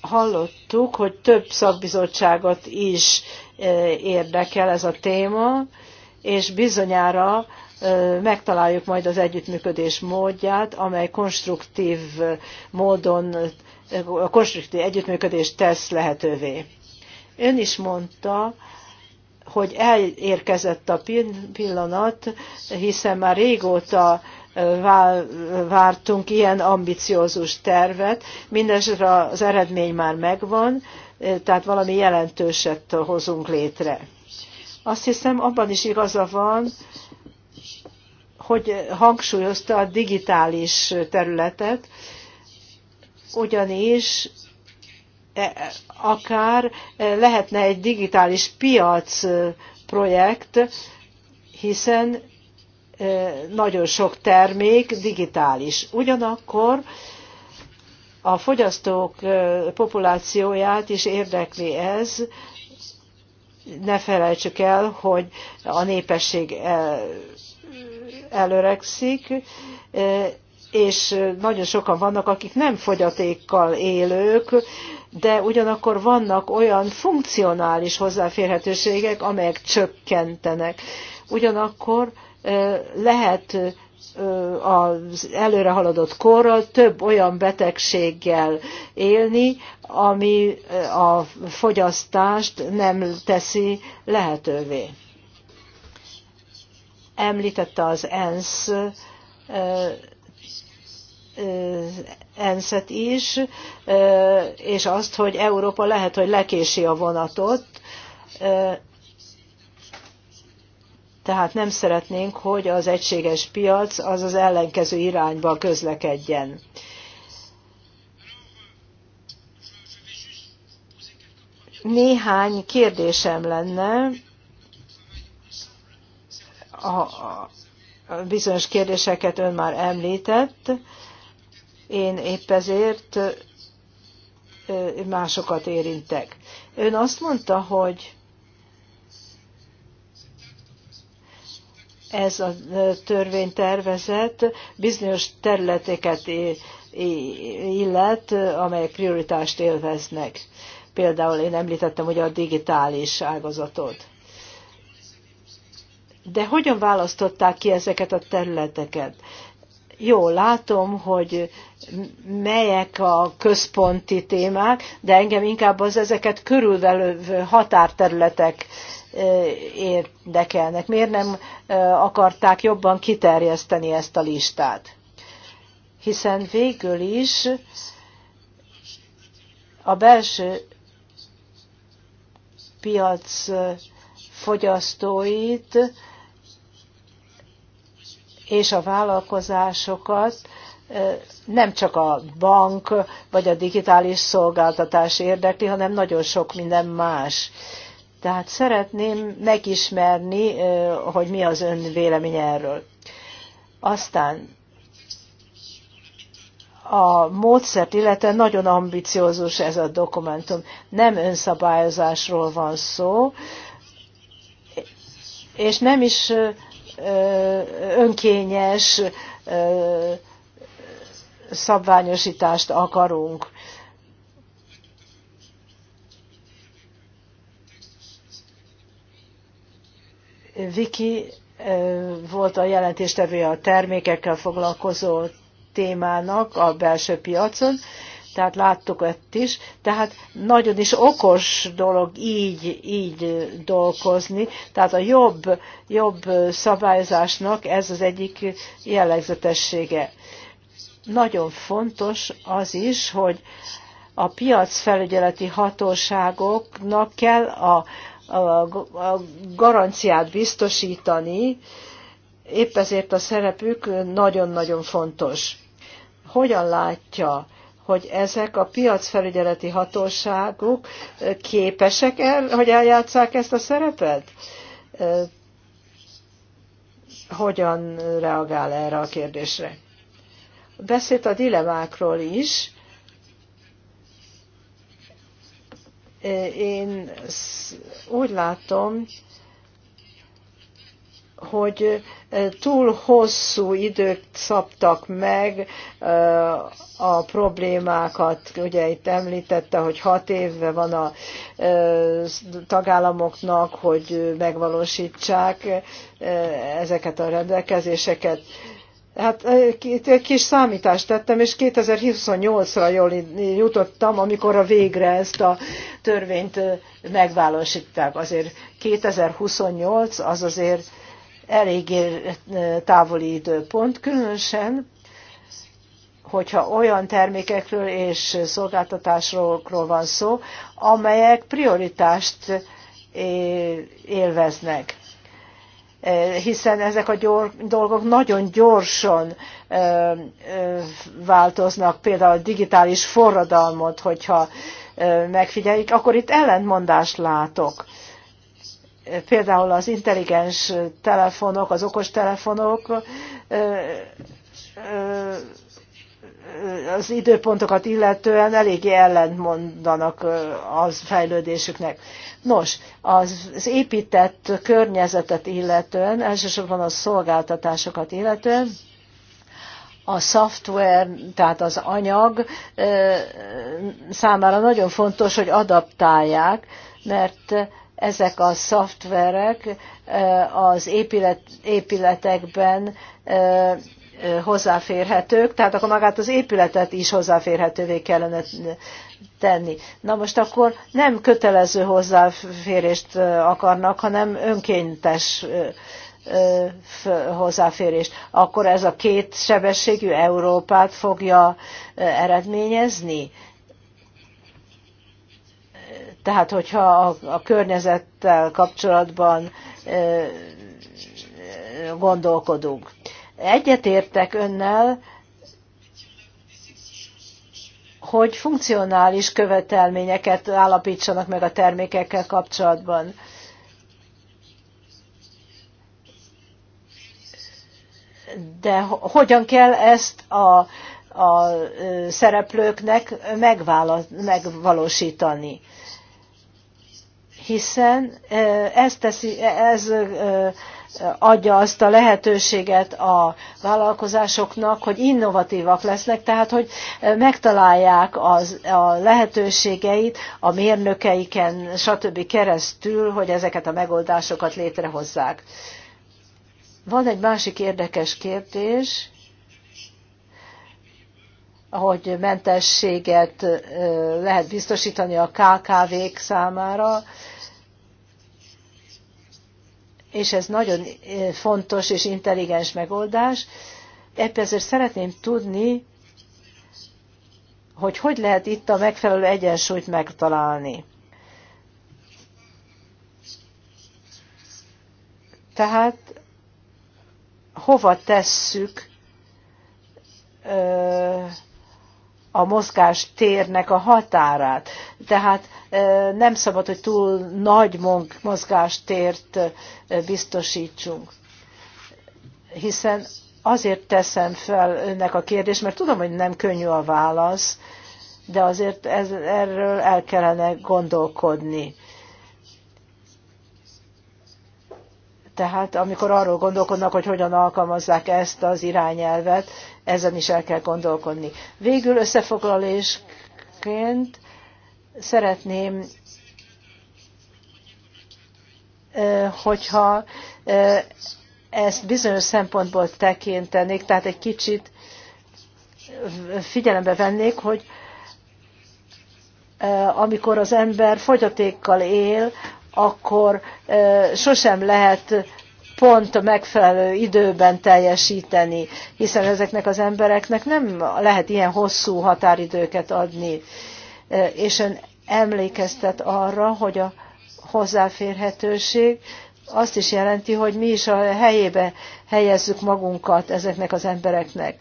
Hallottuk, hogy több szakbizottságot is e, érdekel ez a téma, és bizonyára e, megtaláljuk majd az együttműködés módját, amely konstruktív módon, e, a konstruktív együttműködést tesz lehetővé. Ön is mondta, hogy elérkezett a pillanat, hiszen már régóta vártunk ilyen ambiciózus tervet, mindesre az eredmény már megvan, tehát valami jelentőset hozunk létre. Azt hiszem, abban is igaza van, hogy hangsúlyozta a digitális területet, ugyanis E, akár e, lehetne egy digitális piac e, projekt, hiszen nagyon sok termék digitális. Ugyanakkor a fogyasztók populációját is érdekli ez, ne felejtsük el, hogy a népesség előregszik, és nagyon sokan vannak, akik nem fogyatékkal élők, de ugyanakkor vannak olyan funkcionális hozzáférhetőségek, amelyek csökkentenek. Ugyanakkor lehet az előre haladott korral több olyan betegséggel élni, ami a fogyasztást nem teszi lehetővé. Említette az ENSZ ensz is, és azt, hogy Európa lehet, hogy lekési a vonatot. Tehát nem szeretnénk, hogy az egységes piac az az ellenkező irányba közlekedjen. Néhány kérdésem lenne a bizonyos kérdéseket ön már említett. Én épp ezért másokat érintek. Ön azt mondta, hogy ez a törvénytervezet bizonyos területeket illet, amelyek prioritást élveznek. Például én említettem hogy a digitális ágazatot. De hogyan választották ki ezeket a területeket? Jól látom, hogy melyek a központi témák, de engem inkább az ezeket körülvelő határterületek e, érdekelnek. Miért nem e, akarták jobban kiterjeszteni ezt a listát? Hiszen végül is a belső piac fogyasztóit és a vállalkozásokat nem csak a bank vagy a digitális szolgáltatás érdekli, hanem nagyon sok minden más. Tehát szeretném megismerni, hogy mi az ön véleménye erről. Aztán a módszert, illetve nagyon ambiciózus ez a dokumentum. Nem önszabályozásról van szó, és nem is önkényes szabványosítást akarunk. Viki volt a jelentéstevője a termékekkel foglalkozó témának a belső piacon, tehát láttuk ezt is, tehát nagyon is okos dolog így, így dolgozni, tehát a jobb, jobb szabályozásnak ez az egyik jellegzetessége. Nagyon fontos az is, hogy a piacfelügyeleti hatóságoknak kell a, a, a garanciát biztosítani, épp ezért a szerepük nagyon-nagyon fontos. Hogyan látja hogy ezek a piacfelügyeleti hatóságok képesek el, hogy eljátszák ezt a szerepet? Hogyan reagál erre a kérdésre? Beszélt a dilemákról is. Én úgy látom, hogy túl hosszú időt szabtak meg a problémákat. Ugye itt említette, hogy hat évve van a tagállamoknak, hogy megvalósítsák ezeket a rendelkezéseket. Hát egy kis számítást tettem, és 2028-ra jól jutottam, amikor a végre ezt a törvényt megvalósították. Azért 2028 az azért eléggé távoli időpont, különösen, hogyha olyan termékekről és szolgáltatásról van szó, amelyek prioritást élveznek hiszen ezek a gyor, dolgok nagyon gyorsan ö, ö, változnak, például a digitális forradalmat, hogyha ö, megfigyeljük, akkor itt ellentmondást látok. Ö, például az intelligens telefonok, az okos telefonok az időpontokat illetően eléggé ellentmondanak az fejlődésüknek. Nos, az épített környezetet illetően, elsősorban a szolgáltatásokat illetően, a szoftver, tehát az anyag számára nagyon fontos, hogy adaptálják, mert ezek a szoftverek eh, az épület, épületekben eh, eh, hozzáférhetők, tehát akkor magát az épületet is hozzáférhetővé kellene tenni. Na most akkor nem kötelező hozzáférést akarnak, hanem önkéntes hozzáférést. Akkor ez a két sebességű Európát fogja eredményezni? Tehát, hogyha a, a környezettel kapcsolatban gondolkodunk. Egyetértek önnel, hogy funkcionális követelményeket állapítsanak meg a termékekkel kapcsolatban. De hogyan kell ezt a, a szereplőknek megvalósítani? hiszen ez, teszi, ez adja azt a lehetőséget a vállalkozásoknak, hogy innovatívak lesznek, tehát hogy megtalálják az, a lehetőségeit a mérnökeiken, stb. keresztül, hogy ezeket a megoldásokat létrehozzák. Van egy másik érdekes kérdés, hogy mentességet lehet biztosítani a KKV-k számára, és ez nagyon fontos és intelligens megoldás. Ebből ezért szeretném tudni, hogy hogy lehet itt a megfelelő egyensúlyt megtalálni. Tehát hova tesszük a mozgás térnek a határát. Tehát nem szabad, hogy túl nagy mozgástért biztosítsunk. Hiszen azért teszem fel önnek a kérdést, mert tudom, hogy nem könnyű a válasz, de azért ez, erről el kellene gondolkodni. Tehát amikor arról gondolkodnak, hogy hogyan alkalmazzák ezt az irányelvet, ezen is el kell gondolkodni. Végül összefoglalésként szeretném, hogyha ezt bizonyos szempontból tekintenék, tehát egy kicsit figyelembe vennék, hogy amikor az ember fogyatékkal él, akkor sosem lehet pont a megfelelő időben teljesíteni, hiszen ezeknek az embereknek nem lehet ilyen hosszú határidőket adni. És ön emlékeztet arra, hogy a hozzáférhetőség azt is jelenti, hogy mi is a helyébe helyezzük magunkat ezeknek az embereknek.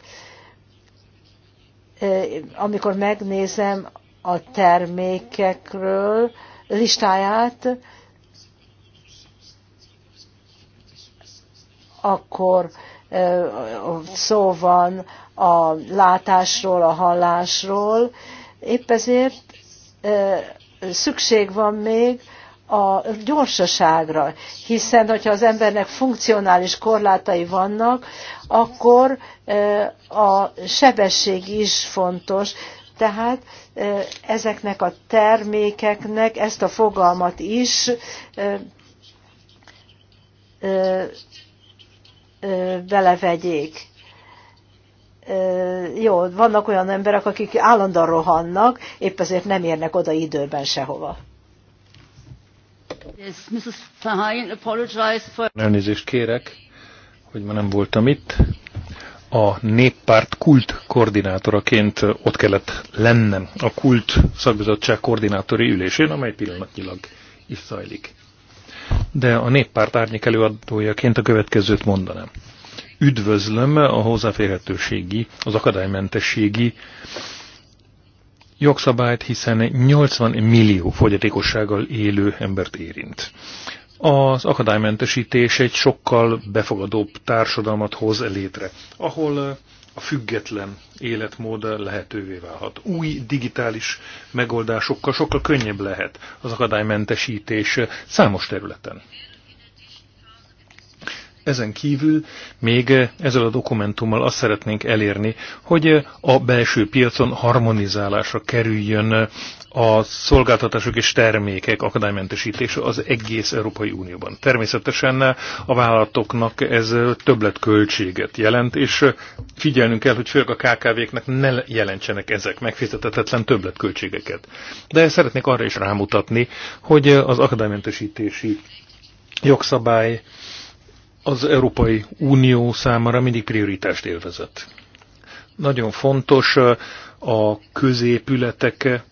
Amikor megnézem a termékekről listáját, akkor szó van a látásról, a hallásról. Épp ezért szükség van még a gyorsaságra, hiszen hogyha az embernek funkcionális korlátai vannak, akkor a sebesség is fontos. Tehát ezeknek a termékeknek ezt a fogalmat is belevegyék. Jó, vannak olyan emberek, akik állandóan rohannak, épp ezért nem érnek oda időben sehova. Elnézést kérek, hogy ma nem voltam itt. A néppárt kult koordinátoraként ott kellett lennem a kult szakbizottság koordinátori ülésén, amely pillanatnyilag is zajlik de a néppárt árnyék előadójaként a következőt mondanám. Üdvözlöm a hozzáférhetőségi, az akadálymentességi jogszabályt, hiszen 80 millió fogyatékossággal élő embert érint. Az akadálymentesítés egy sokkal befogadóbb társadalmat hoz létre, ahol a független életmód lehetővé válhat. Új digitális megoldásokkal sokkal könnyebb lehet az akadálymentesítés számos területen. Ezen kívül még eh, ezzel a dokumentummal azt szeretnénk elérni, hogy eh, a belső piacon harmonizálásra kerüljön eh, a szolgáltatások és termékek akadálymentesítése az egész Európai Unióban. Természetesen a vállalatoknak ez többletköltséget jelent, és figyelnünk kell, hogy főleg a KKV-knek ne jelentsenek ezek megfizetetetlen többletköltségeket. De szeretnék arra is rámutatni, hogy az akadálymentesítési jogszabály az Európai Unió számára mindig prioritást élvezett. Nagyon fontos a középületek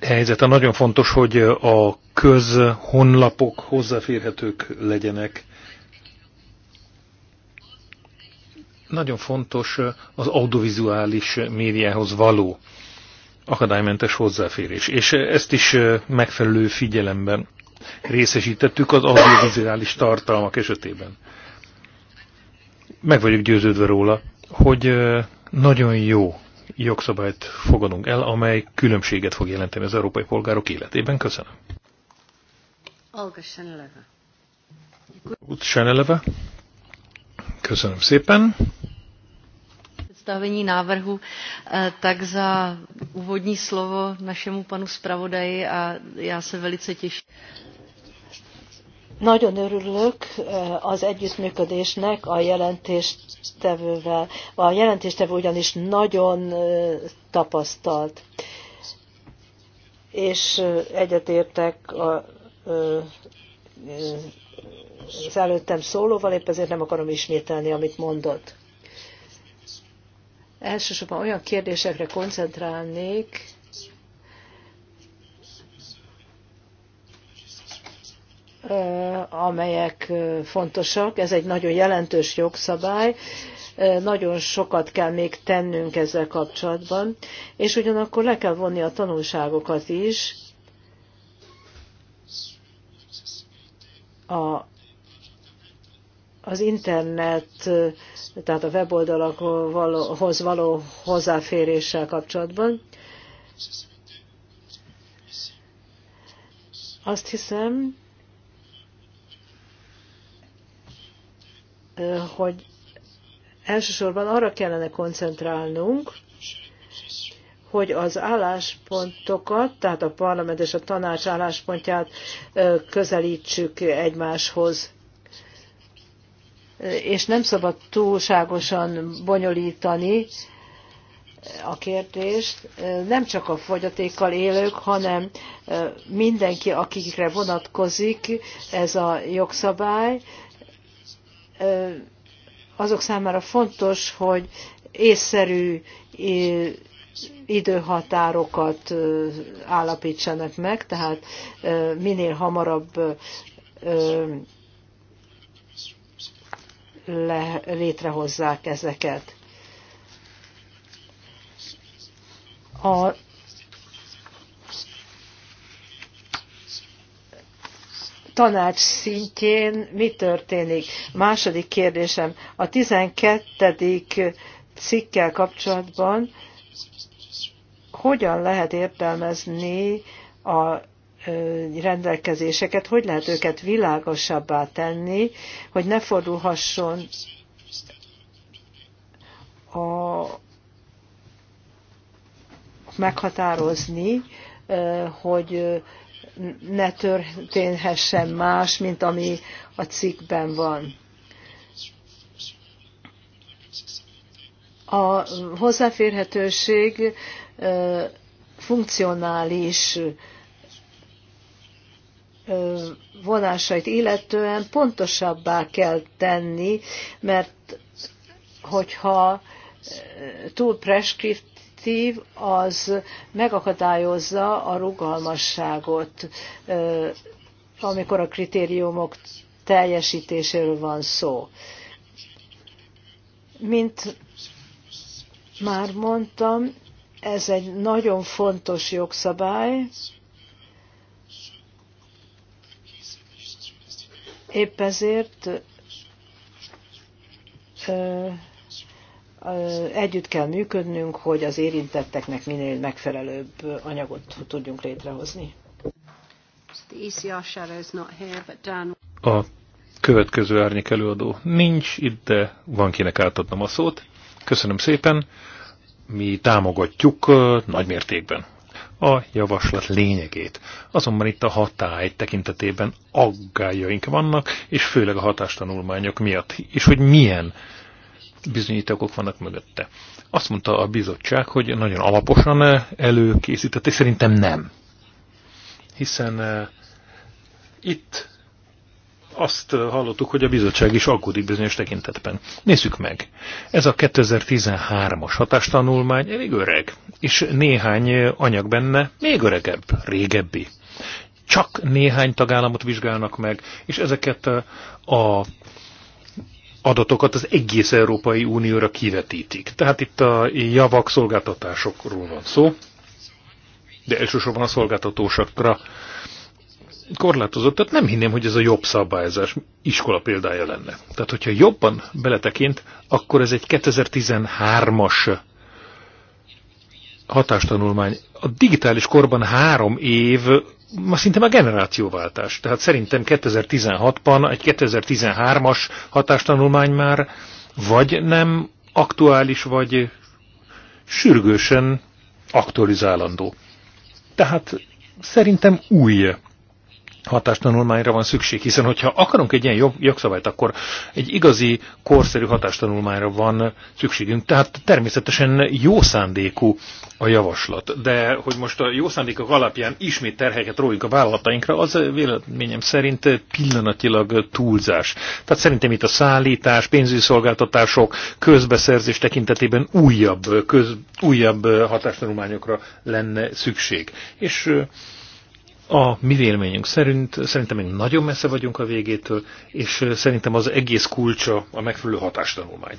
helyzete. Nagyon fontos, hogy a közhonlapok hozzáférhetők legyenek. Nagyon fontos az audiovizuális médiához való akadálymentes hozzáférés, és ezt is megfelelő figyelemben részesítettük az audiovizuális tartalmak esetében. Meg vagyok győződve róla, hogy nagyon jó jogszabályt fogadunk el, amely különbséget fog jelenteni az európai polgárok életében. Köszönöm. Olga Seneleve. Köszönöm szépen. Představení návrhu, eh, tak za úvodní slovo našemu panu zpravodaji a já se velice těším. Nagyon örülök eh, az együttműködésnek a jelentéstevővel. A jelentéstevő ugyanis nagyon eh, tapasztalt, és eh, egyetértek a, az előttem szólóval, épp ezért nem akarom ismételni, amit mondott. Elsősorban olyan kérdésekre koncentrálnék, amelyek fontosak. Ez egy nagyon jelentős jogszabály, nagyon sokat kell még tennünk ezzel kapcsolatban, és ugyanakkor le kell vonni a tanulságokat is a, az internet, tehát a weboldalakhoz való hozzáféréssel kapcsolatban. Azt hiszem, hogy elsősorban arra kellene koncentrálnunk, hogy az álláspontokat, tehát a parlament és a tanács álláspontját közelítsük egymáshoz. És nem szabad túlságosan bonyolítani a kérdést, nem csak a fogyatékkal élők, hanem mindenki, akikre vonatkozik ez a jogszabály, azok számára fontos, hogy észszerű időhatárokat állapítsanak meg, tehát minél hamarabb le, létrehozzák ezeket. A tanács szintjén mi történik? Második kérdésem, a 12. cikkel kapcsolatban hogyan lehet értelmezni a rendelkezéseket, hogy lehet őket világosabbá tenni, hogy ne fordulhasson a meghatározni, hogy ne történhessen más, mint ami a cikkben van. A hozzáférhetőség funkcionális vonásait illetően pontosabbá kell tenni, mert hogyha túl preskript direktív az megakadályozza a rugalmasságot, amikor a kritériumok teljesítéséről van szó. Mint már mondtam, ez egy nagyon fontos jogszabály, épp ezért együtt kell működnünk, hogy az érintetteknek minél megfelelőbb anyagot tudjunk létrehozni. A következő árnyék előadó nincs itt, de van kinek átadnom a szót. Köszönöm szépen, mi támogatjuk nagymértékben a javaslat lényegét. Azonban itt a hatály tekintetében aggájaink vannak, és főleg a hatástanulmányok miatt, és hogy milyen bizonyítékok vannak mögötte. Azt mondta a bizottság, hogy nagyon alaposan eh, előkészített, és szerintem nem. Hiszen eh, itt azt eh, hallottuk, hogy a bizottság is aggódik bizonyos tekintetben. Nézzük meg. Ez a 2013-as hatástanulmány elég öreg, és néhány anyag benne még öregebb, régebbi. Csak néhány tagállamot vizsgálnak meg, és ezeket a adatokat az egész Európai Unióra kivetítik. Tehát itt a javak szolgáltatásokról van szó, de elsősorban a szolgáltatósakra korlátozott. Tehát nem hinném, hogy ez a jobb szabályozás iskola példája lenne. Tehát, hogyha jobban beletekint, akkor ez egy 2013-as hatástanulmány. A digitális korban három év ma szinte a generációváltás. Tehát szerintem 2016-ban egy 2013-as hatástanulmány már vagy nem aktuális, vagy sürgősen aktualizálandó. Tehát szerintem új hatástanulmányra van szükség, hiszen hogyha akarunk egy ilyen jogszabályt, akkor egy igazi, korszerű hatástanulmányra van szükségünk. Tehát természetesen jó szándékú a javaslat, de hogy most a jó szándékok alapján ismét terheket rójuk a vállalatainkra, az véleményem szerint pillanatilag túlzás. Tehát szerintem itt a szállítás, pénzügyi szolgáltatások, közbeszerzés tekintetében újabb, köz, újabb hatástanulmányokra lenne szükség. És a mi véleményünk szerint, szerintem még nagyon messze vagyunk a végétől, és szerintem az egész kulcsa a megfelelő hatástanulmány.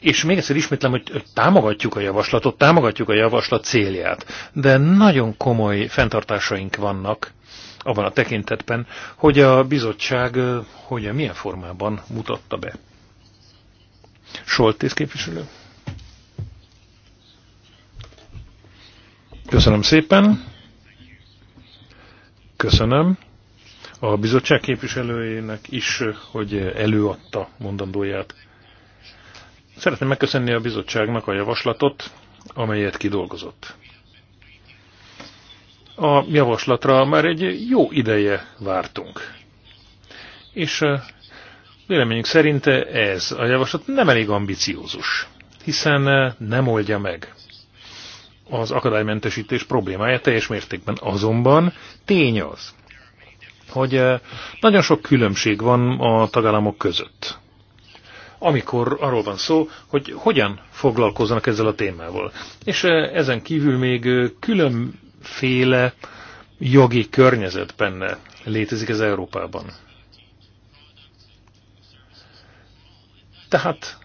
És még egyszer ismétlem, hogy támogatjuk a javaslatot, támogatjuk a javaslat célját, de nagyon komoly fenntartásaink vannak abban a tekintetben, hogy a bizottság hogy a milyen formában mutatta be. Soltész képviselő. Köszönöm szépen. Köszönöm a bizottság képviselőjének is, hogy előadta mondandóját. Szeretném megköszönni a bizottságnak a javaslatot, amelyet kidolgozott. A javaslatra már egy jó ideje vártunk. És véleményünk szerint ez a javaslat nem elég ambiciózus, hiszen nem oldja meg az akadálymentesítés problémája teljes mértékben. Azonban tény az, hogy eh, nagyon sok különbség van a tagállamok között. Amikor arról van szó, hogy hogyan foglalkoznak ezzel a témával. És eh, ezen kívül még eh, különféle jogi környezet benne létezik az Európában. Tehát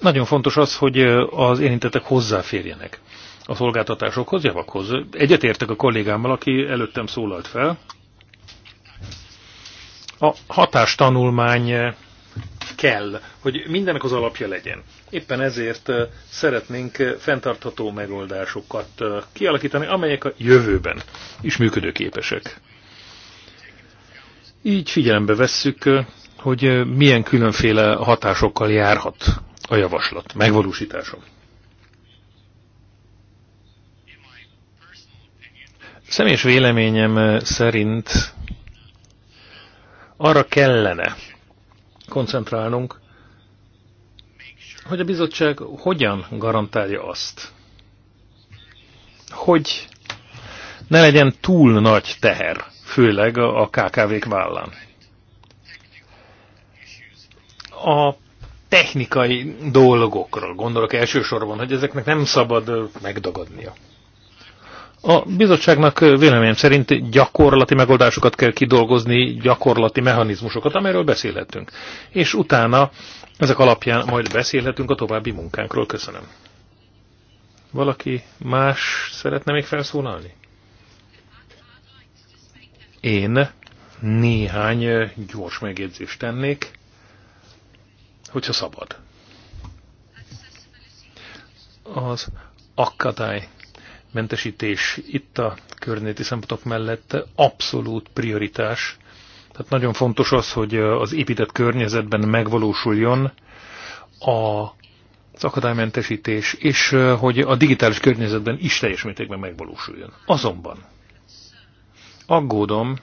nagyon fontos az, hogy az érintettek hozzáférjenek a szolgáltatásokhoz, javakhoz. Egyetértek a kollégámmal, aki előttem szólalt fel. A hatástanulmány kell, hogy mindennek az alapja legyen. Éppen ezért eh, szeretnénk eh, fenntartható megoldásokat eh, kialakítani, amelyek a jövőben is működőképesek. Így figyelembe vesszük, hogy milyen különféle hatásokkal járhat a javaslat Megvalósításom. Személyes véleményem eh, szerint arra kellene koncentrálnunk, hogy a bizottság hogyan garantálja azt, hogy ne legyen túl nagy teher, főleg a KKV-k vállán. A technikai dolgokról gondolok elsősorban, hogy ezeknek nem szabad eh, megdagadnia. A bizottságnak véleményem szerint gyakorlati megoldásokat kell kidolgozni, gyakorlati mechanizmusokat, amelyről beszélhetünk. És utána ezek alapján majd beszélhetünk a további munkánkról. Köszönöm. Valaki más szeretne még felszólalni? Én néhány gyors megjegyzést tennék, hogyha szabad. Az akadály mentesítés itt a környéti szempontok mellett abszolút prioritás. Tehát nagyon fontos az, hogy az épített környezetben megvalósuljon a az akadálymentesítés, és hogy a digitális környezetben is teljes mértékben megvalósuljon. Azonban aggódom,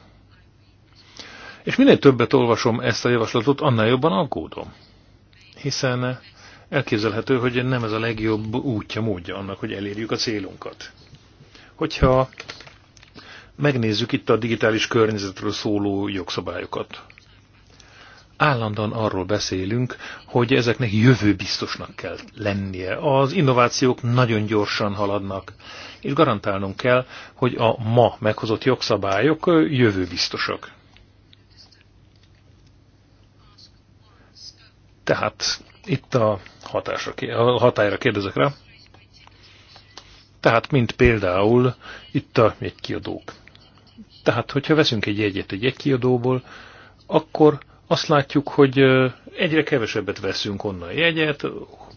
és minél többet olvasom ezt a javaslatot, annál jobban aggódom. Hiszen elképzelhető, hogy nem ez a legjobb útja, módja annak, hogy elérjük a célunkat. Hogyha megnézzük itt a digitális környezetről szóló jogszabályokat. Állandóan arról beszélünk, hogy ezeknek jövőbiztosnak kell lennie. Az innovációk nagyon gyorsan haladnak, és garantálnunk kell, hogy a ma meghozott jogszabályok jövőbiztosak. Tehát itt a hatásra, hatályra kérdezek rá. Tehát, mint például itt a jegykiadók. Tehát, hogyha veszünk egy jegyet egy jegykiadóból, akkor azt látjuk, hogy egyre kevesebbet veszünk onnan jegyet,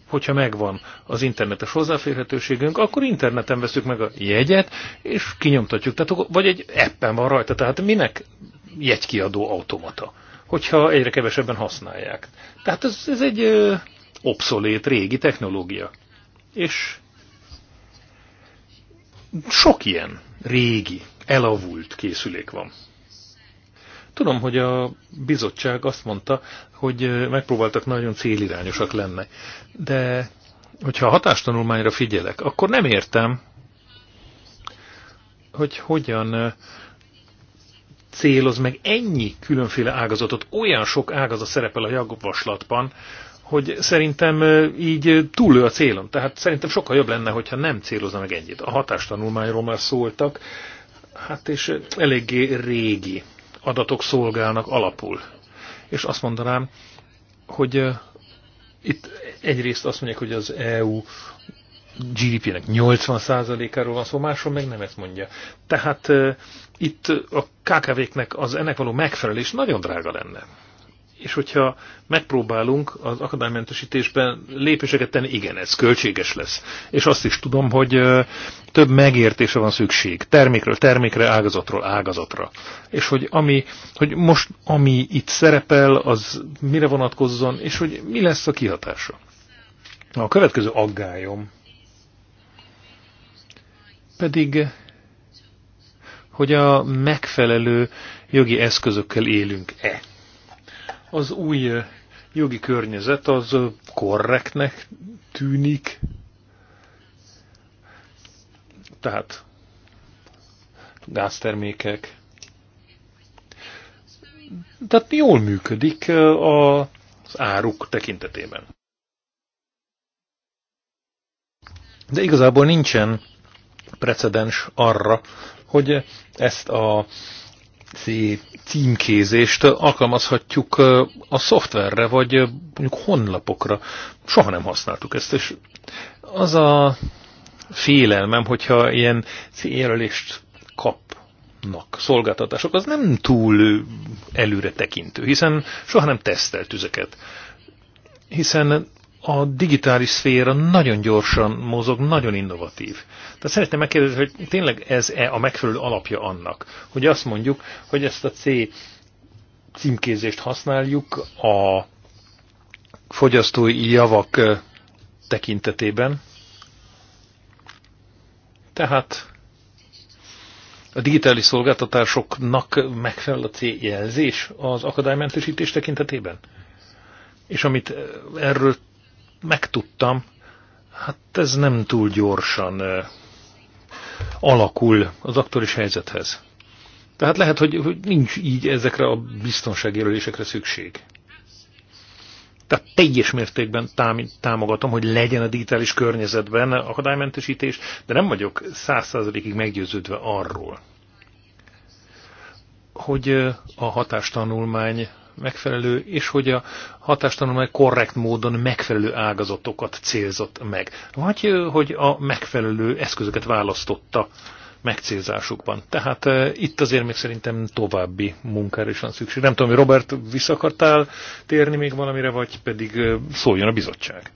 hogyha megvan az internetes hozzáférhetőségünk, akkor interneten veszük meg a jegyet, és kinyomtatjuk. Tehát, vagy egy appen van rajta, tehát minek jegykiadó automata, hogyha egyre kevesebben használják. Tehát ez, ez egy obszolét régi technológia. És sok ilyen régi, elavult készülék van. Tudom, hogy a bizottság azt mondta, hogy megpróbáltak nagyon célirányosak lenni, de hogyha a hatástanulmányra figyelek, akkor nem értem, hogy hogyan céloz meg ennyi különféle ágazatot, olyan sok ágazat szerepel a javaslatban, hogy szerintem így túlő a célom. Tehát szerintem sokkal jobb lenne, hogyha nem célozna meg ennyit. A hatástanulmányról már szóltak, hát és eléggé régi adatok szolgálnak alapul. És azt mondanám, hogy itt egyrészt azt mondják, hogy az EU GDP-nek 80%-áról van szó, máshol meg nem ezt mondja. Tehát uh, itt a KKV-knek az ennek való megfelelés nagyon drága lenne. És hogyha megpróbálunk az akadálymentesítésben lépéseket tenni, igen, ez költséges lesz. És azt is tudom, hogy több megértése van szükség. Termékről termékre, ágazatról ágazatra. És hogy, ami, hogy most ami itt szerepel, az mire vonatkozzon, és hogy mi lesz a kihatása. A következő aggályom pedig, hogy a megfelelő jogi eszközökkel élünk-e. Az új jogi környezet az korrektnek tűnik, tehát gáztermékek. Tehát jól működik az áruk tekintetében. De igazából nincsen precedens arra, hogy ezt a címkézést alkalmazhatjuk a szoftverre, vagy mondjuk honlapokra. Soha nem használtuk ezt, és az a félelmem, hogyha ilyen céljelölést kapnak szolgáltatások, az nem túl előre tekintő, hiszen soha nem tesztelt üzeket. Hiszen a digitális szféra nagyon gyorsan mozog, nagyon innovatív. Tehát szeretném megkérdezni, hogy tényleg ez-e a megfelelő alapja annak, hogy azt mondjuk, hogy ezt a C címkézést használjuk a fogyasztói javak tekintetében. Tehát a digitális szolgáltatásoknak megfelel a C jelzés az akadálymentesítés tekintetében? És amit erről megtudtam, hát ez nem túl gyorsan alakul az aktuális helyzethez. Tehát lehet, hogy, hogy nincs így ezekre a biztonságjelölésekre szükség. Tehát teljes mértékben támogatom, hogy legyen a digitális környezetben akadálymentesítés, de nem vagyok százszázalékig meggyőződve arról, hogy a hatástanulmány megfelelő, és hogy a hatástanulmány korrekt módon megfelelő ágazatokat célzott meg. Vagy hogy a megfelelő eszközöket választotta megcélzásukban. Tehát e, itt azért még szerintem további munkára is van szükség. Nem tudom, hogy Robert, vissza akartál térni még valamire, vagy pedig e, szóljon a bizottság.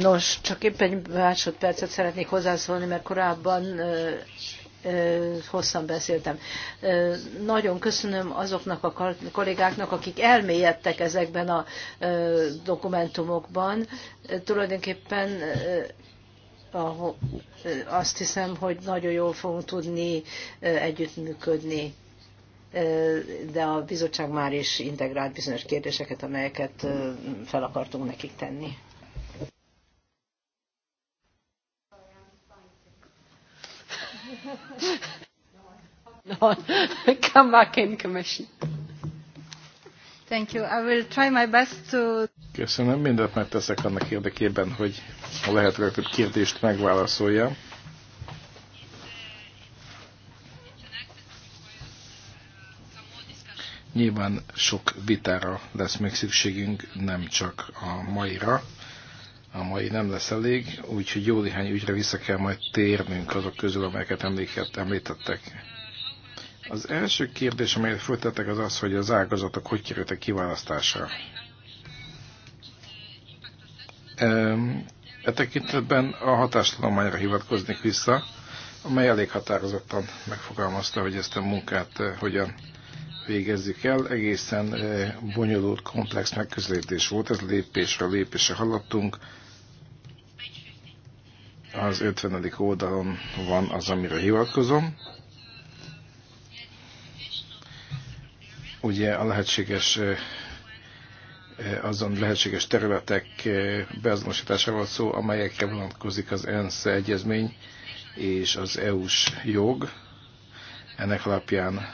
Nos, csak éppen egy másodpercet szeretnék hozzászólni, mert korábban hosszan beszéltem. Nagyon köszönöm azoknak a kollégáknak, akik elmélyedtek ezekben a dokumentumokban. Tulajdonképpen azt hiszem, hogy nagyon jól fogunk tudni együttműködni de a bizottság már is integrált bizonyos kérdéseket, amelyeket fel akartunk nekik tenni. no, come back in commission. Thank you. I will try my best to... Köszönöm, mindent megteszek annak érdekében, hogy a lehető legtöbb kérdést megválaszoljam. Nyilván sok vitára lesz még szükségünk, nem csak a maira a mai nem lesz elég, úgyhogy jó néhány ügyre vissza kell majd térnünk azok közül, amelyeket emléket, említettek. Az első kérdés, amelyet föltettek, az az, hogy az ágazatok hogy kerültek kiválasztásra. E tekintetben a hatástudományra hivatkoznék vissza, amely elég határozottan megfogalmazta, hogy ezt a munkát eh, hogyan végezzük el. Egészen eh, bonyolult, komplex megközelítés volt, ez lépésről lépésre haladtunk, az 50. oldalon van az, amire hivatkozom. Ugye a lehetséges azon lehetséges területek beazonosításával szó, amelyekre vonatkozik az ENSZ egyezmény és az EU-s jog. Ennek alapján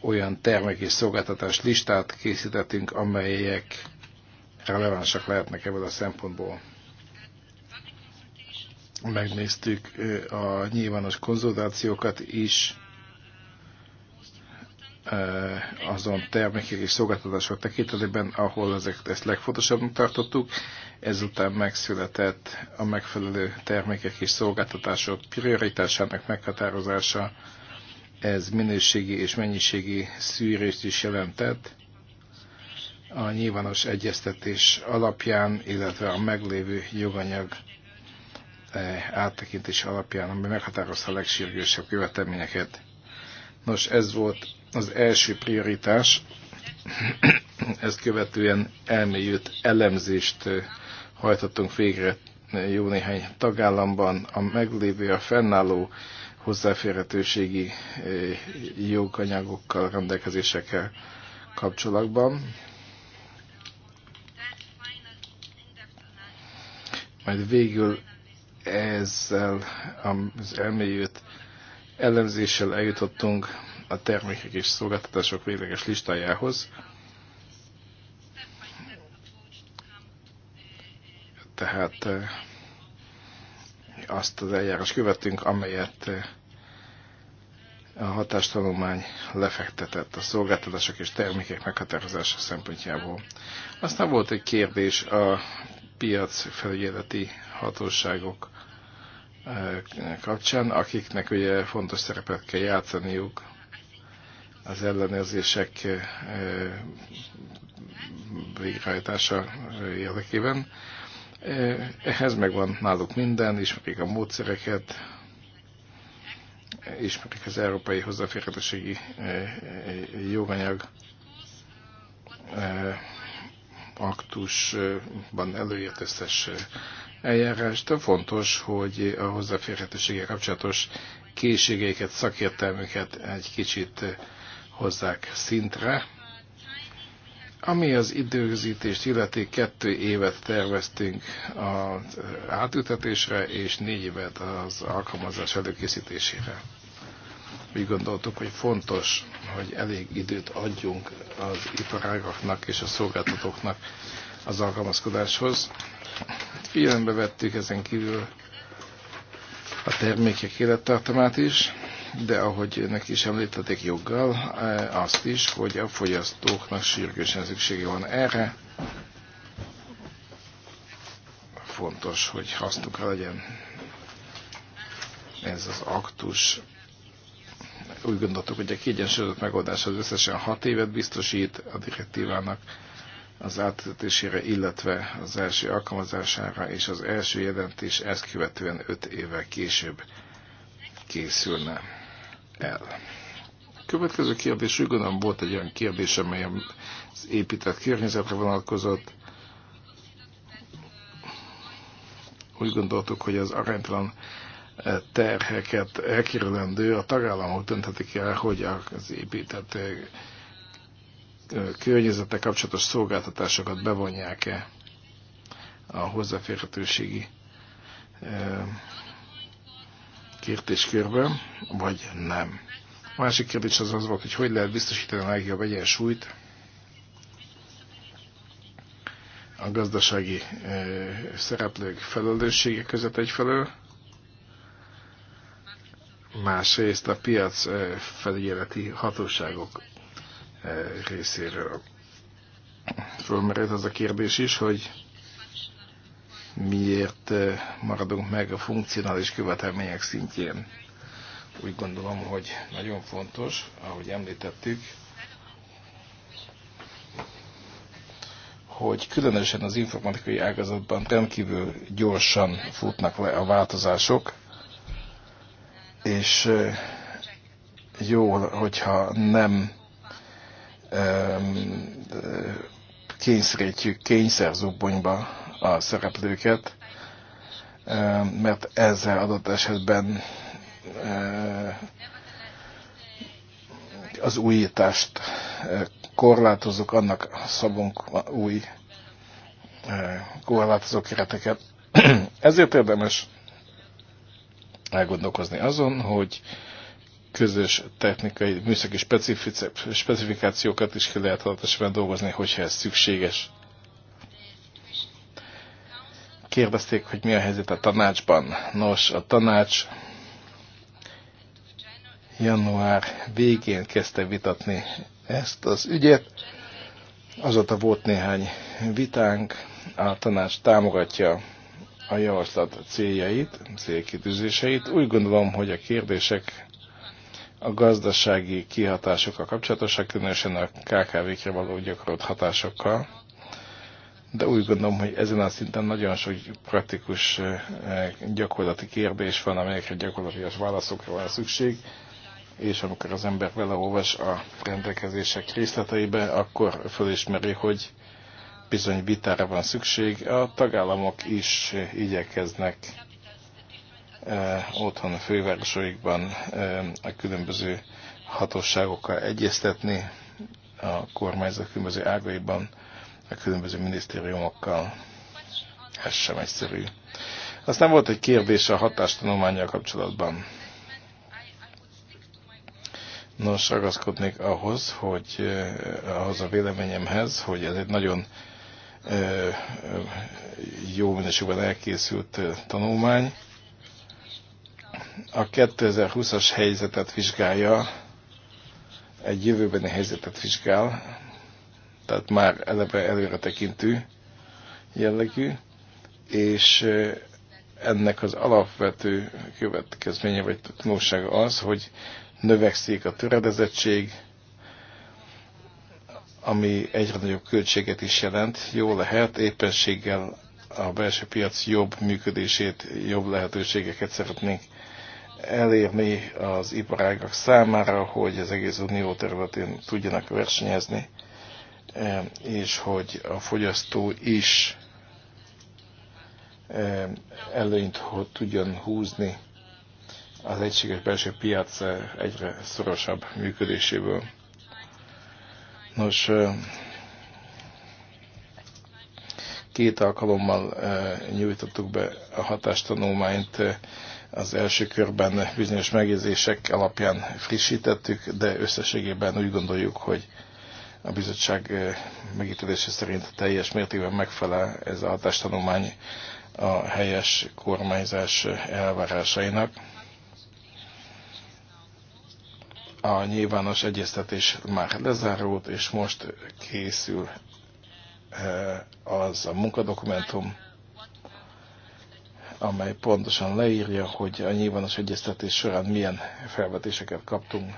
olyan termék és szolgáltatás listát készítettünk, amelyek relevánsak lehetnek ebből a szempontból megnéztük a nyilvános konzultációkat is, azon termékek és szolgáltatások tekintetében, ahol ezek, ezt legfontosabbnak tartottuk. Ezután megszületett a megfelelő termékek és szolgáltatások prioritásának meghatározása. Ez minőségi és mennyiségi szűrést is jelentett. A nyilvános egyeztetés alapján, illetve a meglévő joganyag E, áttekintés alapján, ami meghatározta a legsürgősebb követelményeket. Nos, ez volt az első prioritás, ezt követően elmélyült elemzést hajtottunk végre jó néhány tagállamban. A meglévő, a fennálló hozzáférhetőségi joganyagokkal, rendelkezésekkel kapcsolatban. Majd végül ezzel az elmélyült ellenzéssel eljutottunk a termékek és szolgáltatások végleges listájához. Tehát eh, azt az eljárás követünk, amelyet eh, a hatástanulmány lefektetett a szolgáltatások és termékek meghatározása szempontjából. Aztán volt egy kérdés a felügyeleti hatóságok eh, kapcsán, akiknek ugye fontos szerepet kell játszaniuk az ellenőrzések eh, végrehajtása érdekében. Eh, ehhez megvan náluk minden, ismerik a módszereket, ismerik az európai hozzáférhetőségi joganyag aktusban előírt összes eljárás, de fontos, hogy a hozzáférhetőséggel kapcsolatos készségeiket, szakértelmüket egy kicsit hozzák szintre. Ami az időzítést illeti, kettő évet terveztünk az átültetésre, és négy évet az alkalmazás előkészítésére úgy gondoltuk, hogy fontos, hogy elég időt adjunk az iparágaknak és a szolgáltatóknak az alkalmazkodáshoz. Figyelembe vettük ezen kívül a termékek élettartamát is, de ahogy önök is említették joggal, eh, azt is, hogy a fogyasztóknak sürgősen szüksége van erre. Fontos, hogy hasznukra legyen ez az aktus úgy gondoltuk, hogy a kiegyensúlyozott megoldás az összesen hat évet biztosít a direktívának az átültetésére, illetve az első alkalmazására, és az első jelentés ezt követően 5 évvel később készülne el. A következő kérdés, úgy gondolom volt egy olyan kérdés, amely az épített környezetre vonatkozott. Úgy gondoltuk, hogy az aránytalan E terheket elkerülendő, a tagállamok dönthetik el, hogy az épített e, e, környezettel kapcsolatos szolgáltatásokat bevonják-e a hozzáférhetőségi kértéskörbe, vagy nem. A másik kérdés az az volt, hogy hogy lehet biztosítani a legjobb egyensúlyt a gazdasági szereplők felelőssége között egyfelől, másrészt a piac felügyeleti hatóságok részéről. Fölmerült az a kérdés is, hogy miért maradunk meg a funkcionális követelmények szintjén. Úgy gondolom, hogy nagyon fontos, ahogy említettük, hogy különösen az informatikai ágazatban rendkívül gyorsan futnak le a változások, és jó, hogyha nem kényszerítjük kényszerzubbonyba a szereplőket, mert ezzel adott esetben az újítást korlátozok, annak szabunk új korlátozó kereteket. Ezért érdemes elgondolkozni azon, hogy közös technikai, műszaki specifikációkat is ki lehet adott dolgozni, hogyha ez szükséges. Kérdezték, hogy mi a helyzet a tanácsban. Nos, a tanács január végén kezdte vitatni ezt az ügyet. Azóta volt néhány vitánk, a tanács támogatja a javaslat céljait, célkitűzéseit. Úgy gondolom, hogy a kérdések a gazdasági kihatásokkal kapcsolatosak, különösen a KKV-kre való gyakorolt hatásokkal, de úgy gondolom, hogy ezen a szinten nagyon sok praktikus eh, gyakorlati kérdés van, amelyekre gyakorlatilag válaszokra van szükség, és amikor az ember beleolvas a rendelkezések részleteibe, akkor fölismeri, hogy bizony vitára van szükség. A tagállamok is igyekeznek e, otthon a fővárosaikban e, a különböző hatóságokkal egyeztetni, a kormányzat különböző ágaiban, a különböző minisztériumokkal. Ez sem egyszerű. Aztán volt egy kérdés a hatástanulmányjal kapcsolatban. Nos, ragaszkodnék ahhoz, hogy eh, ahhoz a véleményemhez, hogy ez egy nagyon jó minőségben elkészült tanulmány. A 2020-as helyzetet vizsgálja, egy jövőbeni helyzetet vizsgál, tehát már eleve előre tekintő jellegű, és ennek az alapvető következménye vagy tanulsága az, hogy növekszik a töredezettség, ami egyre nagyobb költséget is jelent. Jó lehet, éppenséggel a belső piac jobb működését, jobb lehetőségeket szeretnénk elérni az iparágak számára, hogy az egész unió területén tudjanak versenyezni, eh, és hogy a fogyasztó is eh, előnyt hogy tudjon húzni az egységes belső piac eh, egyre szorosabb működéséből. Nos, két alkalommal nyújtottuk be a hatástanulmányt, az első körben bizonyos megjegyzések alapján frissítettük, de összességében úgy gondoljuk, hogy a bizottság megítélése szerint teljes mértékben megfelel ez a hatástanulmány a helyes kormányzás elvárásainak a nyilvános egyeztetés már lezárult, és most készül eh, az a munkadokumentum, amely pontosan leírja, hogy a nyilvános egyeztetés során milyen felvetéseket kaptunk.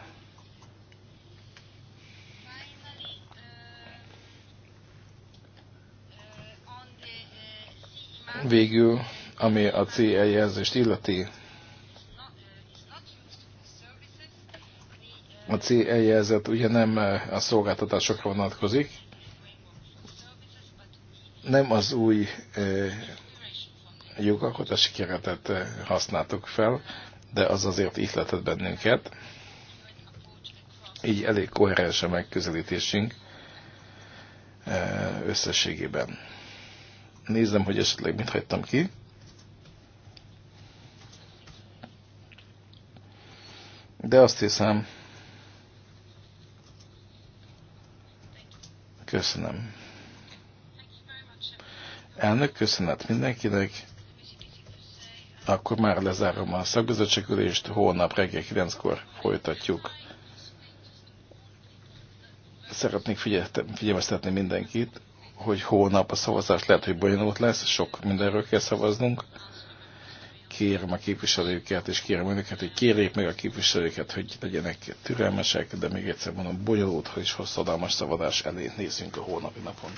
Végül, ami a CE jelzést illeti, A CE eljezet ugye nem eh, a szolgáltatásokra vonatkozik, nem az új eh, jogalkotási keretet eh, használtuk fel, de az azért ihletett bennünket. Így elég koherens a megközelítésünk összességében. Nézem, hogy esetleg mit hagytam ki. De azt hiszem, Köszönöm. Elnök, köszönet mindenkinek. Akkor már lezárom a szakbizottságülést, holnap reggel 9-kor folytatjuk. Szeretnék figyelmeztetni mindenkit, hogy holnap a szavazás lehet, hogy bonyolult lesz, sok mindenről kell szavaznunk kérem a képviselőket, és kérem önöket, hogy kérjék meg a képviselőket, hogy legyenek türelmesek, de még egyszer mondom, bonyolult is hosszadalmas szavazás elé nézzünk a holnapi napon.